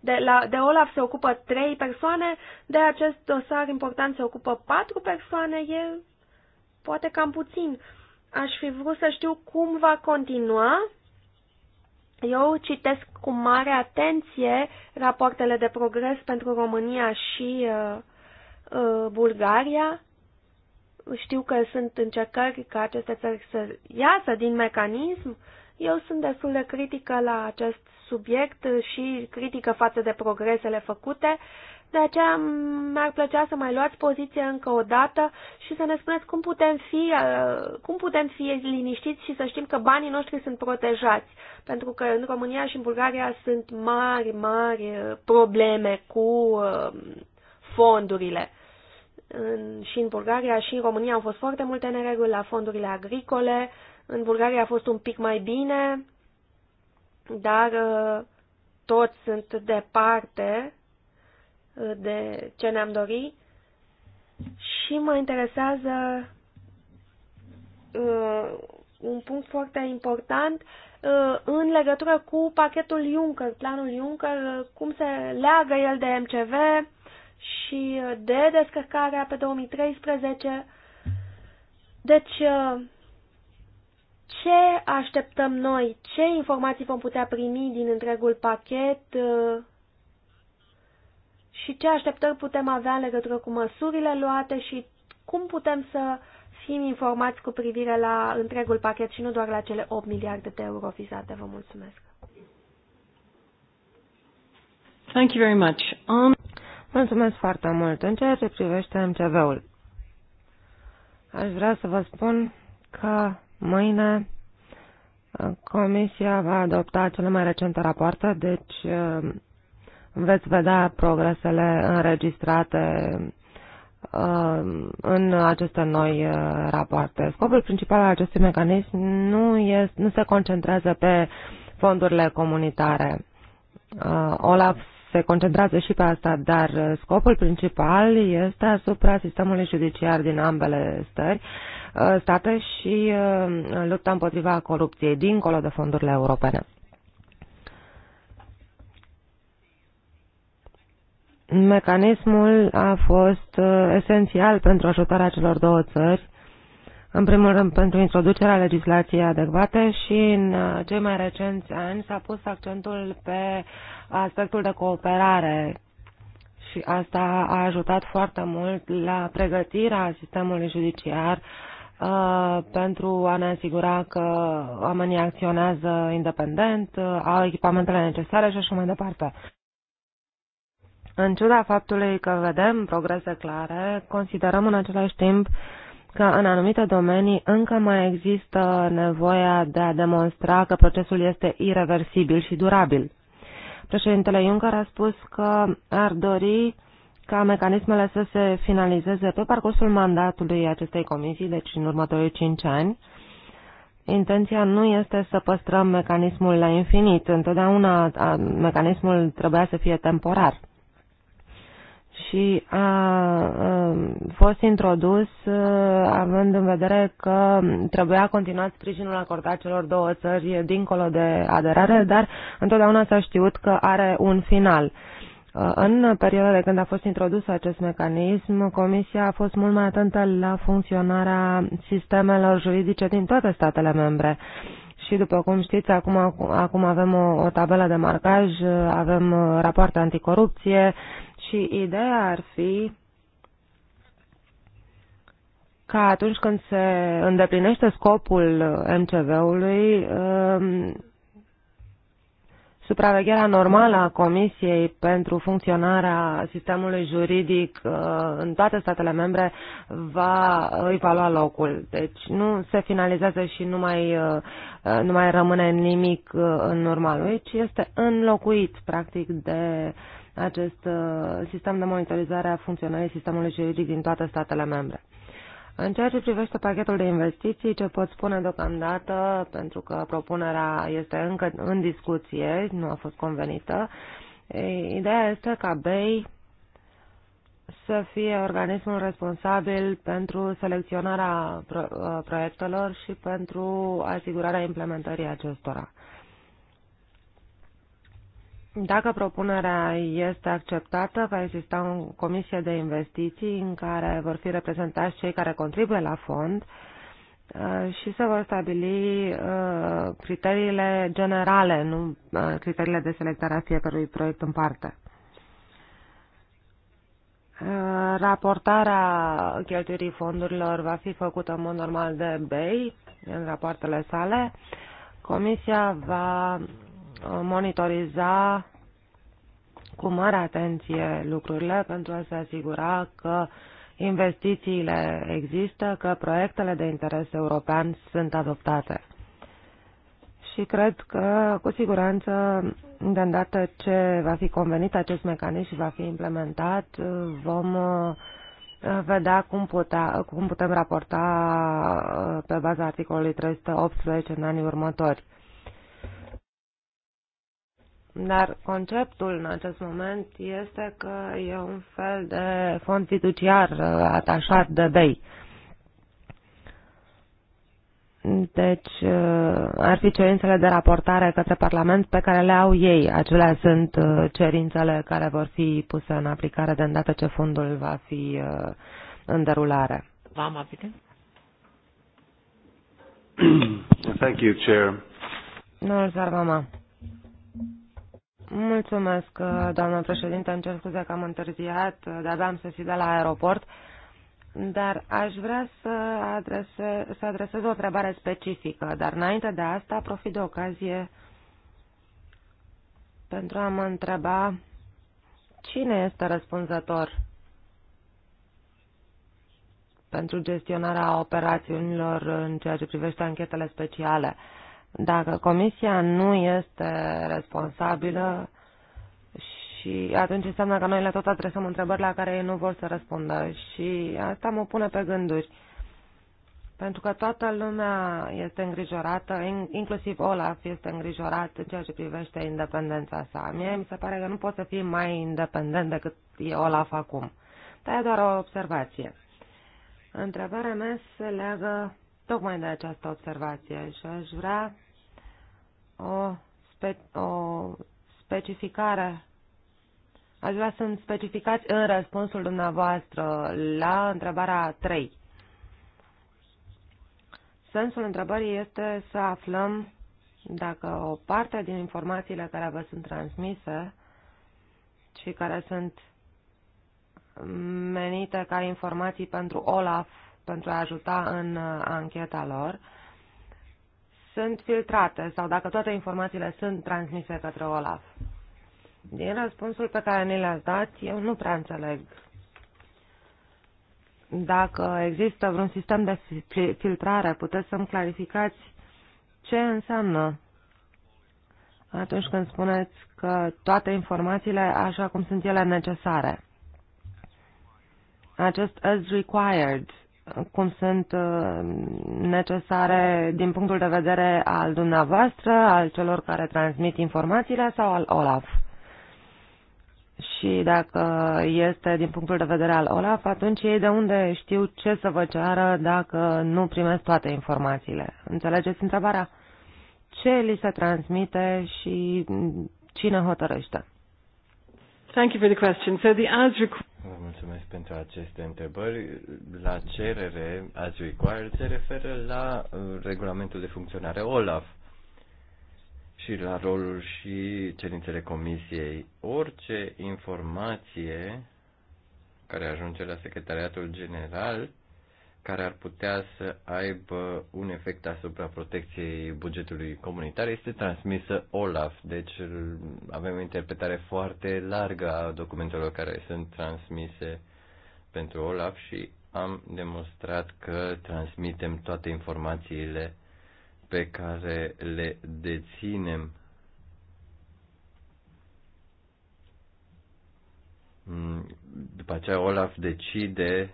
de, la, de Olaf se ocupă trei persoane, de acest dosar important se ocupă patru persoane, e poate cam puțin. Aș fi vrut să știu cum va continua eu citesc cu mare atenție rapoartele de progres pentru România și uh, uh, Bulgaria. Știu că sunt încercări ca aceste țări să iasă din mecanism. Eu sunt destul de critică la acest subiect și critică față de progresele făcute, de aceea mi-ar plăcea să mai luați poziție încă o dată și să ne spuneți cum putem fi, uh, cum putem fi liniștiți și să știm că banii noștri sunt protejați. Pentru că în România și în Bulgaria sunt mari, mari uh, probleme cu uh, fondurile. În, și în Bulgaria și în România au fost foarte multe nereguli la fondurile agricole. În Bulgaria a fost un pic mai bine, dar toți sunt departe de ce ne-am dori și mă interesează uh, un punct foarte important uh, în legătură cu pachetul Juncker, planul Juncker, cum se leagă el de MCV și de descărcarea pe 2013. Deci, uh, ce așteptăm noi? Ce informații vom putea primi din întregul pachet? Uh, și ce așteptări putem avea în legătură cu măsurile luate și cum putem să fim informați cu privire la întregul pachet și nu doar la cele 8 miliarde de euro vizate. Vă mulțumesc. Thank you very much. Um... Mulțumesc foarte mult. În ceea ce privește MCV-ul, aș vrea să vă spun că mâine uh, Comisia va adopta cele mai recente rapoarte, deci uh, veți vedea progresele înregistrate uh, în aceste noi uh, rapoarte. Scopul principal al acestui mecanism nu, este, nu se concentrează pe fondurile comunitare. Uh, Olaf se concentrează și pe asta, dar scopul principal este asupra sistemului judiciar din ambele stări, state și lupta împotriva corupției, dincolo de fondurile europene. Mecanismul a fost uh, esențial pentru ajutarea celor două țări, în primul rând pentru introducerea legislației adecvate și în uh, cei mai recenți ani s-a pus accentul pe aspectul de cooperare și asta a ajutat foarte mult la pregătirea sistemului judiciar uh, pentru a ne asigura că oamenii acționează independent, au echipamentele necesare și așa mai departe. În ciuda faptului că vedem progrese clare, considerăm în același timp că în anumite domenii încă mai există nevoia de a demonstra că procesul este irreversibil și durabil. Președintele Juncker a spus că ar dori ca mecanismele să se finalizeze pe parcursul mandatului acestei comisii, deci în următorii cinci ani. Intenția nu este să păstrăm mecanismul la infinit. Întotdeauna mecanismul trebuia să fie temporar și a fost introdus având în vedere că trebuia continuat sprijinul acordat celor două țări dincolo de aderare, dar întotdeauna s-a știut că are un final. În perioada de când a fost introdus acest mecanism, Comisia a fost mult mai atentă la funcționarea sistemelor juridice din toate statele membre. Și după cum știți, acum, acum avem o, o tabelă de marcaj, avem rapoarte anticorupție, și ideea ar fi ca atunci când se îndeplinește scopul MCV-ului, um, supravegherea normală a Comisiei pentru funcționarea sistemului juridic uh, în toate statele membre va îi va lua locul. Deci nu se finalizează și nu mai, uh, uh, nu mai rămâne nimic în urma lui, ci este înlocuit practic de uh, acest uh, sistem de monitorizare a funcționării sistemului juridic din toate statele membre. În ceea ce privește pachetul de investiții, ce pot spune deocamdată, pentru că propunerea este încă în discuție, nu a fost convenită, ideea este ca BEI să fie organismul responsabil pentru selecționarea uh, proiectelor și pentru asigurarea implementării acestora. Dacă propunerea este acceptată, va exista o comisie de investiții în care vor fi reprezentați cei care contribuie la fond uh, și se vor stabili uh, criteriile generale, nu uh, criteriile de selectare a fiecărui proiect în parte. Raportarea cheltuirii fondurilor va fi făcută în mod normal de BEI în rapoartele sale. Comisia va monitoriza cu mare atenție lucrurile pentru a se asigura că investițiile există, că proiectele de interes european sunt adoptate. Și cred că, cu siguranță, de îndată ce va fi convenit acest mecanism și va fi implementat, vom uh, vedea cum, putea, cum putem raporta uh, pe baza articolului 318 în anii următori. Dar conceptul în acest moment este că e un fel de fond fiduciar uh, atașat de BEI. Deci uh, ar fi cerințele de raportare către Parlament pe care le au ei. Acelea sunt uh, cerințele care vor fi puse în aplicare de îndată ce fondul va fi în derulare. V-am Thank you, Chair. Domnul Sarvama. Mulțumesc, da. doamnă președinte. Îmi cer scuze că am întârziat, dar am să fi de la aeroport. Dar aș vrea să, adrese, să adresez o întrebare specifică, dar înainte de asta profit de ocazie pentru a mă întreba cine este răspunzător pentru gestionarea operațiunilor în ceea ce privește anchetele speciale. Uh, dacă comisia nu este responsabilă și atunci înseamnă că noi le tot adresăm întrebări la care ei nu vor să răspundă și asta mă pune pe gânduri. Pentru că toată lumea este îngrijorată, inclusiv Olaf este îngrijorat în ceea ce privește independența sa. Mie mi se pare că nu pot să fii mai independent decât e Olaf acum. Dar e doar o observație. Întrebarea mea se leagă tocmai de această observație și aș vrea o, spe, o specificare. Aș vrea să-mi specificați în răspunsul dumneavoastră la întrebarea 3. Sensul întrebării este să aflăm dacă o parte din informațiile care vă sunt transmise și care sunt menite ca informații pentru OLAF pentru a ajuta în uh, ancheta lor, sunt filtrate sau dacă toate informațiile sunt transmise către OLAF. Din răspunsul pe care ni le ați dat, eu nu prea înțeleg dacă există vreun sistem de filtrare, puteți să-mi clarificați ce înseamnă atunci când spuneți că toate informațiile așa cum sunt ele necesare. Acest as required cum sunt uh, necesare din punctul de vedere al dumneavoastră, al celor care transmit informațiile sau al OLAF? Și dacă este din punctul de vedere al OLAF, atunci ei de unde știu ce să vă ceară dacă nu primesc toate informațiile? Înțelegeți întrebarea? Ce li se transmite și cine hotărăște? Thank you for the question. So the as Vă mulțumesc pentru aceste întrebări. La cerere, as required, se referă la uh, regulamentul de funcționare OLAF și la rolul și cerințele comisiei. Orice informație care ajunge la Secretariatul General care ar putea să aibă un efect asupra protecției bugetului comunitar este transmisă OLAF. Deci avem o interpretare foarte largă a documentelor care sunt transmise pentru OLAF și am demonstrat că transmitem toate informațiile pe care le deținem. Mm, după aceea Olaf decide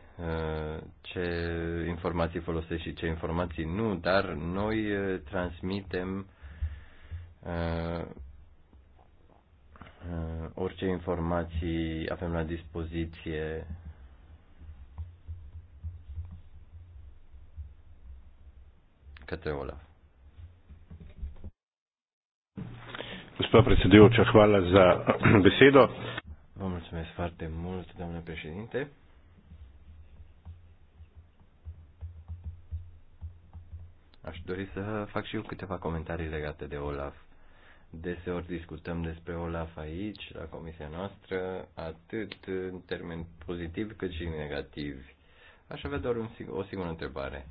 ce informații folosești și ce informații nu, dar noi uh, transmitem uh, uh, orice informații avem la dispoziție către Olaf. Gospa predsedujoča, hvala za besedo. Vă mulțumesc foarte mult, domnule președinte. Aș dori să fac și eu câteva comentarii legate de Olaf. Deseori discutăm despre Olaf aici, la comisia noastră, atât în termeni pozitivi cât și negativi. Aș avea doar un, o singură întrebare.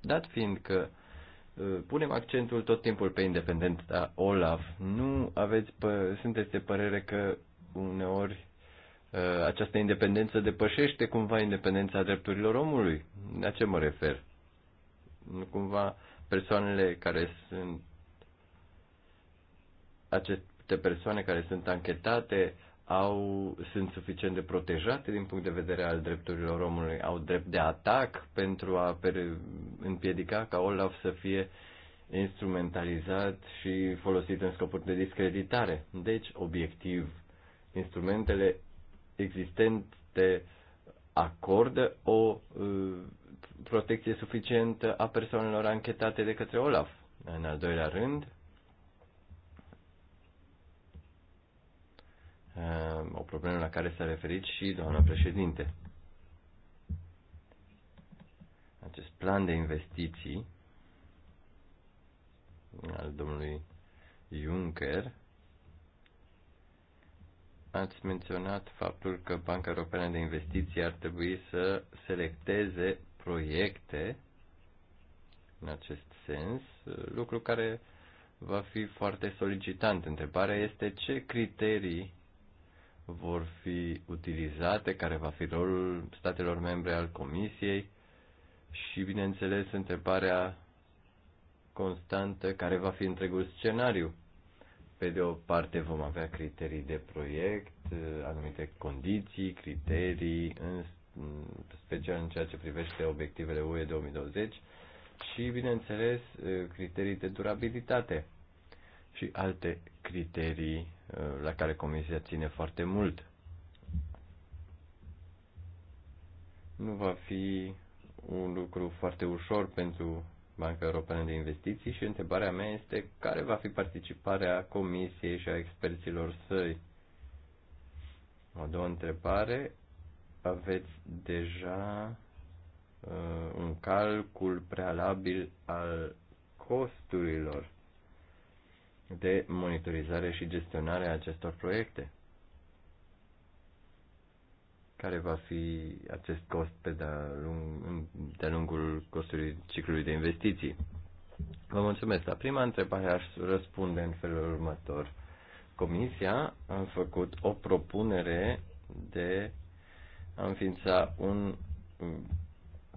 Dat fiind că uh, punem accentul tot timpul pe independența Olaf, nu aveți, sunteți de părere că uneori Uh, această independență depășește cumva independența drepturilor omului. La ce mă refer? Nu cumva persoanele care sunt aceste persoane care sunt anchetate au, sunt suficient de protejate din punct de vedere al drepturilor omului, au drept de atac pentru a împiedica ca Olaf să fie instrumentalizat și folosit în scopuri de discreditare. Deci, obiectiv, instrumentele existente acordă o uh, protecție suficientă a persoanelor anchetate de către Olaf. În al doilea rând, uh, o problemă la care s-a referit și doamna președinte. Acest plan de investiții al domnului Juncker ați menționat faptul că Banca Europeană de Investiții ar trebui să selecteze proiecte în acest sens, lucru care va fi foarte solicitant. Întrebarea este ce criterii vor fi utilizate, care va fi rolul statelor membre al Comisiei și, bineînțeles, întrebarea constantă care va fi întregul scenariu pe de o parte vom avea criterii de proiect, uh, anumite condiții, criterii, în special în ceea ce privește obiectivele UE 2020 și, bineînțeles, uh, criterii de durabilitate și alte criterii uh, la care Comisia ține foarte mult. Nu va fi un lucru foarte ușor pentru Banca Europeană de Investiții și întrebarea mea este care va fi participarea comisiei și a experților săi. O doua întrebare, aveți deja uh, un calcul prealabil al costurilor de monitorizare și gestionare a acestor proiecte? care va fi acest cost pe de-a, lung, de lungul costului ciclului de investiții. Vă mulțumesc. La prima întrebare aș răspunde în felul următor. Comisia a făcut o propunere de a înființa un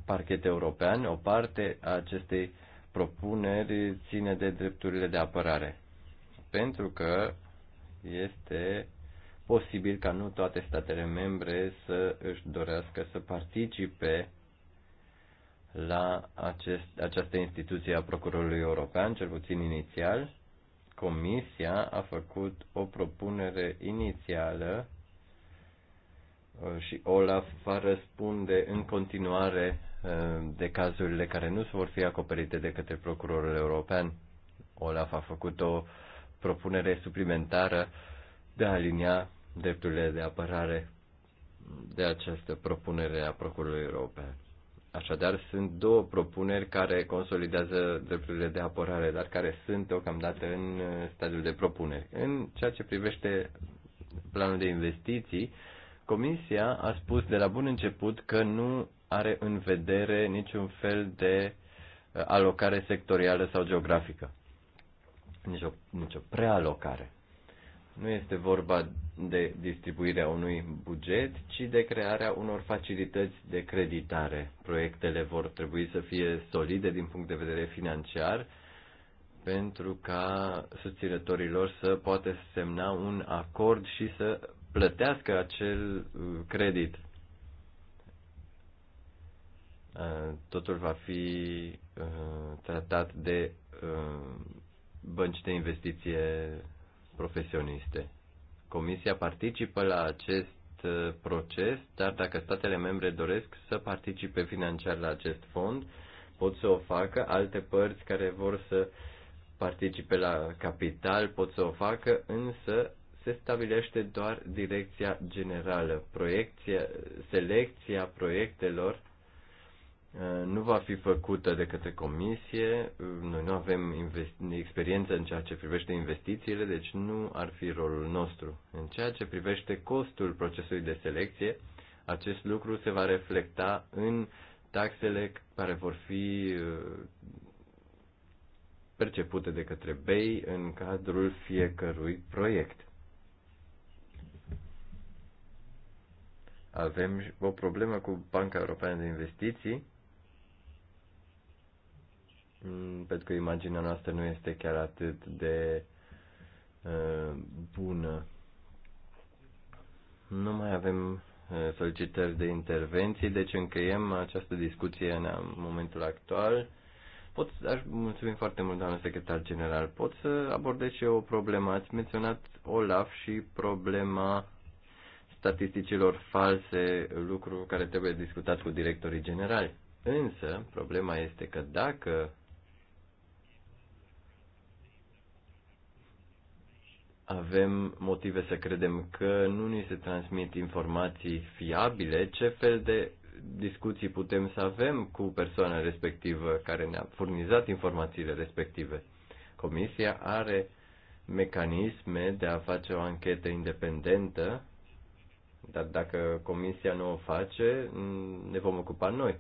parchet european. O parte a acestei propuneri ține de drepturile de apărare, pentru că este posibil ca nu toate statele membre să își dorească să participe la acest, această instituție a Procurorului European, cel puțin inițial. Comisia a făcut o propunere inițială uh, și Olaf va răspunde în continuare uh, de cazurile care nu vor fi acoperite de către Procurorul European. Olaf a făcut o propunere suplimentară de a alinia drepturile de apărare de această propunere a Procurorului European. Așadar, sunt două propuneri care consolidează drepturile de apărare, dar care sunt deocamdată în stadiul de propuneri. În ceea ce privește planul de investiții, Comisia a spus de la bun început că nu are în vedere niciun fel de uh, alocare sectorială sau geografică. Nici o, nici o prealocare. Nu este vorba de distribuirea unui buget, ci de crearea unor facilități de creditare. Proiectele vor trebui să fie solide din punct de vedere financiar pentru ca susținătorilor să poată semna un acord și să plătească acel uh, credit. Uh, totul va fi uh, tratat de bănci de investiție profesioniste. Comisia participă la acest uh, proces, dar dacă statele membre doresc să participe financiar la acest fond, pot să o facă, alte părți care vor să participe la capital pot să o facă, însă se stabilește doar direcția generală. Proiecția, selecția proiectelor nu va fi făcută de către comisie, noi nu avem experiență în ceea ce privește investițiile, deci nu ar fi rolul nostru. În ceea ce privește costul procesului de selecție, acest lucru se va reflecta în taxele care vor fi uh, percepute de către BEI în cadrul fiecărui proiect. Avem o problemă cu Banca Europeană de Investiții, Mm, pentru că imaginea noastră nu este chiar atât de uh, bună. Nu mai avem uh, solicitări de intervenții, deci încheiem această discuție în momentul actual. Pot, aș, mulțumim foarte mult, doamnă secretar general. Pot să abordez și eu o problemă. Ați menționat OLAF și problema statisticilor false, lucru care trebuie discutat cu directorii generali. Însă, problema este că dacă avem motive să credem că nu ni se transmit informații fiabile, ce fel de discuții putem să avem cu persoana respectivă care ne-a furnizat informațiile respective. Comisia are mecanisme de a face o anchetă independentă, dar dacă comisia nu o face, ne vom ocupa noi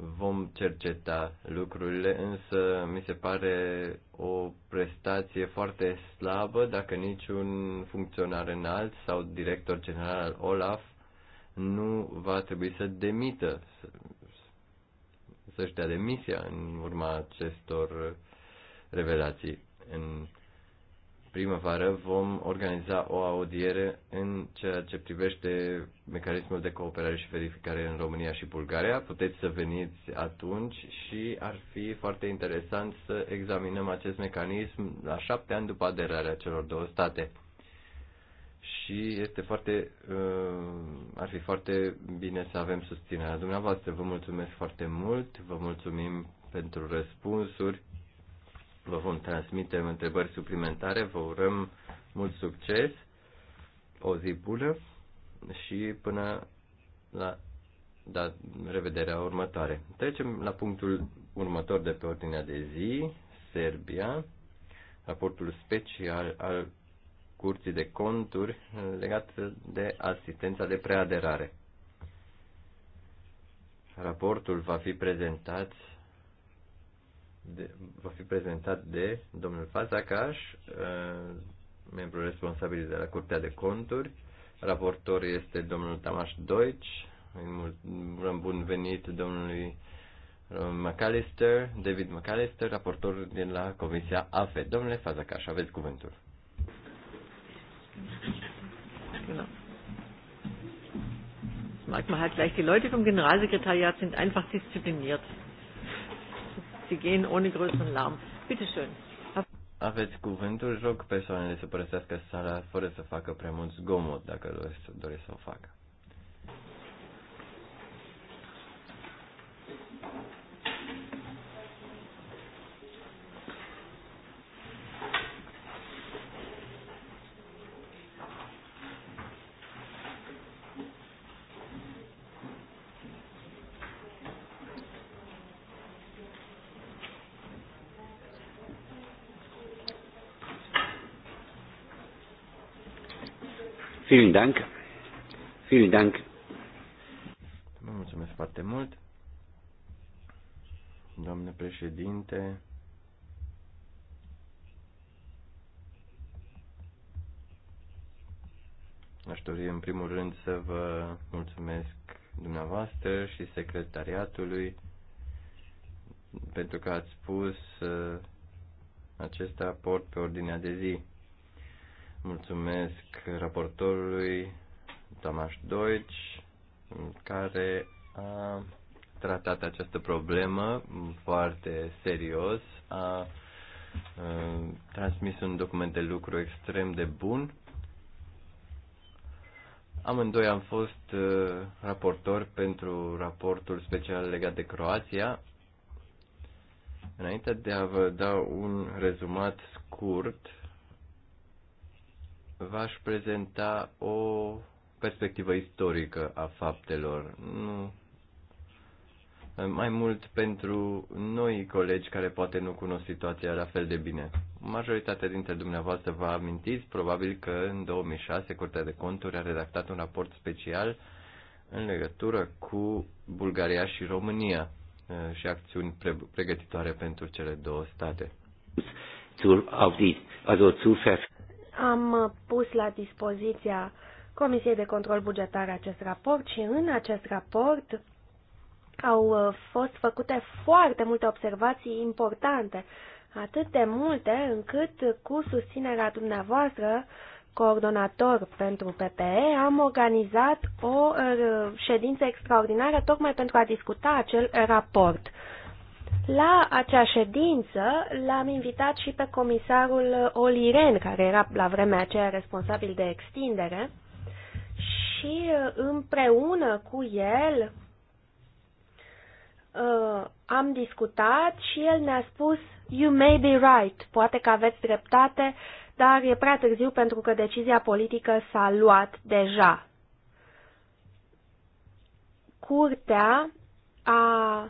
vom cerceta lucrurile, însă mi se pare o prestație foarte slabă dacă niciun funcționar înalt sau director general al OLAF nu va trebui să demită, să-și dea demisia în urma acestor revelații. În primăvară vom organiza o audiere în ceea ce privește mecanismul de cooperare și verificare în România și Bulgaria. Puteți să veniți atunci și ar fi foarte interesant să examinăm acest mecanism la șapte ani după aderarea celor două state. Și este foarte, uh, ar fi foarte bine să avem susținerea dumneavoastră. Vă mulțumesc foarte mult, vă mulțumim pentru răspunsuri Vă vom transmite întrebări suplimentare, vă urăm mult succes, o zi bună și până la da, revederea următoare. Trecem la punctul următor de pe ordinea de zi, Serbia, raportul special al Curții de Conturi legat de asistența de preaderare. Raportul va fi prezentat de, va fi prezentat de domnul Fazacaș, uh, membru responsabil de la Curtea de Conturi. Raportor este domnul Tamaș Deutsch. Un bun venit domnului uh, McAllister, David McAllister, raportor din la Comisia AFE. Domnule Fazacaș, aveți cuvântul. Genau. Das man halt gleich, die Leute vom Generalsekretariat sind einfach diszipliniert. Sie gehen ohne größeren Lärm. Bitte schön. Aveți cuvântul, rog persoanele să părăsească sala fără să facă prea mult zgomot, dacă doresc, doresc să o facă. Vielen Dank. Vielen Dank. Vă mulțumesc foarte mult. Doamne președinte, Aș dori în primul rând să vă mulțumesc dumneavoastră și secretariatului pentru că ați pus uh, acest raport pe ordinea de zi. Mulțumesc raportorului Tamaș Deutsch, care a tratat această problemă foarte serios, a, a transmis un document de lucru extrem de bun. Amândoi am fost uh, raportori pentru raportul special legat de Croația. Înainte de a vă da un rezumat scurt, v-aș prezenta o perspectivă istorică a faptelor, nu mai mult pentru noi colegi care poate nu cunosc situația la fel de bine. Majoritatea dintre dumneavoastră vă amintiți probabil că în 2006 Curtea de Conturi a redactat un raport special în legătură cu Bulgaria și România eh, și acțiuni pregătitoare pentru cele două state. Of these, also am pus la dispoziția Comisiei de Control Bugetar acest raport și în acest raport au uh, fost făcute foarte multe observații importante, atât de multe încât cu susținerea dumneavoastră coordonator pentru PPE, am organizat o uh, ședință extraordinară tocmai pentru a discuta acel raport. La acea ședință l-am invitat și pe comisarul Oliren, care era la vremea aceea responsabil de extindere, și uh, împreună cu el uh, am discutat și el ne-a spus You may be right, poate că aveți dreptate, dar e prea târziu pentru că decizia politică s-a luat deja. Curtea a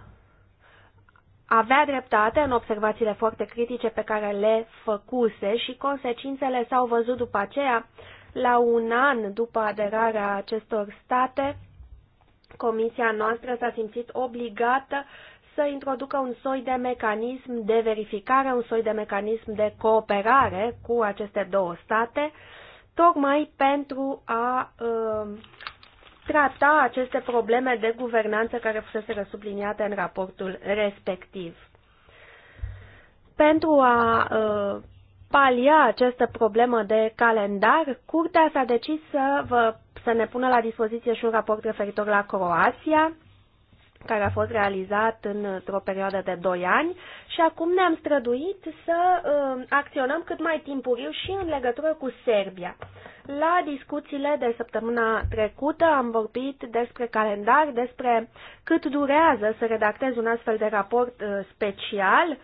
avea dreptate în observațiile foarte critice pe care le făcuse și consecințele s-au văzut după aceea, la un an după aderarea acestor state, Comisia noastră s-a simțit obligată să introducă un soi de mecanism de verificare, un soi de mecanism de cooperare cu aceste două state, tocmai pentru a uh, trata aceste probleme de guvernanță care fusese subliniate în raportul respectiv. Pentru a ă, palia această problemă de calendar, Curtea s-a decis să, vă, să ne pună la dispoziție și un raport referitor la Croația, care a fost realizat într-o perioadă de 2 ani și acum ne-am străduit să uh, acționăm cât mai timpuriu și în legătură cu Serbia. La discuțiile de săptămâna trecută am vorbit despre calendar, despre cât durează să redactez un astfel de raport uh, special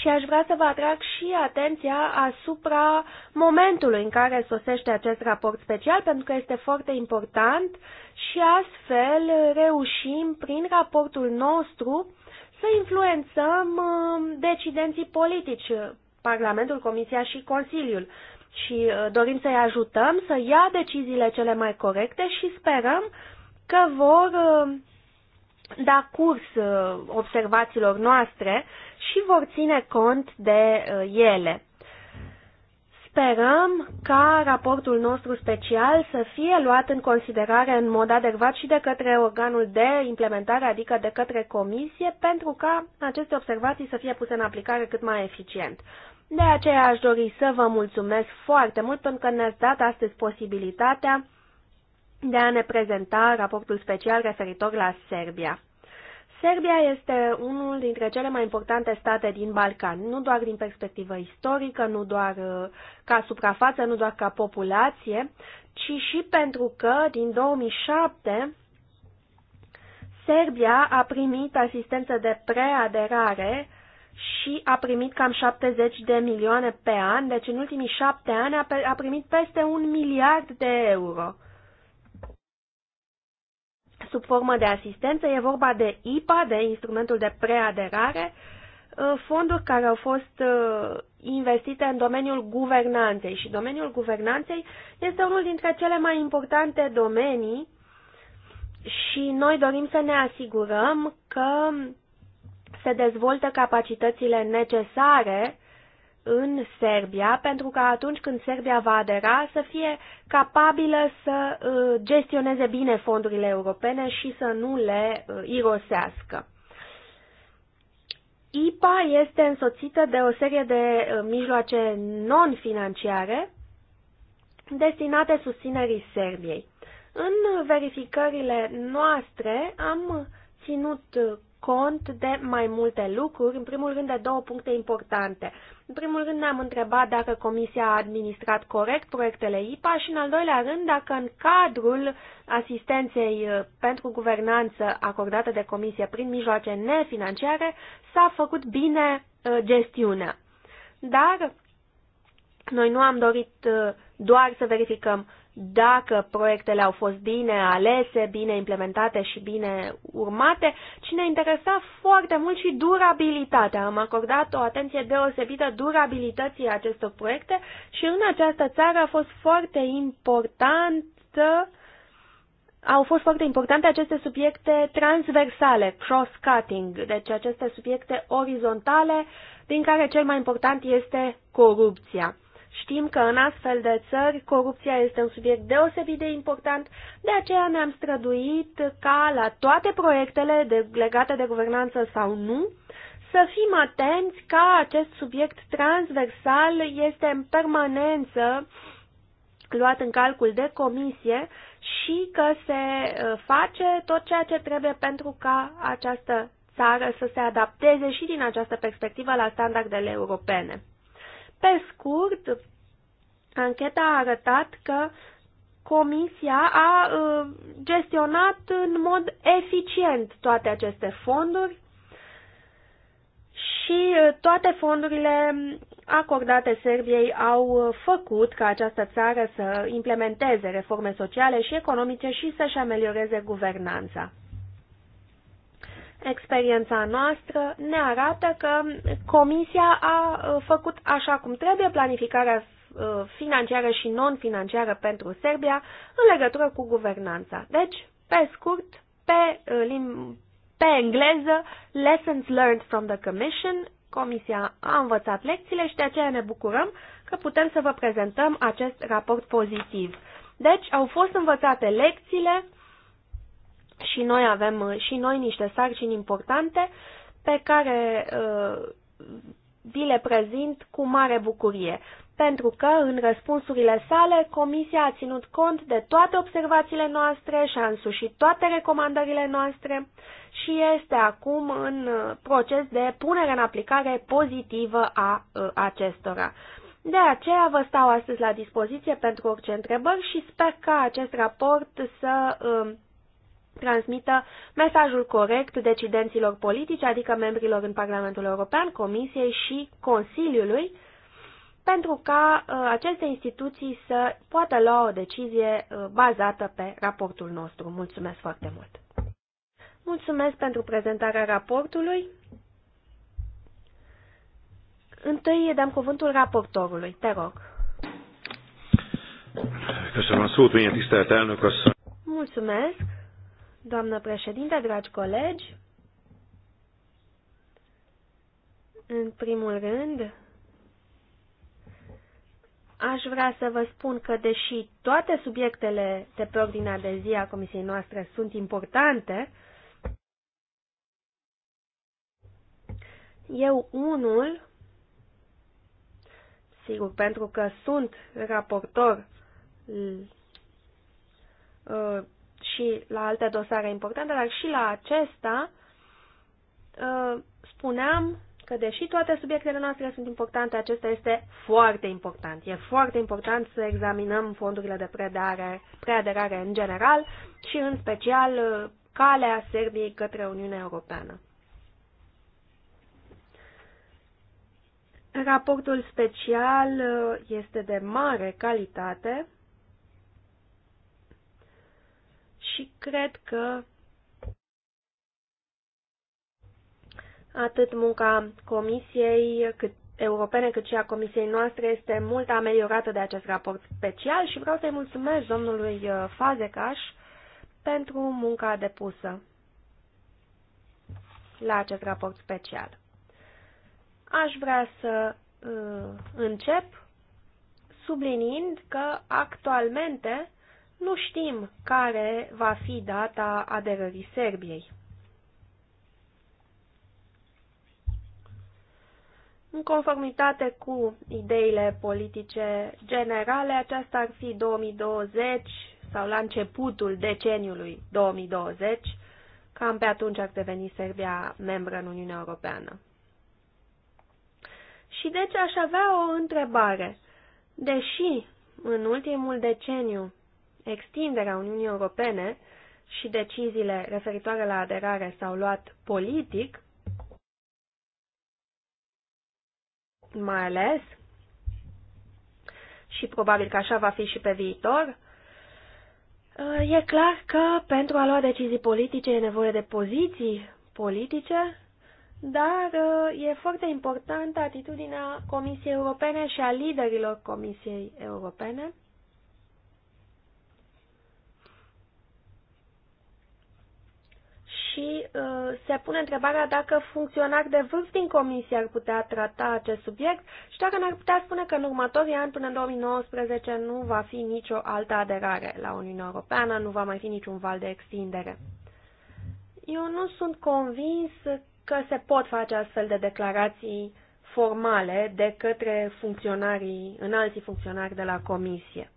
și aș vrea să vă atrag și atenția asupra momentului în care sosește acest raport special, pentru că este foarte important și astfel reușim prin raportul nostru să influențăm uh, decidenții politici, Parlamentul, Comisia și Consiliul și uh, dorim să-i ajutăm să ia deciziile cele mai corecte și sperăm că vor uh, da curs uh, observațiilor noastre și vor ține cont de ele. Sperăm ca raportul nostru special să fie luat în considerare în mod adecvat și de către organul de implementare, adică de către comisie, pentru ca aceste observații să fie puse în aplicare cât mai eficient. De aceea aș dori să vă mulțumesc foarte mult pentru că ne-ați dat astăzi posibilitatea de a ne prezenta raportul special referitor la Serbia. Serbia este unul dintre cele mai importante state din Balcan, nu doar din perspectivă istorică, nu doar uh, ca suprafață, nu doar ca populație, ci și pentru că din 2007 Serbia a primit asistență de preaderare și a primit cam 70 de milioane pe an, deci în ultimii șapte ani a, primit peste un miliard de euro. Sub formă de asistență e vorba de IPA, de instrumentul de preaderare, ă, fonduri care au fost ă, investite în domeniul guvernanței și domeniul guvernanței este unul dintre cele mai importante domenii și noi dorim să ne asigurăm că se dezvoltă capacitățile necesare în Serbia, pentru că atunci când Serbia va adera să fie capabilă să uh, gestioneze bine fondurile europene și să nu le uh, irosească. IPA este însoțită de o serie de uh, mijloace non-financiare destinate susținerii Serbiei. În verificările noastre am ținut cont de mai multe lucruri, în primul rând de două puncte importante. În primul rând ne-am întrebat dacă Comisia a administrat corect proiectele IPA și în al doilea rând dacă în cadrul asistenței uh, pentru guvernanță acordată de Comisie prin mijloace nefinanciare s-a făcut bine uh, gestiunea. Dar noi nu am dorit uh, doar să verificăm dacă proiectele au fost bine alese, bine implementate și bine urmate, ci ne interesa foarte mult și durabilitatea. Am acordat o atenție deosebită durabilității acestor proiecte și în această țară a fost foarte importantă au fost foarte importante aceste subiecte transversale, cross-cutting, deci aceste subiecte orizontale, din care cel mai important este corupția. Știm că în astfel de țări corupția este un subiect deosebit de important, de aceea ne-am străduit ca la toate proiectele de, legate de guvernanță sau nu, să fim atenți că acest subiect transversal este în permanență luat în calcul de comisie și că se uh, face tot ceea ce trebuie pentru ca această țară să se adapteze și din această perspectivă la standardele europene. Pe scurt, ancheta a arătat că Comisia a uh, gestionat în mod eficient toate aceste fonduri și uh, toate fondurile acordate Serbiei au uh, făcut ca această țară să implementeze reforme sociale și economice și să-și amelioreze guvernanța. Experiența noastră ne arată că Comisia a uh, făcut așa cum trebuie planificarea uh, financiară și non-financiară pentru Serbia în legătură cu guvernanța. Deci, pe scurt, pe, uh, pe engleză, Lessons Learned from the Commission, Comisia a învățat lecțiile și de aceea ne bucurăm că putem să vă prezentăm acest raport pozitiv. Deci, au fost învățate lecțiile și noi avem uh, și noi niște sarcini importante pe care uh, vi le prezint cu mare bucurie, pentru că în răspunsurile sale Comisia a ținut cont de toate observațiile noastre și a însușit toate recomandările noastre și este acum în uh, proces de punere în aplicare pozitivă a acestora. De aceea vă stau astăzi la dispoziție pentru orice întrebări și sper ca acest raport să uh, transmită mesajul corect decidenților politici, adică membrilor în Parlamentul European, Comisiei și Consiliului, pentru ca uh, aceste instituții să poată lua o decizie uh, bazată pe raportul nostru. Mulțumesc foarte mult! Mulțumesc pentru prezentarea raportului. Întâi dăm cuvântul raportorului. Te rog. Köszönöm a szót, milyen tisztelt elnök asszony. Mulțumesc. Doamnă președinte, dragi colegi, în primul rând, aș vrea să vă spun că, deși toate subiectele de pe ordinea de zi a comisiei noastre sunt importante, eu unul, sigur, pentru că sunt raportor uh, și la alte dosare importante, dar și la acesta uh, spuneam că deși toate subiectele noastre sunt importante, acesta este foarte important. E foarte important să examinăm fondurile de predare, preaderare în general și în special uh, calea Serbiei către Uniunea Europeană. Raportul special uh, este de mare calitate și cred că atât munca Comisiei cât europene, cât și a Comisiei noastre este mult ameliorată de acest raport special și vreau să-i mulțumesc domnului uh, Fazecaș pentru munca depusă la acest raport special. Aș vrea să uh, încep subliniind că actualmente nu știm care va fi data aderării Serbiei. În conformitate cu ideile politice generale, aceasta ar fi 2020 sau la începutul deceniului 2020, cam pe atunci ar deveni Serbia membră în Uniunea Europeană. Și deci aș avea o întrebare. Deși în ultimul deceniu extinderea Uniunii Europene și deciziile referitoare la aderare s-au luat politic, mai ales, și probabil că așa va fi și pe viitor, uh, e clar că pentru a lua decizii politice e nevoie de poziții politice, dar uh, e foarte importantă atitudinea Comisiei Europene și a liderilor Comisiei Europene și uh, se pune întrebarea dacă funcționari de vârf din comisie ar putea trata acest subiect și dacă ne-ar putea spune că în următorii ani, până în 2019, nu va fi nicio altă aderare la Uniunea Europeană, nu va mai fi niciun val de extindere. Eu nu sunt convins că se pot face astfel de declarații formale de către funcționarii, alții funcționari de la comisie.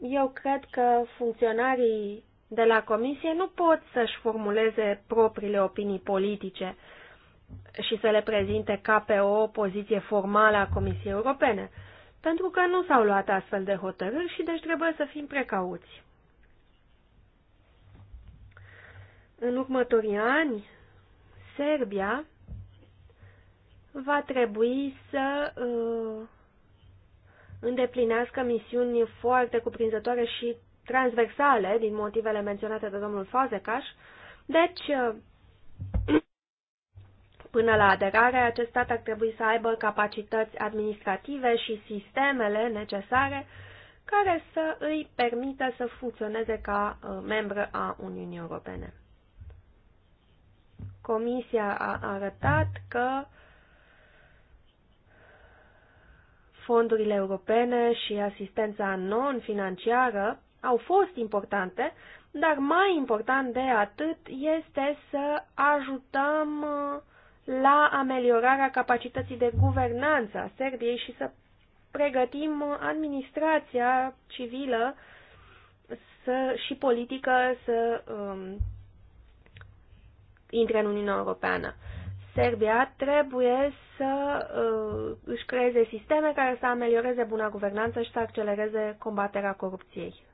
Eu cred că funcționarii de la Comisie nu pot să-și formuleze propriile opinii politice și să le prezinte ca pe o poziție formală a Comisiei Europene, pentru că nu s-au luat astfel de hotărâri și deci trebuie să fim precauți. În următorii ani, Serbia va trebui să uh, îndeplinească misiuni foarte cuprinzătoare și transversale, din motivele menționate de domnul Fazecaș. Deci, până la aderare, acest stat ar trebui să aibă capacități administrative și sistemele necesare care să îi permită să funcționeze ca uh, membră a Uniunii Europene. Comisia a arătat că fondurile europene și asistența non-financiară au fost importante, dar mai important de atât este să ajutăm uh, la ameliorarea capacității de guvernanță a Serbiei și să pregătim administrația civilă să, și politică să um, intre în Uniunea Europeană. Serbia trebuie să uh, își creeze sisteme care să amelioreze buna guvernanță și să accelereze combaterea corupției.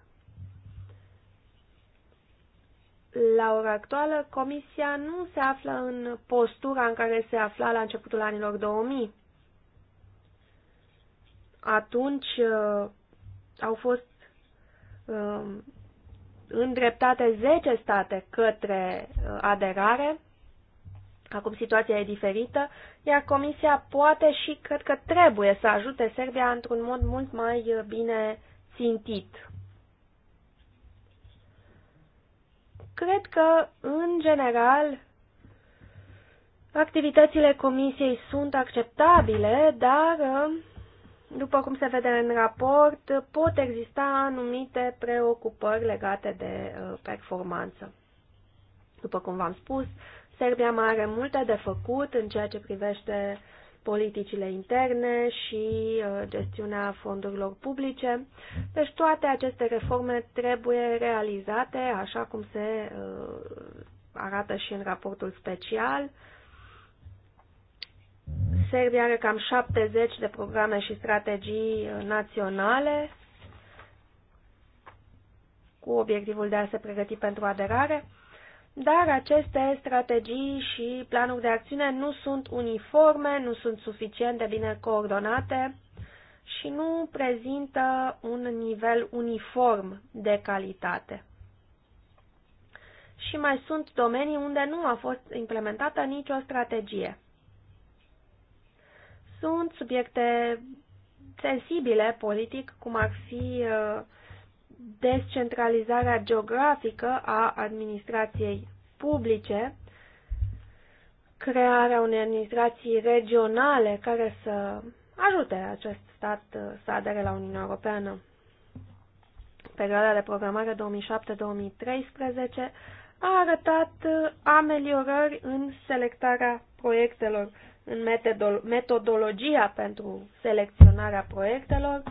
La ora actuală, Comisia nu se află în postura în care se afla la începutul anilor 2000. Atunci uh, au fost uh, îndreptate 10 state către uh, aderare Acum situația e diferită, iar Comisia poate și cred că trebuie să ajute Serbia într-un mod mult mai bine țintit. Cred că, în general, activitățile Comisiei sunt acceptabile, dar, după cum se vede în raport, pot exista anumite preocupări legate de uh, performanță. După cum v-am spus, Serbia mai are multe de făcut în ceea ce privește politicile interne și uh, gestiunea fondurilor publice. Deci toate aceste reforme trebuie realizate așa cum se uh, arată și în raportul special. Serbia are cam 70 de programe și strategii uh, naționale cu obiectivul de a se pregăti pentru aderare dar aceste strategii și planuri de acțiune nu sunt uniforme, nu sunt suficient de bine coordonate și nu prezintă un nivel uniform de calitate. Și mai sunt domenii unde nu a fost implementată nicio strategie. Sunt subiecte sensibile politic, cum ar fi uh, descentralizarea geografică a administrației publice, crearea unei administrații regionale care să ajute acest stat uh, să adere la Uniunea Europeană. Perioada de programare 2007-2013 a arătat uh, ameliorări în selectarea proiectelor, în metodologia pentru selecționarea proiectelor,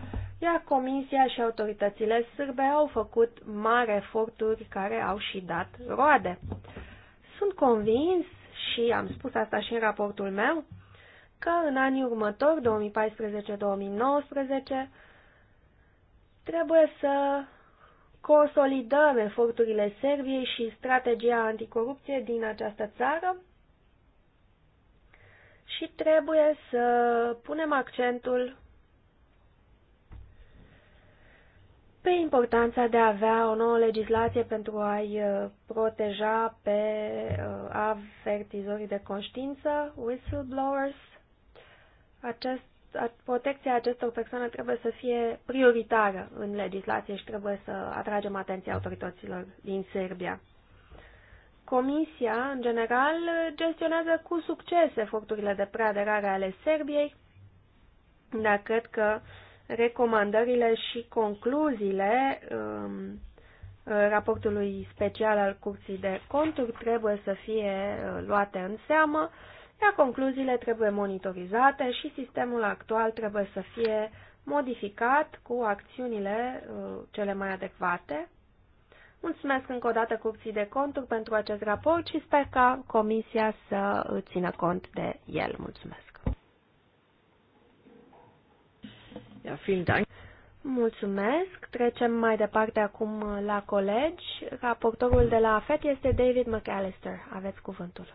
iar Comisia și autoritățile sârbe au făcut mari eforturi care au și dat roade. Sunt convins, și am spus asta și în raportul meu, că în anii următori, 2014-2019, trebuie să consolidăm eforturile Serbiei și strategia anticorupție din această țară și trebuie să punem accentul pe importanța de a avea o nouă legislație pentru a-i uh, proteja pe uh, avertizorii de conștiință, whistleblowers. Acest, protecția acestor persoane trebuie să fie prioritară în legislație și trebuie să atragem atenția autorităților din Serbia. Comisia, în general, gestionează cu succes eforturile de preaderare ale Serbiei, dar cred că uh, recomandările și concluziile um, raportului special al Curții de Conturi trebuie să fie uh, luate în seamă, iar concluziile trebuie monitorizate și sistemul actual trebuie să fie modificat cu acțiunile uh, cele mai adecvate. Mulțumesc încă o dată Curții de Conturi pentru acest raport și sper ca Comisia să țină cont de el. Mulțumesc! Ja, vielen Dank. Mulțumesc. Trecem mai departe acum la colegi. Raportorul de la AFET este David McAllister. Aveți cuvântul.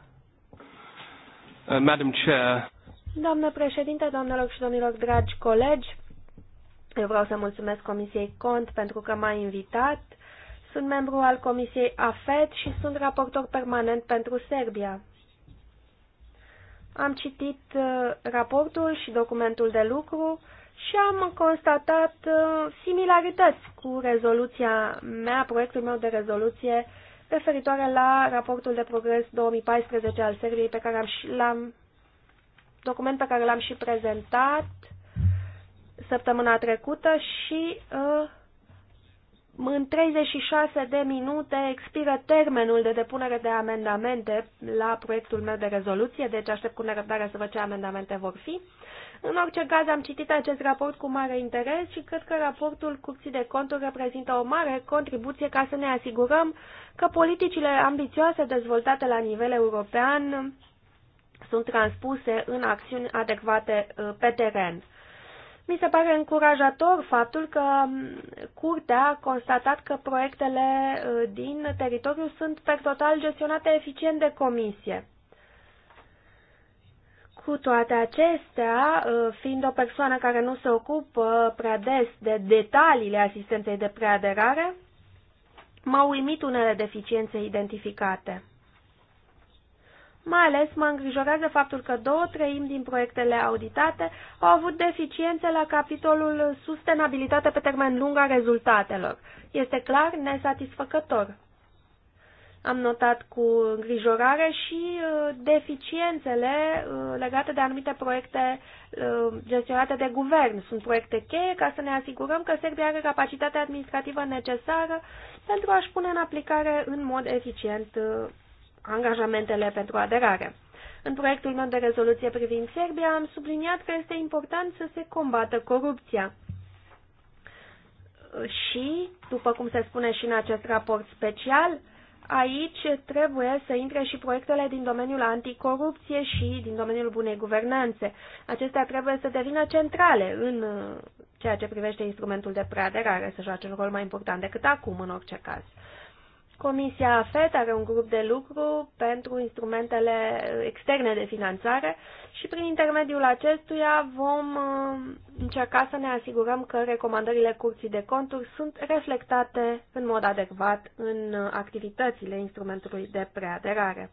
Uh, Madam Chair. Doamnă președinte, doamnelor și domnilor, dragi colegi, eu vreau să mulțumesc Comisiei Cont pentru că m-a invitat. Sunt membru al Comisiei AFET și sunt raportor permanent pentru Serbia. Am citit uh, raportul și documentul de lucru și am constatat uh, similarități cu rezoluția mea, proiectul meu de rezoluție referitoare la raportul de progres 2014 al Serbiei pe care am și l-am document pe care l-am și prezentat săptămâna trecută și uh, în 36 de minute expiră termenul de depunere de amendamente la proiectul meu de rezoluție, deci aștept cu nerăbdare să văd ce amendamente vor fi. În orice caz, am citit acest raport cu mare interes și cred că raportul Curții de Conturi reprezintă o mare contribuție ca să ne asigurăm că politicile ambițioase dezvoltate la nivel european sunt transpuse în acțiuni adecvate uh, pe teren. Mi se pare încurajator faptul că um, Curtea a constatat că proiectele uh, din teritoriu sunt pe total gestionate eficient de comisie. Cu toate acestea, ă, fiind o persoană care nu se ocupă prea des de detaliile asistenței de preaderare, m-au uimit unele deficiențe identificate. Mai ales mă îngrijorează faptul că două treimi din proiectele auditate au avut deficiențe la capitolul sustenabilitate pe termen lung a rezultatelor. Este clar nesatisfăcător. Am notat cu îngrijorare și uh, deficiențele uh, legate de anumite proiecte uh, gestionate de guvern. Sunt proiecte cheie ca să ne asigurăm că Serbia are capacitatea administrativă necesară pentru a-și pune în aplicare în mod eficient angajamentele pentru aderare. În proiectul meu de rezoluție privind Serbia am subliniat că este important să se combată corupția. Și, după cum se spune și în acest raport special, Aici trebuie să intre și proiectele din domeniul anticorupție și din domeniul bunei guvernanțe. Acestea trebuie să devină centrale în uh, ceea ce privește instrumentul de preaderare, să joace un rol mai important decât acum, în orice caz. Comisia FED are un grup de lucru pentru instrumentele externe de finanțare și prin intermediul acestuia vom uh, încerca să ne asigurăm că recomandările Curții de Conturi sunt reflectate în mod adecvat în uh, activitățile instrumentului de preaderare.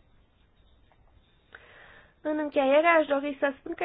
În încheiere, aș dori să spun că